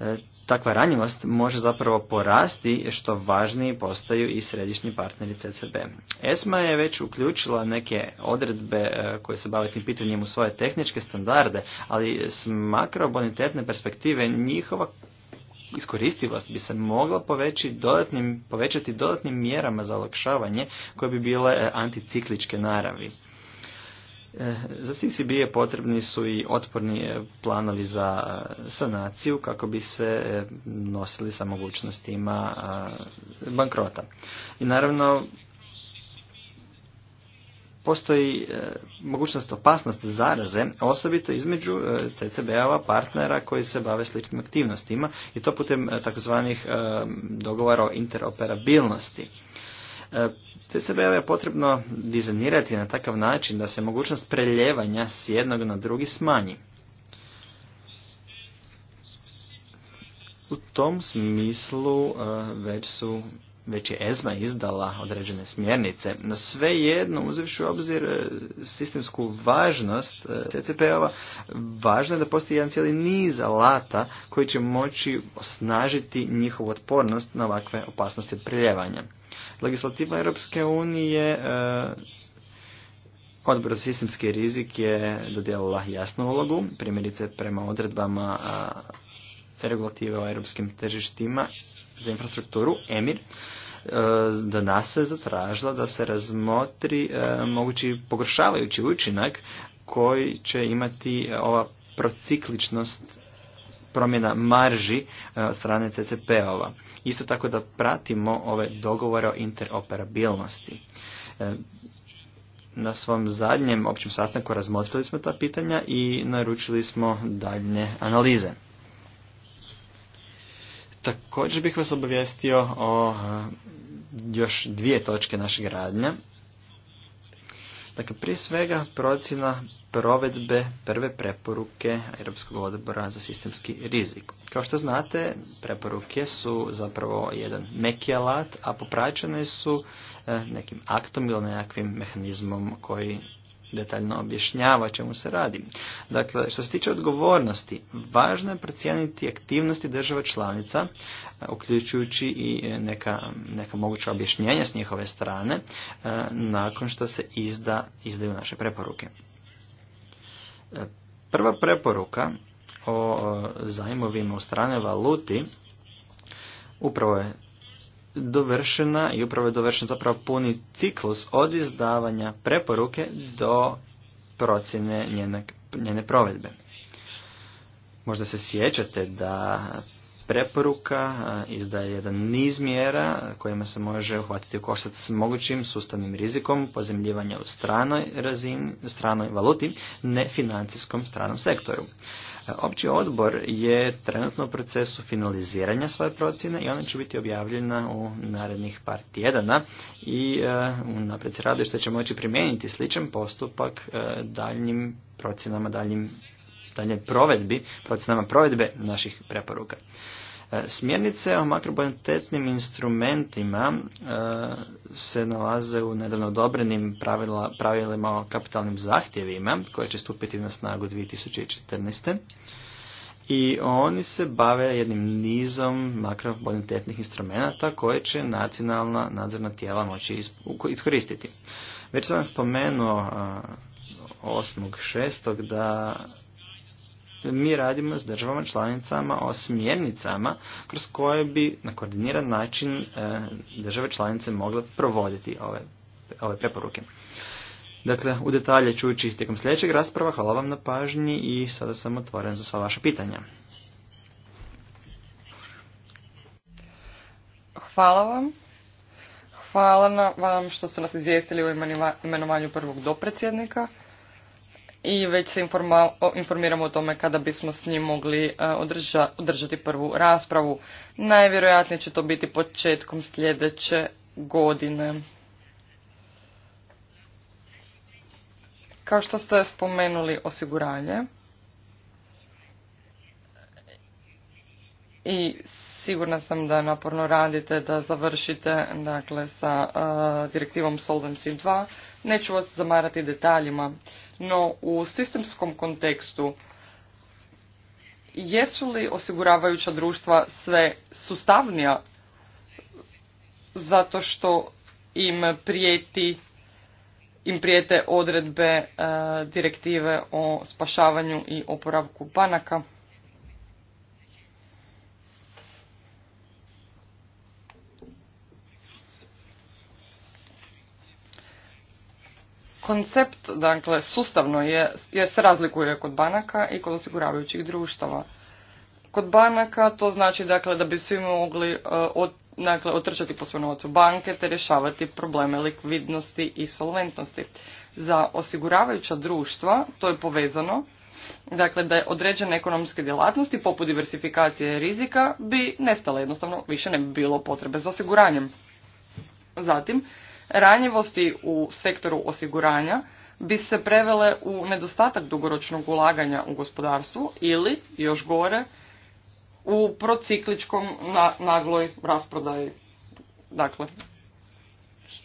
E, takva ranjivost može zapravo porasti što važniji postaju i središnji partneri CCB. ESMA je već uključila neke odredbe koje se bave tim pitanjem u svoje tehničke standarde, ali s makrobonitetne perspektive njihova iskoristivost bi se mogla dodatnim, povećati dodatnim mjerama za olakšavanje koje bi bile e, anticikličke naravi. E, za CCB je potrebni su i otporni e, planovi za sanaciju kako bi se nosili sa mogućnostima bankrota. I naravno postoji e, mogućnost opasnost zaraze, osobito između e, CCB-ova partnera koji se bave sličnim aktivnostima i to putem e, takozvanih e, dogovora o interoperabilnosti. E, CCB-ove je potrebno dizajnirati na takav način da se mogućnost preljevanja s jednog na drugi smanji. U tom smislu e, već su već je ESMA izdala određene smjernice. Na sve jedno, uzevši u obzir e, sistemsku važnost TCP-ova, e, važno je da postoji jedan cijeli niz alata koji će moći osnažiti njihovu otpornost na ovakve opasnosti od priljevanja. Legislativa Europske unije e, Odbor za sistemski rizik je dodijelila jasnu ulogu, primjerice prema odredbama regulative o europskim tržištima za infrastrukturu, EMIR, e, da nas se zatražila da se razmotri e, mogući pogoršavajući učinak koji će imati e, ova procikličnost promjena marži od strane TCP-ova. Isto tako da pratimo ove dogovore o interoperabilnosti. Na svom zadnjem općem sastanku razmotrili smo ta pitanja i naručili smo daljne analize. Također bih vas obavijestio o e, još dvije točke našeg radnja. Dakle, prije svega procjena provedbe prve preporuke Europskog odbora za sistemski rizik. Kao što znate, preporuke su zapravo jedan meki alat, a popraćene su e, nekim aktom ili nekakvim mehanizmom koji detaljno objašnjava čemu se radi. Dakle, što se tiče odgovornosti, važno je procijeniti aktivnosti država članica, e, uključujući i e, neka, neka moguća objašnjenja s njihove strane, e, nakon što se izda, izdaju naše preporuke. Prva preporuka o zajmovima u strane valuti upravo je dovršena i upravo je dovršen zapravo puni ciklus od izdavanja preporuke do procjene njene, provedbe. Možda se sjećate da preporuka izdaje jedan niz mjera kojima se može uhvatiti u koštac s mogućim sustavnim rizikom pozemljivanja u stranoj razini, stranoj valuti, ne financijskom stranom sektoru. Opći odbor je trenutno u procesu finaliziranja svoje procjene i ona će biti objavljena u narednih par tjedana i e, unaprijed se raduje što će moći primijeniti sličan postupak e, daljnjim procjenama, daljnjim, daljnjoj provedbi, procjenama provedbe naših preporuka. E, smjernice o makrobonitetnim instrumentima e, se nalaze u nedavno odobrenim pravilima o kapitalnim zahtjevima koje će stupiti na snagu 2014. I oni se bave jednim nizom makrobonitetnih instrumenta koje će nacionalna nadzorna tijela moći iskoristiti. Već sam spomenuo 8.6. E, da mi radimo s državama članicama o smjernicama kroz koje bi na koordiniran način e, države članice mogle provoditi ove, ove preporuke. Dakle, u detalje čujući tijekom sljedećeg rasprava. Hvala vam na pažnji i sada sam otvoren za sva vaša pitanja. Hvala vam. Hvala vam što ste nas izvijestili o imenovanju prvog dopredsjednika i već se informiramo o tome kada bismo s njim mogli e, održati prvu raspravu. Najvjerojatnije će to biti početkom sljedeće godine. Kao što ste spomenuli osiguranje i sigurna sam da naporno radite da završite dakle, sa e, direktivom Solvency 2. Neću vas zamarati detaljima. No u sistemskom kontekstu jesu li osiguravajuća društva sve sustavnija zato što im prijeti im prijete odredbe e, direktive o spašavanju i oporavku banaka Koncept, dakle, sustavno je, je, se razlikuje kod banaka i kod osiguravajućih društava. Kod banaka to znači, dakle, da bi svi mogli e, dakle, otrčati po svoj banke te rješavati probleme likvidnosti i solventnosti. Za osiguravajuća društva to je povezano, dakle, da je određene ekonomske djelatnosti, poput diversifikacije rizika, bi nestale jednostavno, više ne bi bilo potrebe za osiguranjem. Zatim, Ranjivosti u sektoru osiguranja bi se prevele u nedostatak dugoročnog ulaganja u gospodarstvu ili, još gore, u procikličkom nagloj rasprodaji, dakle,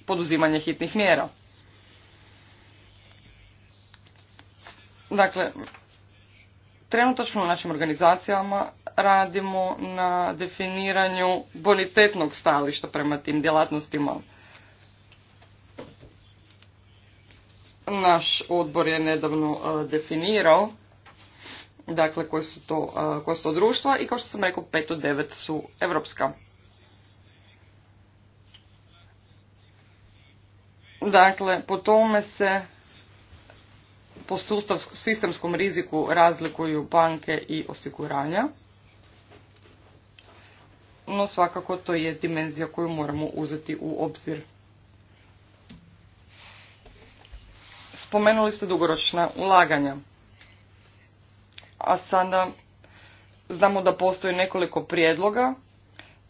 poduzimanje hitnih mjera. Dakle, trenutačno u našim organizacijama radimo na definiranju bonitetnog stajališta prema tim djelatnostima Naš odbor je nedavno e, definirao dakle koje su to, e, koje su to društva i kao što sam rekao 5 od 9 su evropska. Dakle, po tome se po sustav, sistemskom riziku razlikuju banke i osiguranja. No svakako to je dimenzija koju moramo uzeti u obzir. Spomenuli ste dugoročna ulaganja. A sada znamo da postoji nekoliko prijedloga.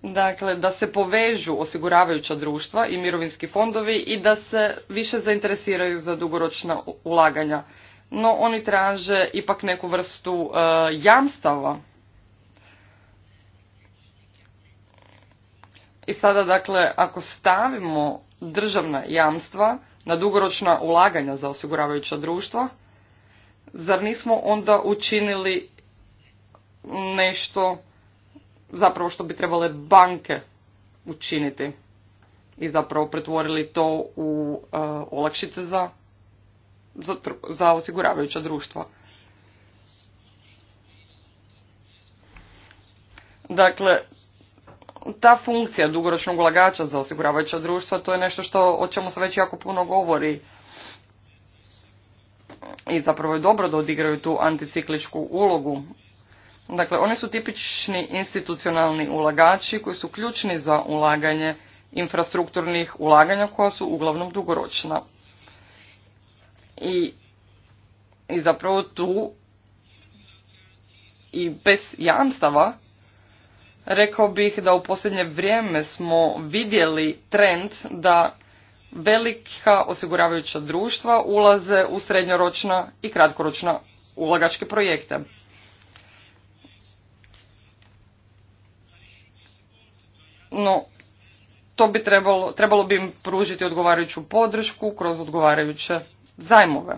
Dakle, da se povežu osiguravajuća društva i mirovinski fondovi i da se više zainteresiraju za dugoročna ulaganja. No, oni traže ipak neku vrstu e, jamstava. I sada, dakle, ako stavimo državna jamstva, na dugoročna ulaganja za osiguravajuća društva, zar nismo onda učinili nešto zapravo što bi trebale banke učiniti i zapravo pretvorili to u e, olakšice za, za, za osiguravajuća društva. Dakle, ta funkcija dugoročnog ulagača za osiguravajuća društva, to je nešto što, o čemu se već jako puno govori i zapravo je dobro da odigraju tu anticikličku ulogu. Dakle, oni su tipični institucionalni ulagači koji su ključni za ulaganje infrastrukturnih ulaganja koja su uglavnom dugoročna. I, i zapravo tu i bez jamstava Rekao bih da u posljednje vrijeme smo vidjeli trend da velika osiguravajuća društva ulaze u srednjoročna i kratkoročna ulagačke projekte. No, to bi trebalo, trebalo bi im pružiti odgovarajuću podršku kroz odgovarajuće zajmove.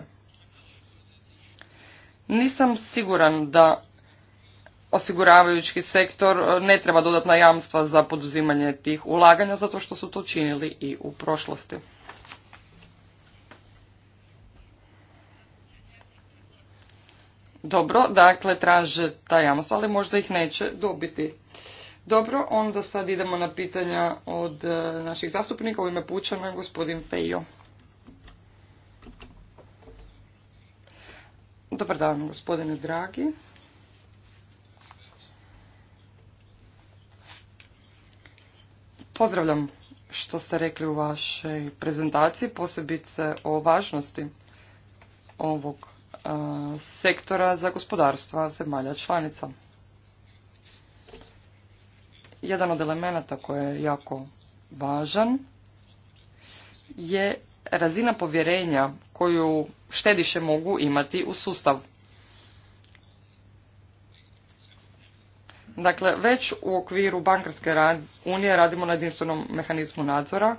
Nisam siguran da osiguravajući sektor e, ne treba dodatna jamstva za poduzimanje tih ulaganja zato što su to činili i u prošlosti. Dobro, dakle traže ta jamstva, ali možda ih neće dobiti. Dobro, onda sad idemo na pitanja od e, naših zastupnika u ime Pučana, gospodin Fejo. Dobar dan, gospodine dragi. Pozdravljam što ste rekli u vašoj prezentaciji, posebice o važnosti ovog e, sektora za gospodarstva zemalja članica. Jedan od elemenata koji je jako važan je razina povjerenja koju štediše mogu imati u sustav. Dakle, već u okviru bankarske unije radimo na jedinstvenom mehanizmu nadzora.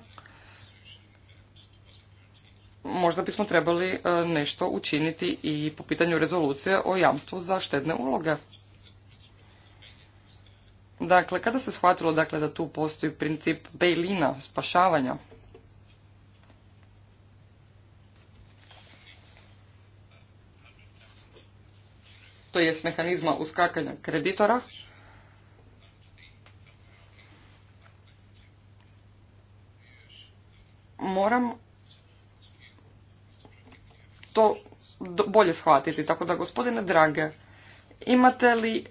Možda bismo trebali e, nešto učiniti i po pitanju rezolucije o jamstvu za štedne uloge. Dakle, kada se shvatilo dakle, da tu postoji princip bailina, spašavanja, to s mehanizma uskakanja kreditora, moram to bolje shvatiti. Tako da, gospodine Drage, imate li e,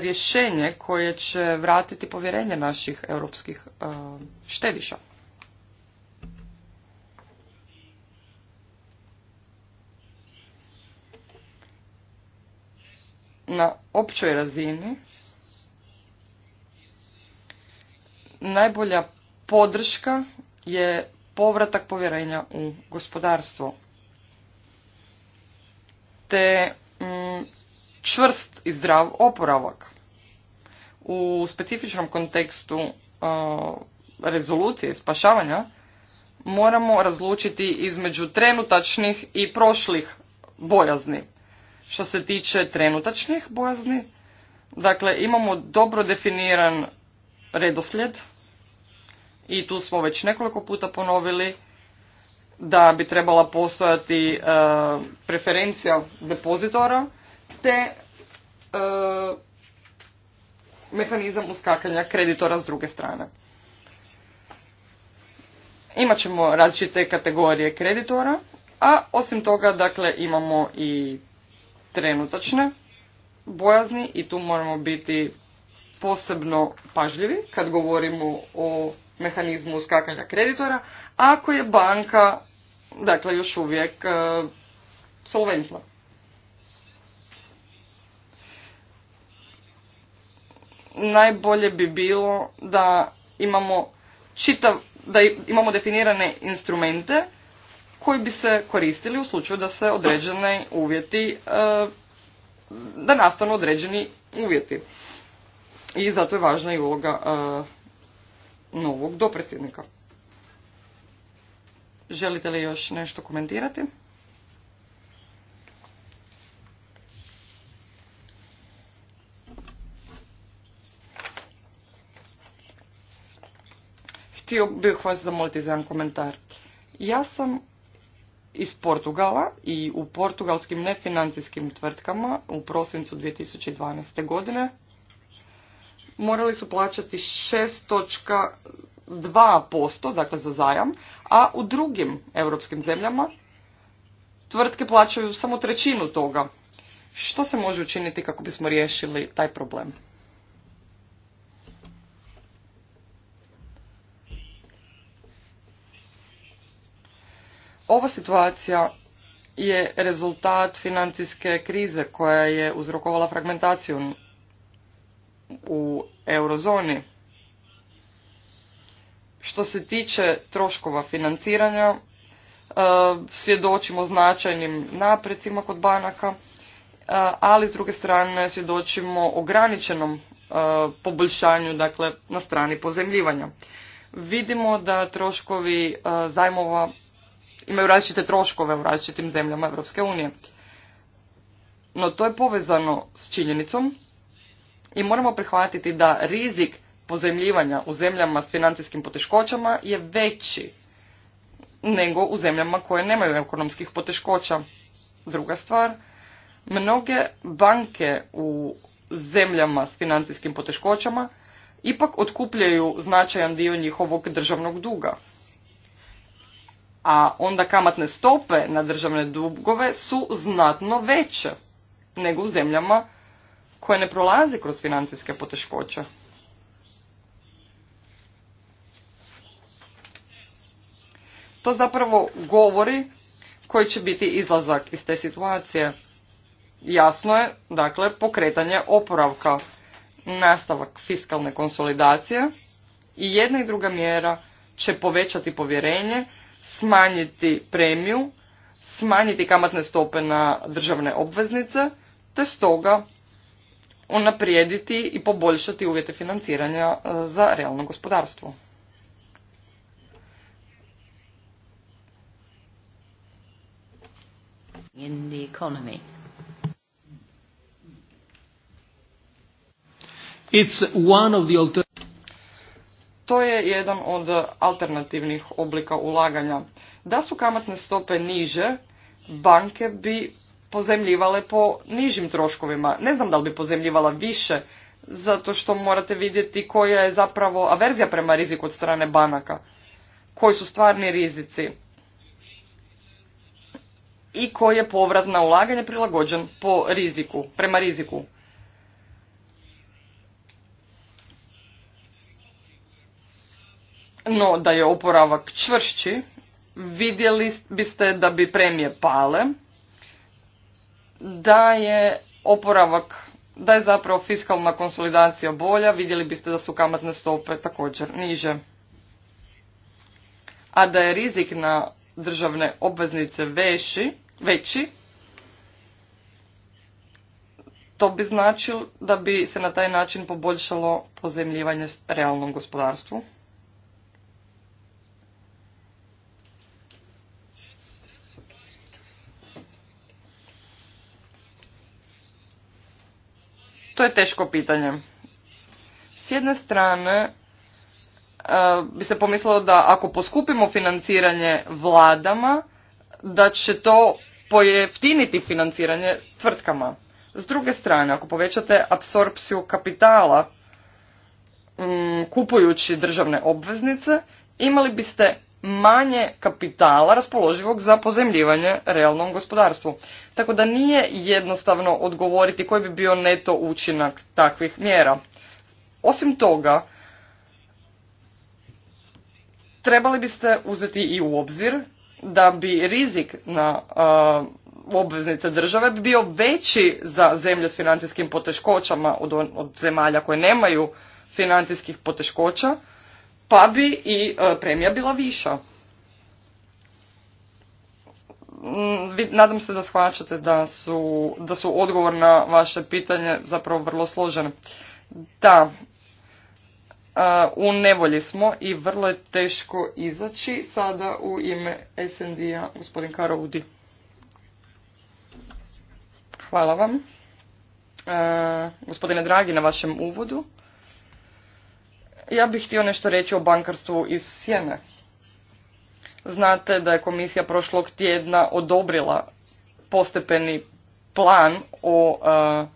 rješenje koje će vratiti povjerenje naših europskih e, Na općoj razini najbolja podrška je povratak povjerenja u gospodarstvo te mm, čvrst i zdrav oporavak. U specifičnom kontekstu e, rezolucije spašavanja moramo razlučiti između trenutačnih i prošlih bojazni. Što se tiče trenutačnih bojazni, dakle imamo dobro definiran redoslijed i tu smo već nekoliko puta ponovili da bi trebala postojati e, preferencija depozitora te e, mehanizam uskakanja kreditora s druge strane. Imaćemo različite kategorije kreditora, a osim toga dakle imamo i trenutačne bojazni i tu moramo biti posebno pažljivi kad govorimo o mehanizmu uskakanja kreditora, ako je banka, dakle, još uvijek e, solventna. Najbolje bi bilo da imamo čitav, da imamo definirane instrumente koji bi se koristili u slučaju da se određene uvjeti, e, da nastanu određeni uvjeti. I zato je važna i uloga e, novog dopredsjednika. Želite li još nešto komentirati? Htio bih vas zamoliti za jedan komentar. Ja sam iz Portugala i u portugalskim nefinancijskim tvrtkama u prosincu 2012. godine morali su plaćati 6.2%, dakle za zajam, a u drugim europskim zemljama tvrtke plaćaju samo trećinu toga. Što se može učiniti kako bismo riješili taj problem? Ova situacija je rezultat financijske krize koja je uzrokovala fragmentaciju u eurozoni. Što se tiče troškova financiranja, e, svjedočimo značajnim naprecima kod banaka, e, ali s druge strane svjedočimo ograničenom e, poboljšanju dakle, na strani pozemljivanja. Vidimo da troškovi zajmova imaju različite troškove u različitim zemljama Europske unije. No to je povezano s činjenicom i moramo prihvatiti da rizik pozemljivanja u zemljama s financijskim poteškoćama je veći nego u zemljama koje nemaju ekonomskih poteškoća. Druga stvar, mnoge banke u zemljama s financijskim poteškoćama ipak otkupljaju značajan dio njihovog državnog duga. A onda kamatne stope na državne dugove su znatno veće nego u zemljama koje ne prolazi kroz financijske poteškoće. To zapravo govori koji će biti izlazak iz te situacije. Jasno je, dakle, pokretanje oporavka, nastavak fiskalne konsolidacije i jedna i druga mjera će povećati povjerenje, smanjiti premiju, smanjiti kamatne stope na državne obveznice, te stoga unaprijediti i poboljšati uvjete financiranja e, za realno gospodarstvo. It's one of the to je jedan od alternativnih oblika ulaganja. Da su kamatne stope niže, banke bi pozemljivale po nižim troškovima. Ne znam da li bi pozemljivala više, zato što morate vidjeti koja je zapravo averzija prema riziku od strane banaka. Koji su stvarni rizici i koji je povrat na ulaganje prilagođen po riziku, prema riziku. No, da je oporavak čvršći, vidjeli biste da bi premije pale, da je oporavak, da je zapravo fiskalna konsolidacija bolja, vidjeli biste da su kamatne stope također niže. A da je rizik na državne obveznice veći, veći to bi značilo da bi se na taj način poboljšalo pozemljivanje realnom gospodarstvu. To je teško pitanje. S jedne strane, e, bi se pomislilo da ako poskupimo financiranje vladama, da će to pojeftiniti financiranje tvrtkama. S druge strane, ako povećate apsorpciju kapitala kupujući državne obveznice, imali biste manje kapitala raspoloživog za pozemljivanje realnom gospodarstvu. Tako da nije jednostavno odgovoriti koji bi bio neto učinak takvih mjera. Osim toga, trebali biste uzeti i u obzir da bi rizik na obveznice države bio veći za zemlje s financijskim poteškoćama od, od zemalja koje nemaju financijskih poteškoća pa bi i e, premija bila viša. Mm, nadam se da shvaćate da su, odgovor na vaše pitanje zapravo vrlo složen. Da, e, u nevolji smo i vrlo je teško izaći sada u ime SND-a gospodin Karovdi. Hvala vam. E, gospodine Dragi, na vašem uvodu. Ja bih htio nešto reći o bankarstvu iz Sjene. Znate da je komisija prošlog tjedna odobrila postepeni plan o e,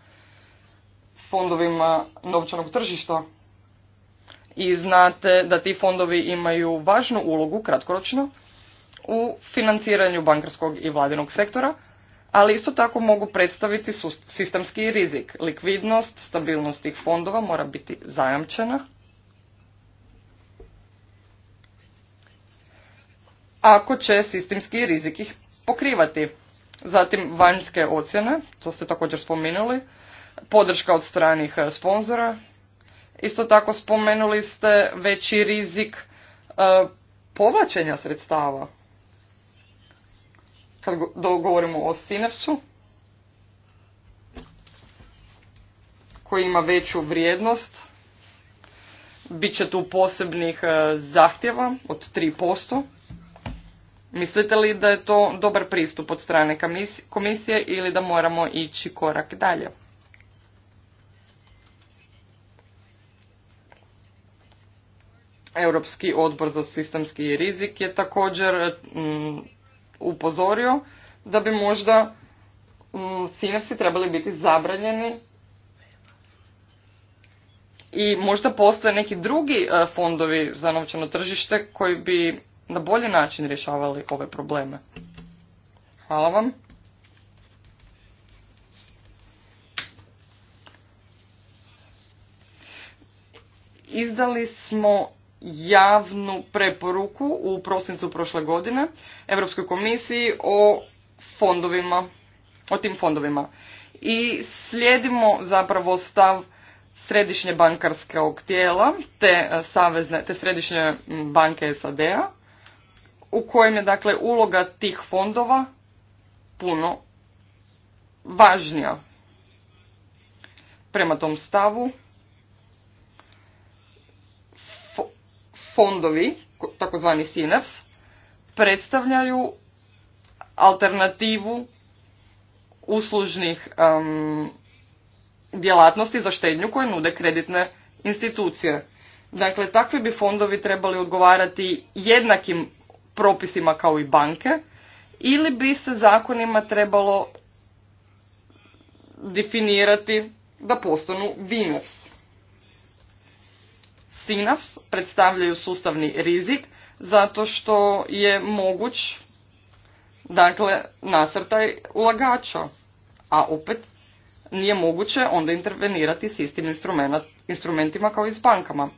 fondovima novčanog tržišta i znate da ti fondovi imaju važnu ulogu kratkoročno u financiranju bankarskog i vladinog sektora, ali isto tako mogu predstaviti sistemski rizik. Likvidnost, stabilnost tih fondova mora biti zajamčena ako će sistemski rizik ih pokrivati. Zatim vanjske ocjene, to ste također spomenuli, podrška od stranih e, sponzora. Isto tako spomenuli ste veći rizik e, povlačenja sredstava. Kad govorimo o Sinefsu, koji ima veću vrijednost, bit će tu posebnih e, zahtjeva od 3%. Mislite li da je to dobar pristup od strane komisije ili da moramo ići korak dalje? Europski odbor za sistemski rizik je također mm, upozorio da bi možda mm, sinevsi trebali biti zabranjeni i možda postoje neki drugi e, fondovi za novčano tržište koji bi na bolji način rješavali ove probleme. Hvala vam. Izdali smo javnu preporuku u prosincu prošle godine Europskoj komisiji o fondovima, o tim fondovima. I slijedimo zapravo stav središnje bankarske tijela te, e, te središnje banke SAD-a u kojem je dakle uloga tih fondova puno važnija. Prema tom stavu fondovi, takozvani SINAFS, predstavljaju alternativu uslužnih djelatnosti za štednju koje nude kreditne institucije. Dakle, takvi bi fondovi trebali odgovarati jednakim propisima kao i banke ili bi se zakonima trebalo definirati da postanu VINAFS. SINAFS predstavljaju sustavni rizik zato što je moguć dakle, nasrtaj ulagača, a opet nije moguće onda intervenirati s istim instrumentima kao i s bankama.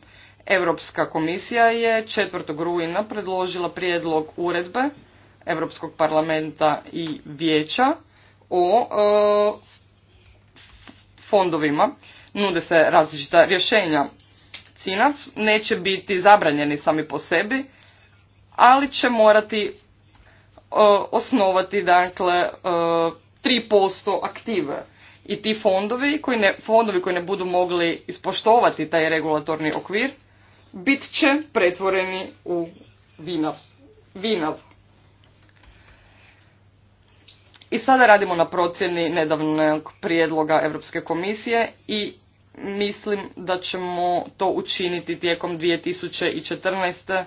Europska komisija je 4. rujna predložila prijedlog uredbe Europskog parlamenta i vijeća o e, fondovima. Nude se različita rješenja. CINAF neće biti zabranjeni sami po sebi, ali će morati e, osnovati dakle e, 3% aktive i ti fondovi koji ne, fondovi koji ne budu mogli ispoštovati taj regulatorni okvir bit će pretvoreni u vinav. I sada radimo na procjeni nedavnog prijedloga Europske komisije i mislim da ćemo to učiniti tijekom 2014.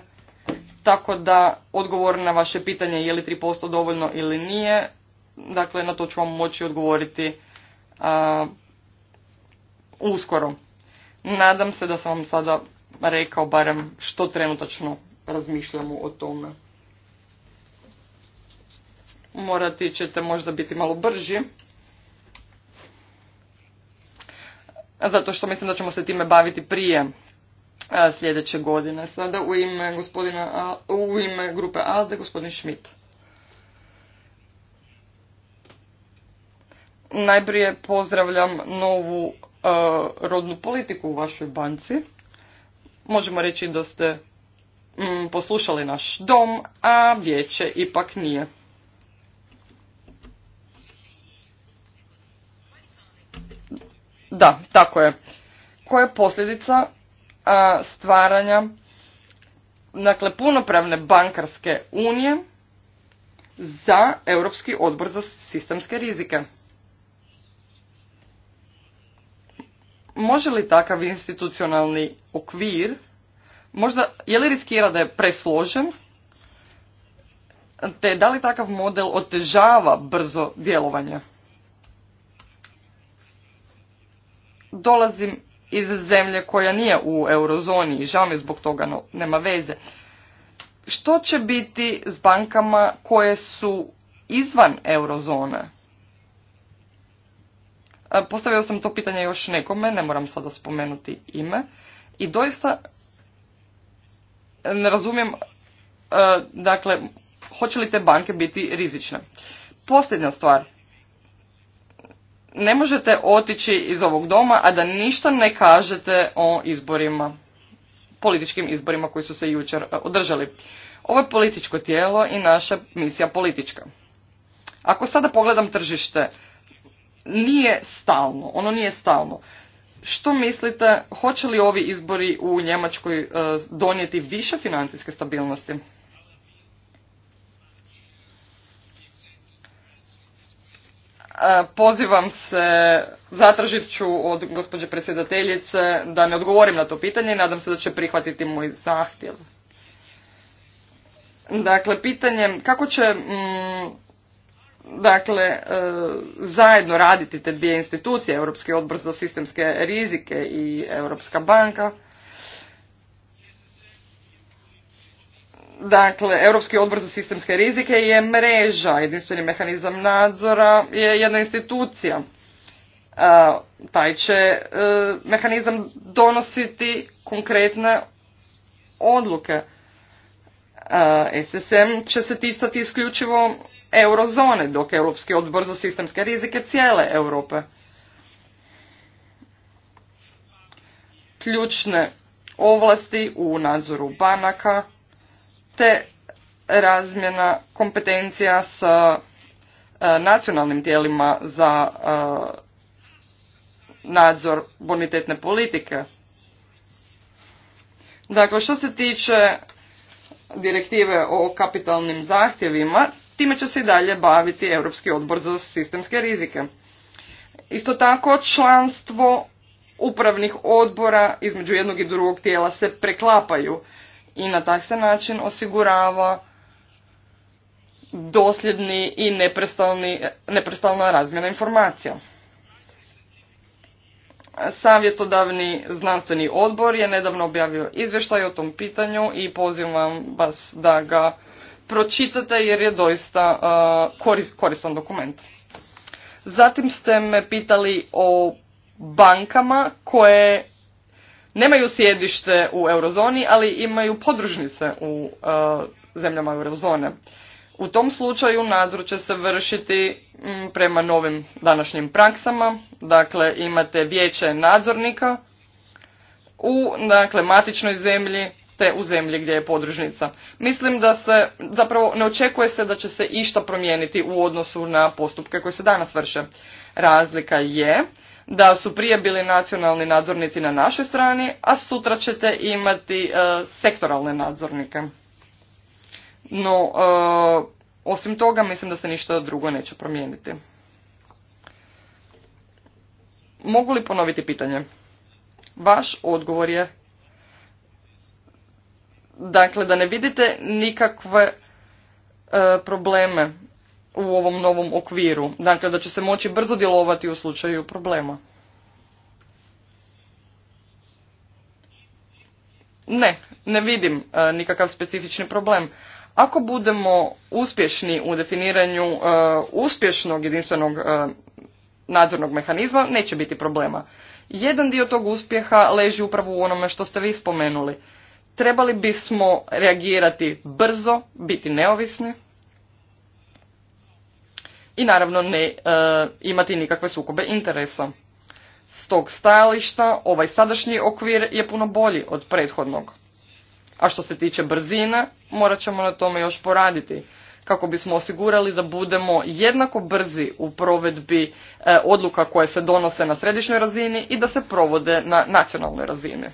Tako da odgovor na vaše pitanje je li 3% dovoljno ili nije, dakle na to ću vam moći odgovoriti uskoro. Nadam se da sam vam sada rekao barem što trenutačno razmišljamo o tome. Morati ćete možda biti malo brži. Zato što mislim da ćemo se time baviti prije sljedeće godine. Sada u ime, gospodina, u ime grupe ALDE gospodin Schmidt. Najprije pozdravljam novu rodnu politiku u vašoj banci možemo reći da ste mm, poslušali naš dom, a vijeće ipak nije. Da, tako je. Koja je posljedica stvaranja dakle, punopravne bankarske unije za Europski odbor za sistemske rizike? Može li takav institucionalni okvir, možda, je li riskira da je presložen, te da li takav model otežava brzo djelovanje? Dolazim iz zemlje koja nije u eurozoni i žao mi zbog toga, nema veze. Što će biti s bankama koje su izvan eurozone? E, postavio sam to pitanje još nekome, ne moram sada spomenuti ime. I doista e, ne razumijem, e, dakle, hoće li te banke biti rizične. Posljednja stvar. Ne možete otići iz ovog doma, a da ništa ne kažete o izborima, političkim izborima koji su se jučer održali. Ovo je političko tijelo i naša misija politička. Ako sada pogledam tržište, nije stalno, ono nije stalno. Što mislite, hoće li ovi izbori u Njemačkoj e, donijeti više financijske stabilnosti? E, pozivam se, zatražit ću od gospođe predsjedateljice da ne odgovorim na to pitanje i nadam se da će prihvatiti moj zahtjev. Dakle, pitanje kako će... Mm, dakle e, zajedno raditi te dvije institucije, Europski odbor za sistemske rizike i Europska banka. Dakle, Europski odbor za sistemske rizike je mreža, jedinstveni mehanizam nadzora je jedna institucija. E, taj će e, mehanizam donositi konkretne odluke. SSM će se ticati isključivo eurozone, dok Europski odbor za sistemske rizike cijele Europe. Ključne ovlasti u nadzoru banaka te razmjena kompetencija sa e, nacionalnim tijelima za e, nadzor bonitetne politike. Dakle, što se tiče direktive o kapitalnim zahtjevima, Time će se i dalje baviti Europski odbor za sistemske rizike. Isto tako članstvo upravnih odbora između jednog i drugog tijela se preklapaju i na taj se način osigurava dosljedni i neprestalna razmjena informacija. Savjetodavni znanstveni odbor je nedavno objavio izvještaj o tom pitanju i pozivam vas da ga pročitate jer je doista koristan dokument. Zatim ste me pitali o bankama koje nemaju sjedište u eurozoni, ali imaju podružnice u zemljama eurozone. U tom slučaju nadzor će se vršiti prema novim današnjim praksama, dakle imate vijeće nadzornika u dakle, matičnoj zemlji te u zemlji gdje je podružnica. Mislim da se zapravo ne očekuje se da će se išta promijeniti u odnosu na postupke koji se danas vrše. Razlika je da su prije bili nacionalni nadzornici na našoj strani, a sutra ćete imati e, sektoralne nadzornike. No, e, osim toga mislim da se ništa drugo neće promijeniti. Mogu li ponoviti pitanje? Vaš odgovor je Dakle, da ne vidite nikakve e, probleme u ovom novom okviru. Dakle, da će se moći brzo djelovati u slučaju problema. Ne, ne vidim e, nikakav specifični problem. Ako budemo uspješni u definiranju e, uspješnog jedinstvenog nadzornog mehanizma, neće biti problema. Jedan dio tog uspjeha leži upravo u onome što ste vi spomenuli trebali bismo reagirati brzo, biti neovisni i naravno ne e, imati nikakve sukobe interesa. S tog stajališta ovaj sadašnji okvir je puno bolji od prethodnog. A što se tiče brzine, morat ćemo na tome još poraditi kako bismo osigurali da budemo jednako brzi u provedbi e, odluka koje se donose na središnjoj razini i da se provode na nacionalnoj razini.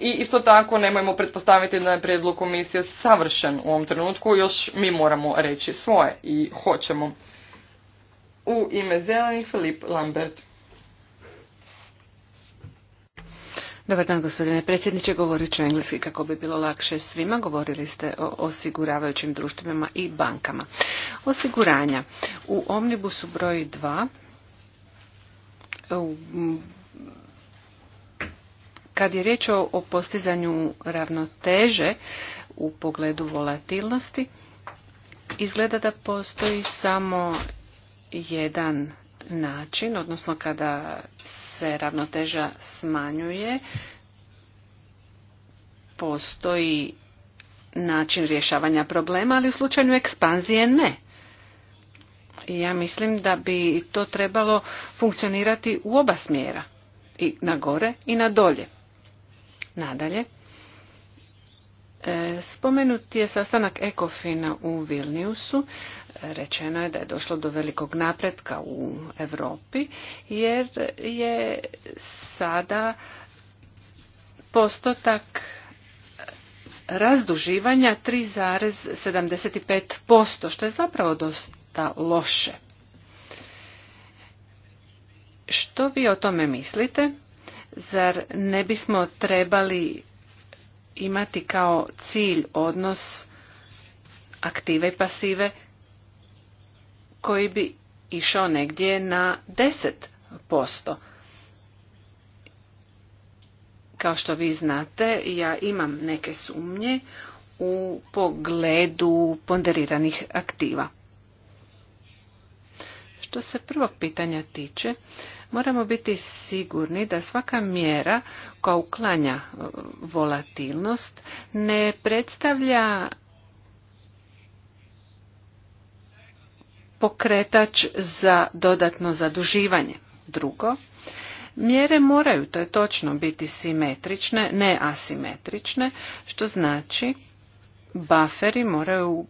i isto tako nemojmo pretpostaviti da je prijedlog komisije savršen u ovom trenutku, još mi moramo reći svoje i hoćemo. U ime zelenih Filip Lambert. Dobar dan, gospodine predsjedniče. Govorit ću engleski kako bi bilo lakše svima. Govorili ste o osiguravajućim društvima i bankama. Osiguranja. U Omnibusu broj 2 u kad je riječ o, o postizanju ravnoteže u pogledu volatilnosti, izgleda da postoji samo jedan način, odnosno kada se ravnoteža smanjuje, postoji način rješavanja problema, ali u slučaju ekspanzije ne. Ja mislim da bi to trebalo funkcionirati u oba smjera, i na gore i na dolje. Nadalje, e, Spomenut je sastanak Ekofina u Vilniusu. Rečeno je da je došlo do velikog napretka u Europi jer je sada postotak razduživanja 3,75%, što je zapravo dosta loše. Što vi o tome mislite? Zar ne bismo trebali imati kao cilj odnos aktive i pasive koji bi išao negdje na 10%. Kao što vi znate, ja imam neke sumnje u pogledu ponderiranih aktiva. Što se prvog pitanja tiče, Moramo biti sigurni da svaka mjera koja uklanja e, volatilnost ne predstavlja pokretač za dodatno zaduživanje. Drugo, Mjere moraju, to je točno, biti simetrične, ne asimetrične, što znači baferi moraju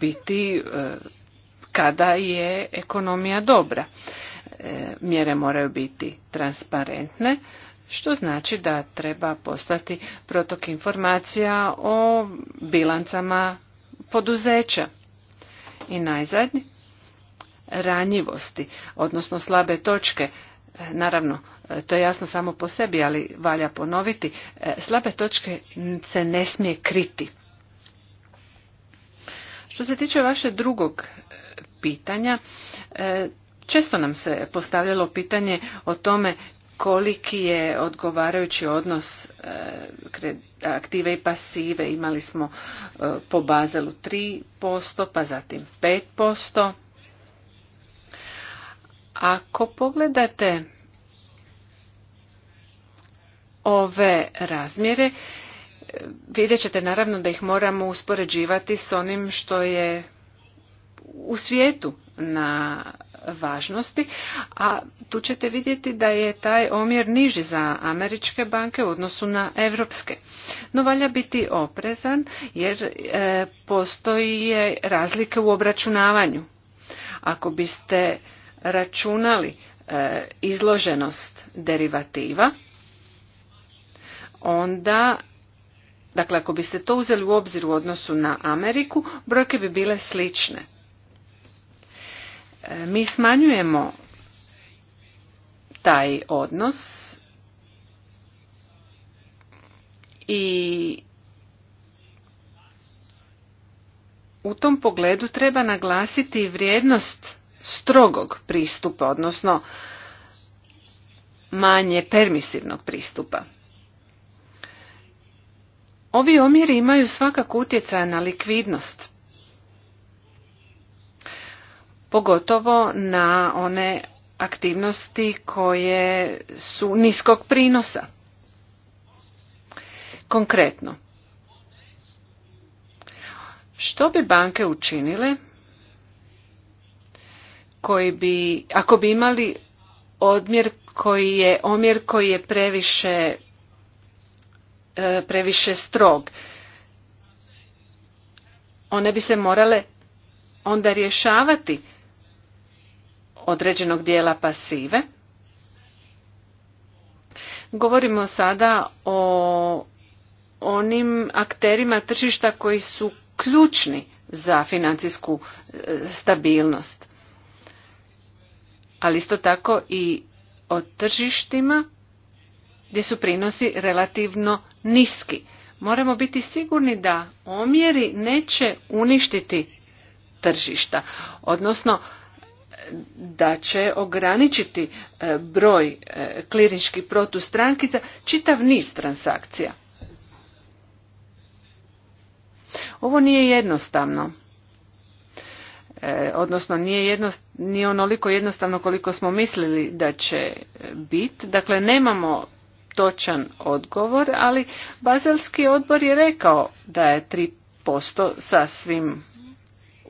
biti e, kada je ekonomija dobra. E, mjere moraju biti transparentne, što znači da treba postati protok informacija o bilancama poduzeća. I najzadnji, ranjivosti, odnosno slabe točke. E, naravno, e, to je jasno samo po sebi, ali valja ponoviti. Slabe točke se ne smije kriti. Što se tiče vaše drugog pitanja, Često nam se postavljalo pitanje o tome koliki je odgovarajući odnos e, aktive i pasive. Imali smo e, po bazelu 3%, pa zatim 5%. Ako pogledate ove razmjere, e, vidjet ćete naravno da ih moramo uspoređivati s onim što je u svijetu na važnosti, a tu ćete vidjeti da je taj omjer niži za američke banke u odnosu na evropske. No valja biti oprezan jer e, postoji razlike u obračunavanju. Ako biste računali e, izloženost derivativa, onda Dakle, ako biste to uzeli u obzir u odnosu na Ameriku, brojke bi bile slične. E, mi smanjujemo taj odnos i u tom pogledu treba naglasiti vrijednost strogog pristupa, odnosno manje permisivnog pristupa. Ovi omjeri imaju svakako utjecaja na likvidnost pogotovo na one aktivnosti koje su niskog prinosa. Konkretno, što bi banke učinile koji bi, ako bi imali odmjer koji je, omjer koji je previše, e, previše strog? One bi se morale onda rješavati određenog dijela pasive. Govorimo sada o onim akterima tržišta koji su ključni za financijsku e, stabilnost. Ali isto tako i o tržištima gdje su prinosi relativno niski. Moramo biti sigurni da omjeri neće uništiti tržišta, odnosno da će ograničiti e, broj e, kliničkih protustranki za čitav niz transakcija. Ovo nije jednostavno. E, odnosno nije, nije onoliko jednostavno koliko smo mislili da će biti. Dakle, nemamo točan odgovor, ali Bazelski odbor je rekao da je 3% sasvim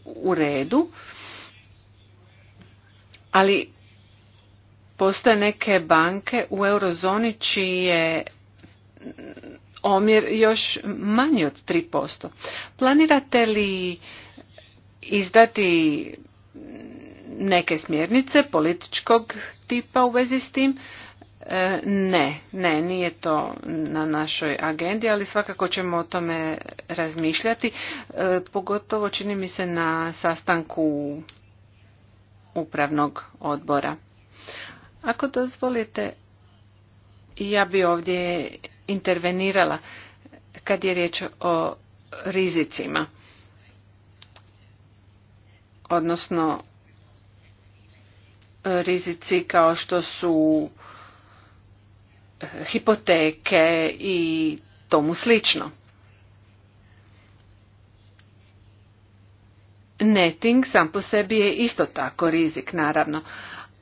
u redu ali postoje neke banke u eurozoni čiji je omjer još manji od 3%. Planirate li izdati neke smjernice političkog tipa u vezi s tim? E, ne, ne, nije to na našoj agendi, ali svakako ćemo o tome razmišljati, e, pogotovo čini mi se na sastanku upravnog odbora. Ako dozvolite, ja bi ovdje intervenirala kad je riječ o rizicima, odnosno rizici kao što su hipoteke i tomu slično. netting sam po sebi je isto tako rizik naravno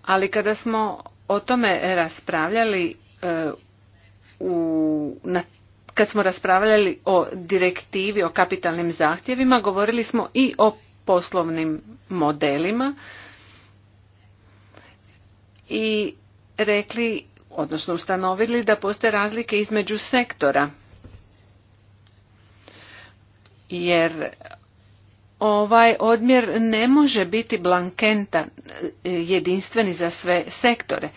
ali kada smo o tome raspravljali e, u, na, kad smo raspravljali o direktivi o kapitalnim zahtjevima govorili smo i o poslovnim modelima i rekli odnosno ustanovili da postoje razlike između sektora jer ovaj odmjer ne može biti blankenta e, jedinstveni za sve sektore,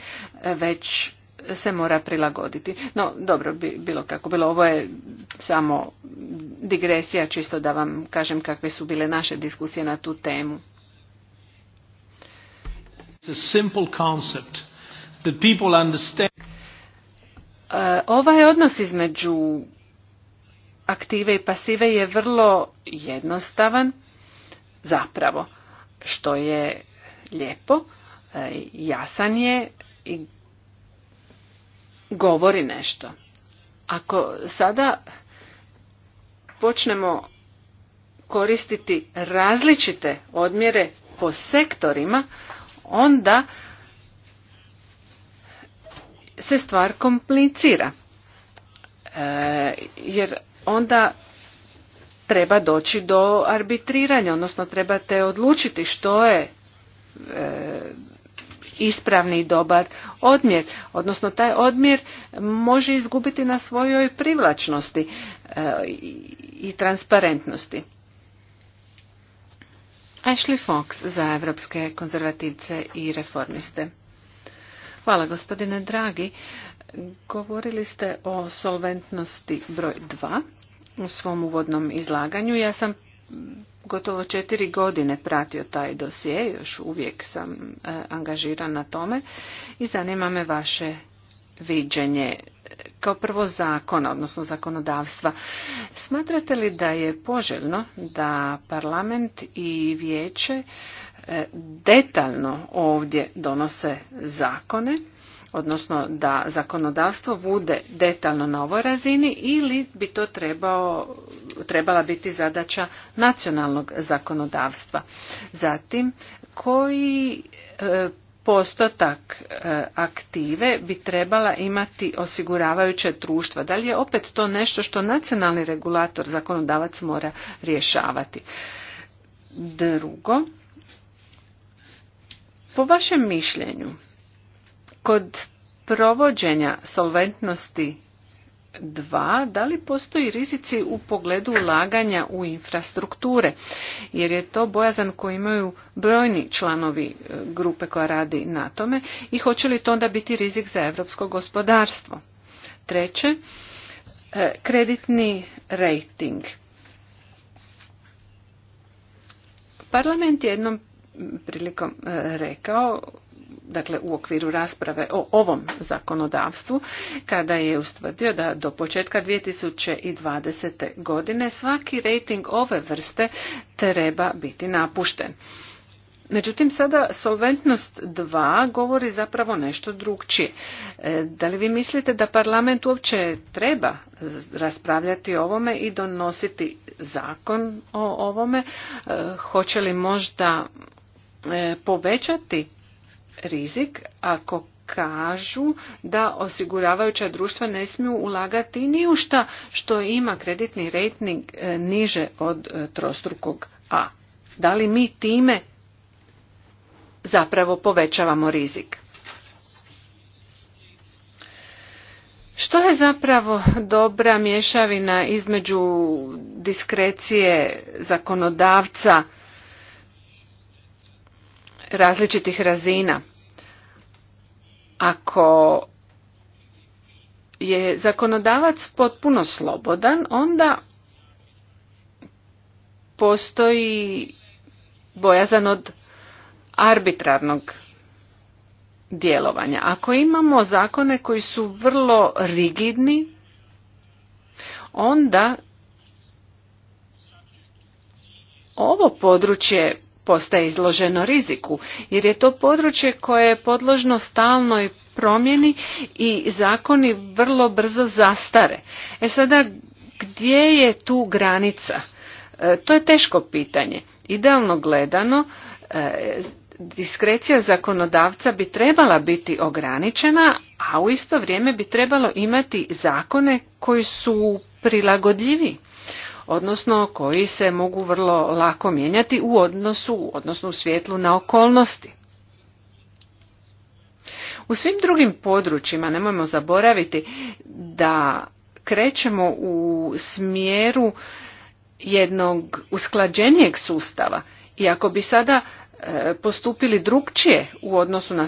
e, već se mora prilagoditi. No, dobro bi bilo kako bilo. Ovo je samo digresija, čisto da vam kažem kakve su bile naše diskusije na tu temu. E, ovaj odnos između aktive i pasive je vrlo jednostavan zapravo, što je lijepo, e, jasan je i govori nešto. Ako sada počnemo koristiti različite odmjere po sektorima, onda se stvar komplicira. E, jer onda treba doći do arbitriranja, odnosno trebate odlučiti što je e, ispravni i dobar odmjer. Odnosno taj odmjer može izgubiti na svojoj privlačnosti e, i transparentnosti. Ashley Fox za evropske konzervativce i reformiste. Hvala gospodine dragi. Govorili ste o solventnosti broj 2 u svom uvodnom izlaganju. Ja sam gotovo četiri godine pratio taj dosije, još uvijek sam e, angažiran na tome i zanima me vaše viđenje kao prvo zakona, odnosno zakonodavstva. Smatrate li da je poželjno da parlament i vijeće e, detaljno ovdje donose zakone odnosno da zakonodavstvo bude detaljno na ovoj razini ili bi to trebala biti zadaća nacionalnog zakonodavstva. Zatim, koji e, postotak e, aktive bi trebala imati osiguravajuće društva. Da li je opet to nešto što nacionalni regulator, zakonodavac mora rješavati? Drugo, po vašem mišljenju, Kod provođenja solventnosti 2, da li postoji rizici u pogledu ulaganja u infrastrukture, jer je to bojazan koji imaju brojni članovi e, grupe koja radi na tome i hoće li to onda biti rizik za evropsko gospodarstvo. Treće, e, kreditni rating. Parlament je jednom prilikom e, rekao dakle u okviru rasprave o ovom zakonodavstvu kada je ustvrdio da do početka 2020. godine svaki rating ove vrste treba biti napušten. Međutim, sada Solventnost 2 govori zapravo nešto drugčije. E, da li vi mislite da parlament uopće treba raspravljati o ovome i donositi zakon o ovome? E, hoće li možda e, povećati rizik ako kažu da osiguravajuća društva ne smiju ulagati ni u šta što ima kreditni rejting e, niže od e, trostrukog A. Da li mi time zapravo povećavamo rizik? Što je zapravo dobra mješavina između diskrecije zakonodavca različitih razina. Ako je zakonodavac potpuno slobodan, onda postoji bojazan od arbitrarnog djelovanja. Ako imamo zakone koji su vrlo rigidni, onda ovo područje postaje izloženo riziku jer je to područje koje je podložno stalnoj promjeni i zakoni vrlo brzo zastare. E sada gdje je tu granica? E, to je teško pitanje. Idealno gledano e, diskrecija zakonodavca bi trebala biti ograničena, a u isto vrijeme bi trebalo imati zakone koji su prilagodljivi odnosno koji se mogu vrlo lako mijenjati u odnosu, odnosno u svjetlu na okolnosti. U svim drugim područjima nemojmo zaboraviti da krećemo u smjeru jednog usklađenijeg sustava i ako bi sada e, postupili drukčije u odnosu na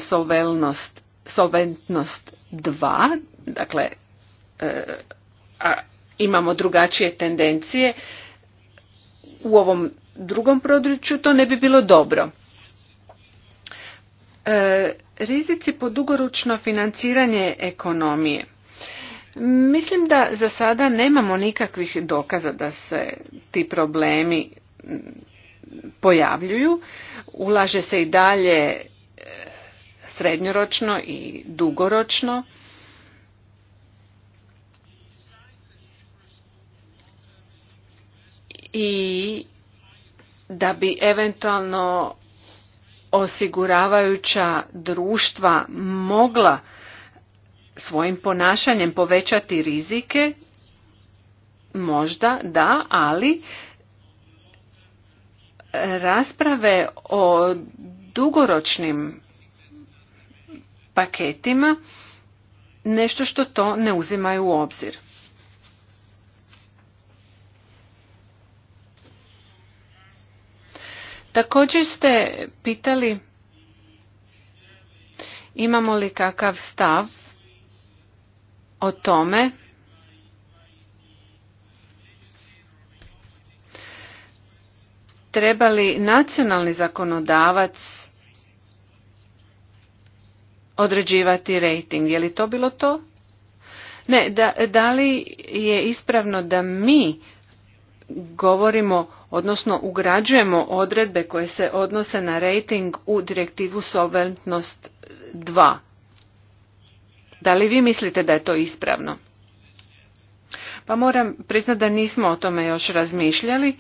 solventnost 2, dakle, e, a imamo drugačije tendencije u ovom drugom području to ne bi bilo dobro. E, rizici po dugoročno financiranje ekonomije. Mislim da za sada nemamo nikakvih dokaza da se ti problemi pojavljuju. Ulaže se i dalje e, srednjoročno i dugoročno. i da bi eventualno osiguravajuća društva mogla svojim ponašanjem povećati rizike možda da ali rasprave o dugoročnim paketima nešto što to ne uzimaju u obzir Također ste pitali imamo li kakav stav o tome treba li nacionalni zakonodavac određivati rating. Je li to bilo to? Ne, da, da li je ispravno da mi govorimo odnosno ugrađujemo odredbe koje se odnose na rating u direktivu Solventnost 2. Da li vi mislite da je to ispravno? Pa moram priznati da nismo o tome još razmišljali.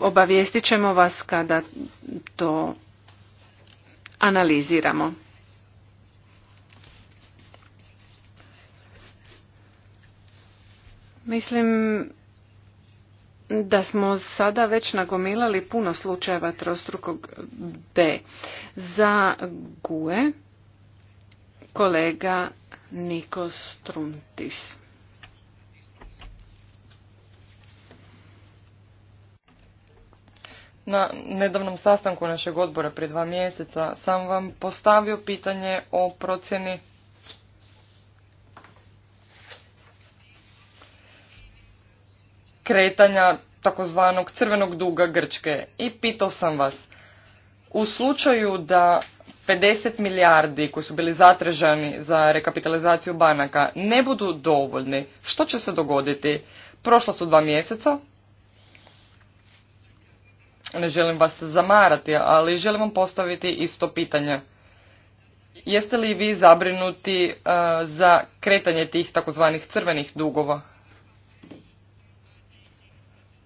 Obavijestit ćemo vas kada to analiziramo. Mislim da smo sada već nagomilali puno slučajeva trostrukog B. Za GUE kolega Nikos Truntis. Na nedavnom sastanku našeg odbora prije dva mjeseca sam vam postavio pitanje o procjeni kretanja takozvanog crvenog duga Grčke i pitao sam vas u slučaju da 50 milijardi koji su bili zatraženi za rekapitalizaciju banaka ne budu dovoljni, što će se dogoditi? Prošla su dva mjeseca, ne želim vas zamarati, ali želim vam postaviti isto pitanje. Jeste li vi zabrinuti eh, za kretanje tih takozvanih crvenih dugova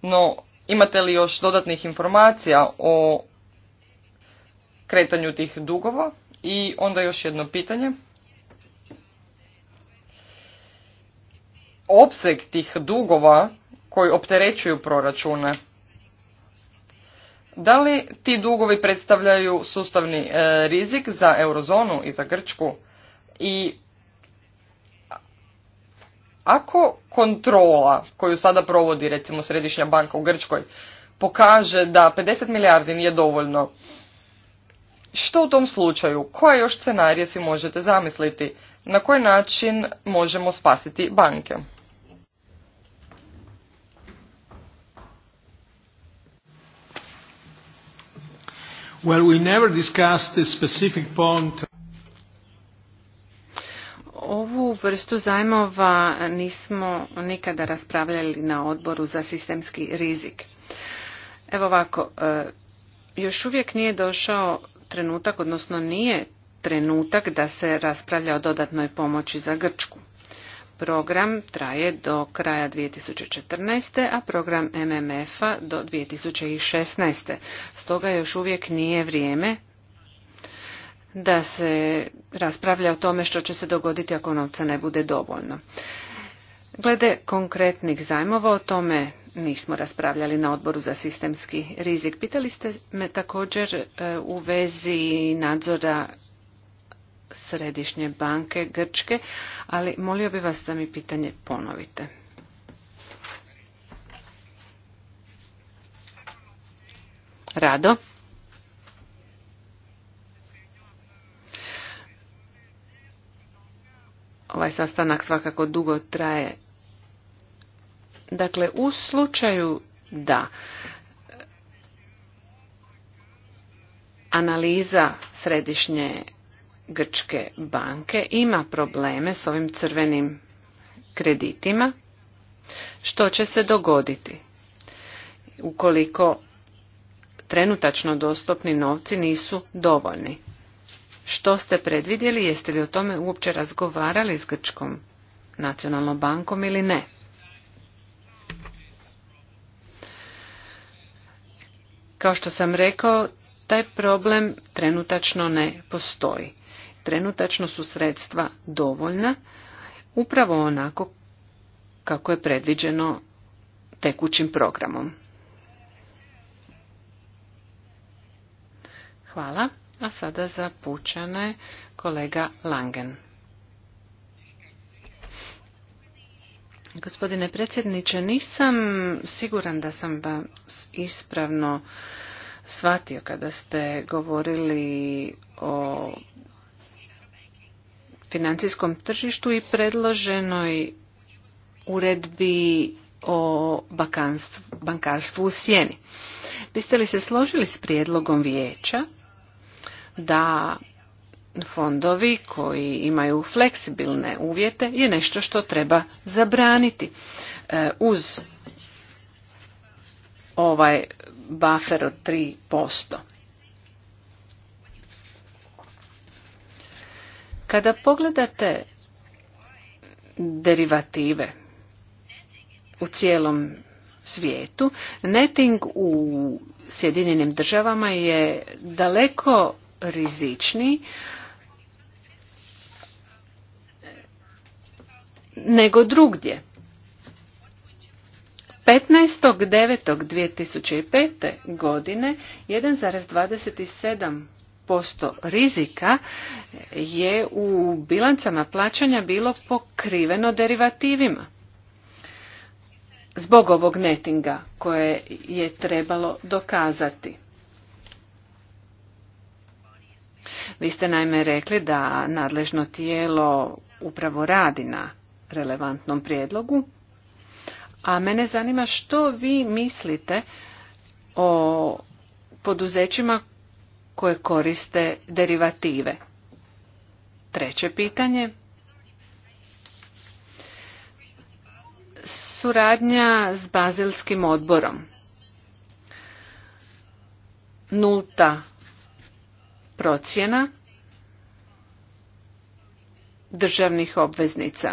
no, imate li još dodatnih informacija o kretanju tih dugova? I onda još jedno pitanje. Opseg tih dugova koji opterećuju proračune. Da li ti dugovi predstavljaju sustavni e, rizik za eurozonu i za Grčku? I ako kontrola koju sada provodi recimo Središnja banka u Grčkoj pokaže da 50 milijardi nije dovoljno, što u tom slučaju? Koje još scenarije si možete zamisliti? Na koji način možemo spasiti banke? Well, we never discussed specific Ovu vrstu zajmova nismo nikada raspravljali na odboru za sistemski rizik. Evo ovako, e, još uvijek nije došao trenutak, odnosno nije trenutak da se raspravlja o dodatnoj pomoći za Grčku. Program traje do kraja 2014. a program MMF-a do 2016. Stoga još uvijek nije vrijeme da se raspravlja o tome što će se dogoditi ako novca ne bude dovoljno. Glede konkretnih zajmova o tome nismo raspravljali na odboru za sistemski rizik. Pitali ste me također e, u vezi nadzora Središnje banke Grčke, ali molio bi vas da mi pitanje ponovite. Rado. ovaj sastanak svakako dugo traje. Dakle, u slučaju da analiza središnje Grčke banke ima probleme s ovim crvenim kreditima, što će se dogoditi ukoliko trenutačno dostupni novci nisu dovoljni? Što ste predvidjeli, jeste li o tome uopće razgovarali s Grčkom nacionalnom bankom ili ne? Kao što sam rekao, taj problem trenutačno ne postoji. Trenutačno su sredstva dovoljna, upravo onako kako je predviđeno tekućim programom. Hvala. A sada za pučane kolega Langen. Gospodine predsjedniče, nisam siguran da sam vas ispravno shvatio kada ste govorili o financijskom tržištu i predloženoj uredbi o bankarstvu u sjeni. Biste li se složili s prijedlogom vijeća da fondovi koji imaju fleksibilne uvjete je nešto što treba zabraniti. E, uz ovaj buffer od 3%. Kada pogledate derivative u cijelom svijetu, netting u Sjedinjenim državama je daleko rizičniji nego drugdje. 15.9.2005. godine 1,27% posto rizika je u bilancama plaćanja bilo pokriveno derivativima zbog ovog netinga koje je trebalo dokazati. Vi ste naime rekli da nadležno tijelo upravo radi na relevantnom prijedlogu, a mene zanima što vi mislite o poduzećima koje koriste derivative. Treće pitanje. Suradnja s Bazilskim odborom. Nulta procjena državnih obveznica.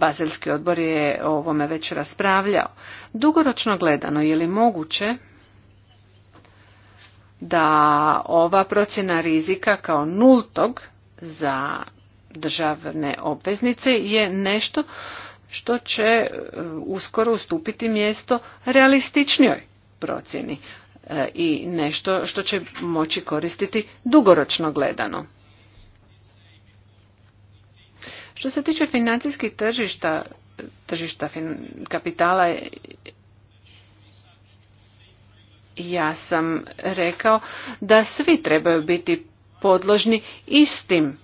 Bazelski odbor je o ovome već raspravljao. Dugoročno gledano, je li moguće da ova procjena rizika kao nultog za državne obveznice je nešto što će e, uskoro ustupiti mjesto realističnijoj procjeni. E, i nešto što će moći koristiti dugoročno gledano. Što se tiče financijskih tržišta, tržišta kapitala, ja sam rekao da svi trebaju biti podložni istim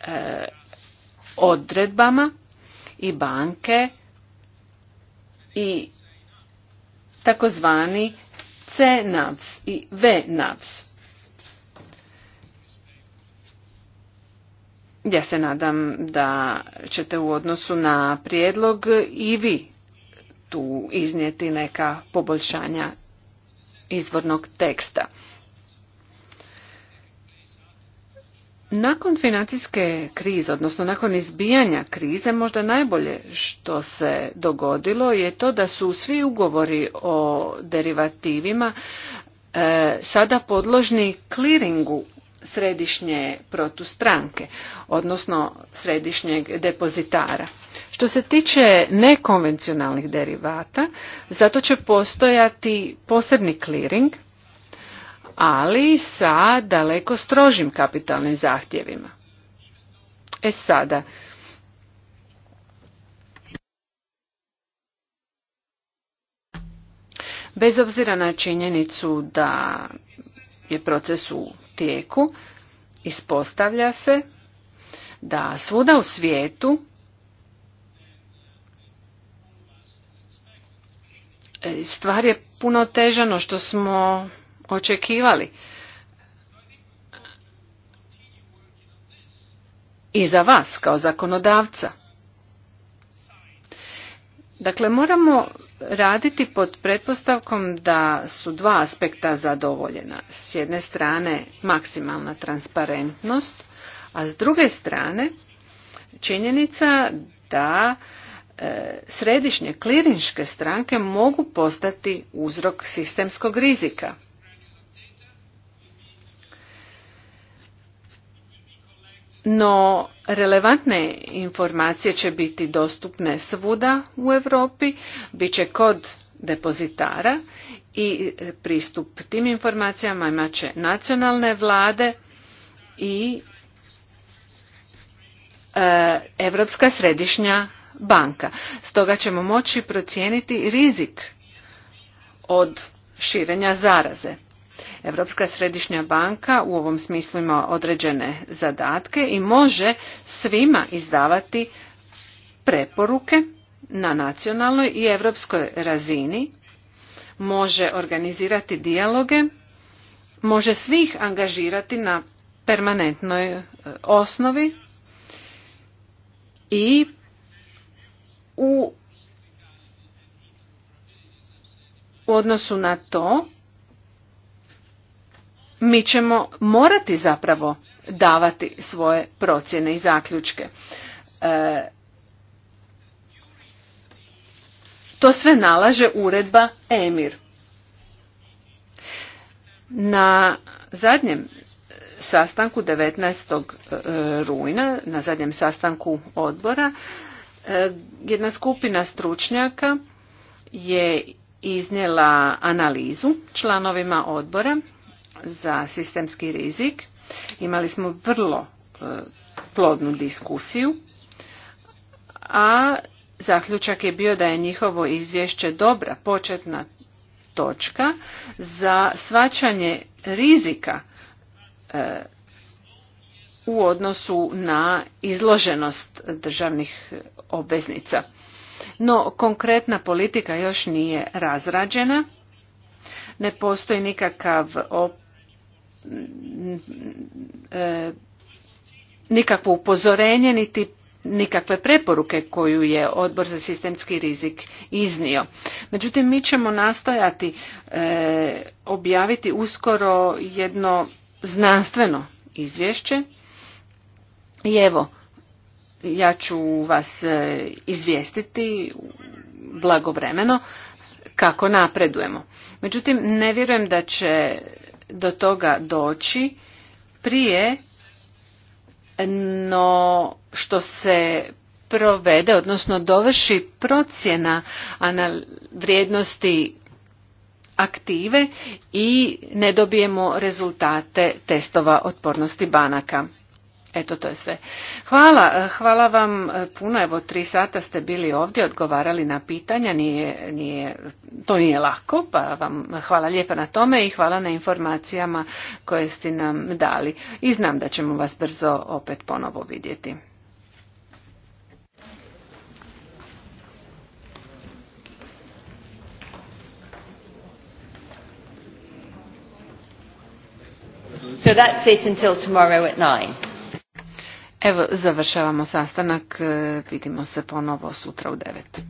e, odredbama i banke i takozvani C naps i naps. Ja se nadam da ćete u odnosu na prijedlog i vi tu iznijeti neka poboljšanja izvornog teksta. Nakon financijske krize, odnosno nakon izbijanja krize, možda najbolje što se dogodilo je to da su svi ugovori o derivativima e, sada podložni kliringu središnje protustranke, odnosno središnjeg depozitara. Što se tiče nekonvencionalnih derivata, zato će postojati posebni kliring – ali sa daleko strožim kapitalnim zahtjevima. E sada, bez obzira na činjenicu da je proces u tijeku, ispostavlja se da svuda u svijetu stvar je puno težano što smo očekivali. I za vas kao zakonodavca. Dakle, moramo raditi pod pretpostavkom da su dva aspekta zadovoljena. S jedne strane maksimalna transparentnost, a s druge strane činjenica da e, središnje klirinške stranke mogu postati uzrok sistemskog rizika. no relevantne informacije će biti dostupne svuda u Europi, bit će kod depozitara i pristup tim informacijama imat će nacionalne vlade i Europska središnja banka. Stoga ćemo moći procijeniti rizik od širenja zaraze. Europska središnja banka u ovom smislu ima određene zadatke i može svima izdavati preporuke na nacionalnoj i europskoj razini, može organizirati dijaloge, može svih angažirati na permanentnoj e, osnovi i u odnosu na to mi ćemo morati zapravo davati svoje procjene i zaključke. E, to sve nalaže uredba EMIR. Na zadnjem sastanku 19. E, rujna, na zadnjem sastanku odbora, e, jedna skupina stručnjaka je iznijela analizu članovima odbora za sistemski rizik. Imali smo vrlo e, plodnu diskusiju, a zaključak je bio da je njihovo izvješće dobra početna točka za svačanje rizika e, u odnosu na izloženost državnih obveznica. No, konkretna politika još nije razrađena, ne postoji nikakav E, nikakvo upozorenje niti nikakve preporuke koju je odbor za sistemski rizik iznio. Međutim, mi ćemo nastojati e, objaviti uskoro jedno znanstveno izvješće i evo, ja ću vas e, izvijestiti blagovremeno kako napredujemo. Međutim, ne vjerujem da će do toga doći prije no što se provede, odnosno dovrši procjena vrijednosti aktive i ne dobijemo rezultate testova otpornosti banaka. Eto, to je sve. Hvala, eh, hvala vam eh, puno. Evo, tri sata ste bili ovdje, odgovarali na pitanja, nije, nije, to nije lako, pa vam hvala lijepa na tome i hvala na informacijama koje ste nam dali. I znam da ćemo vas brzo opet ponovo vidjeti. So that's it until tomorrow at 9. Evo, završavamo sastanak, e, vidimo se ponovo sutra u devet.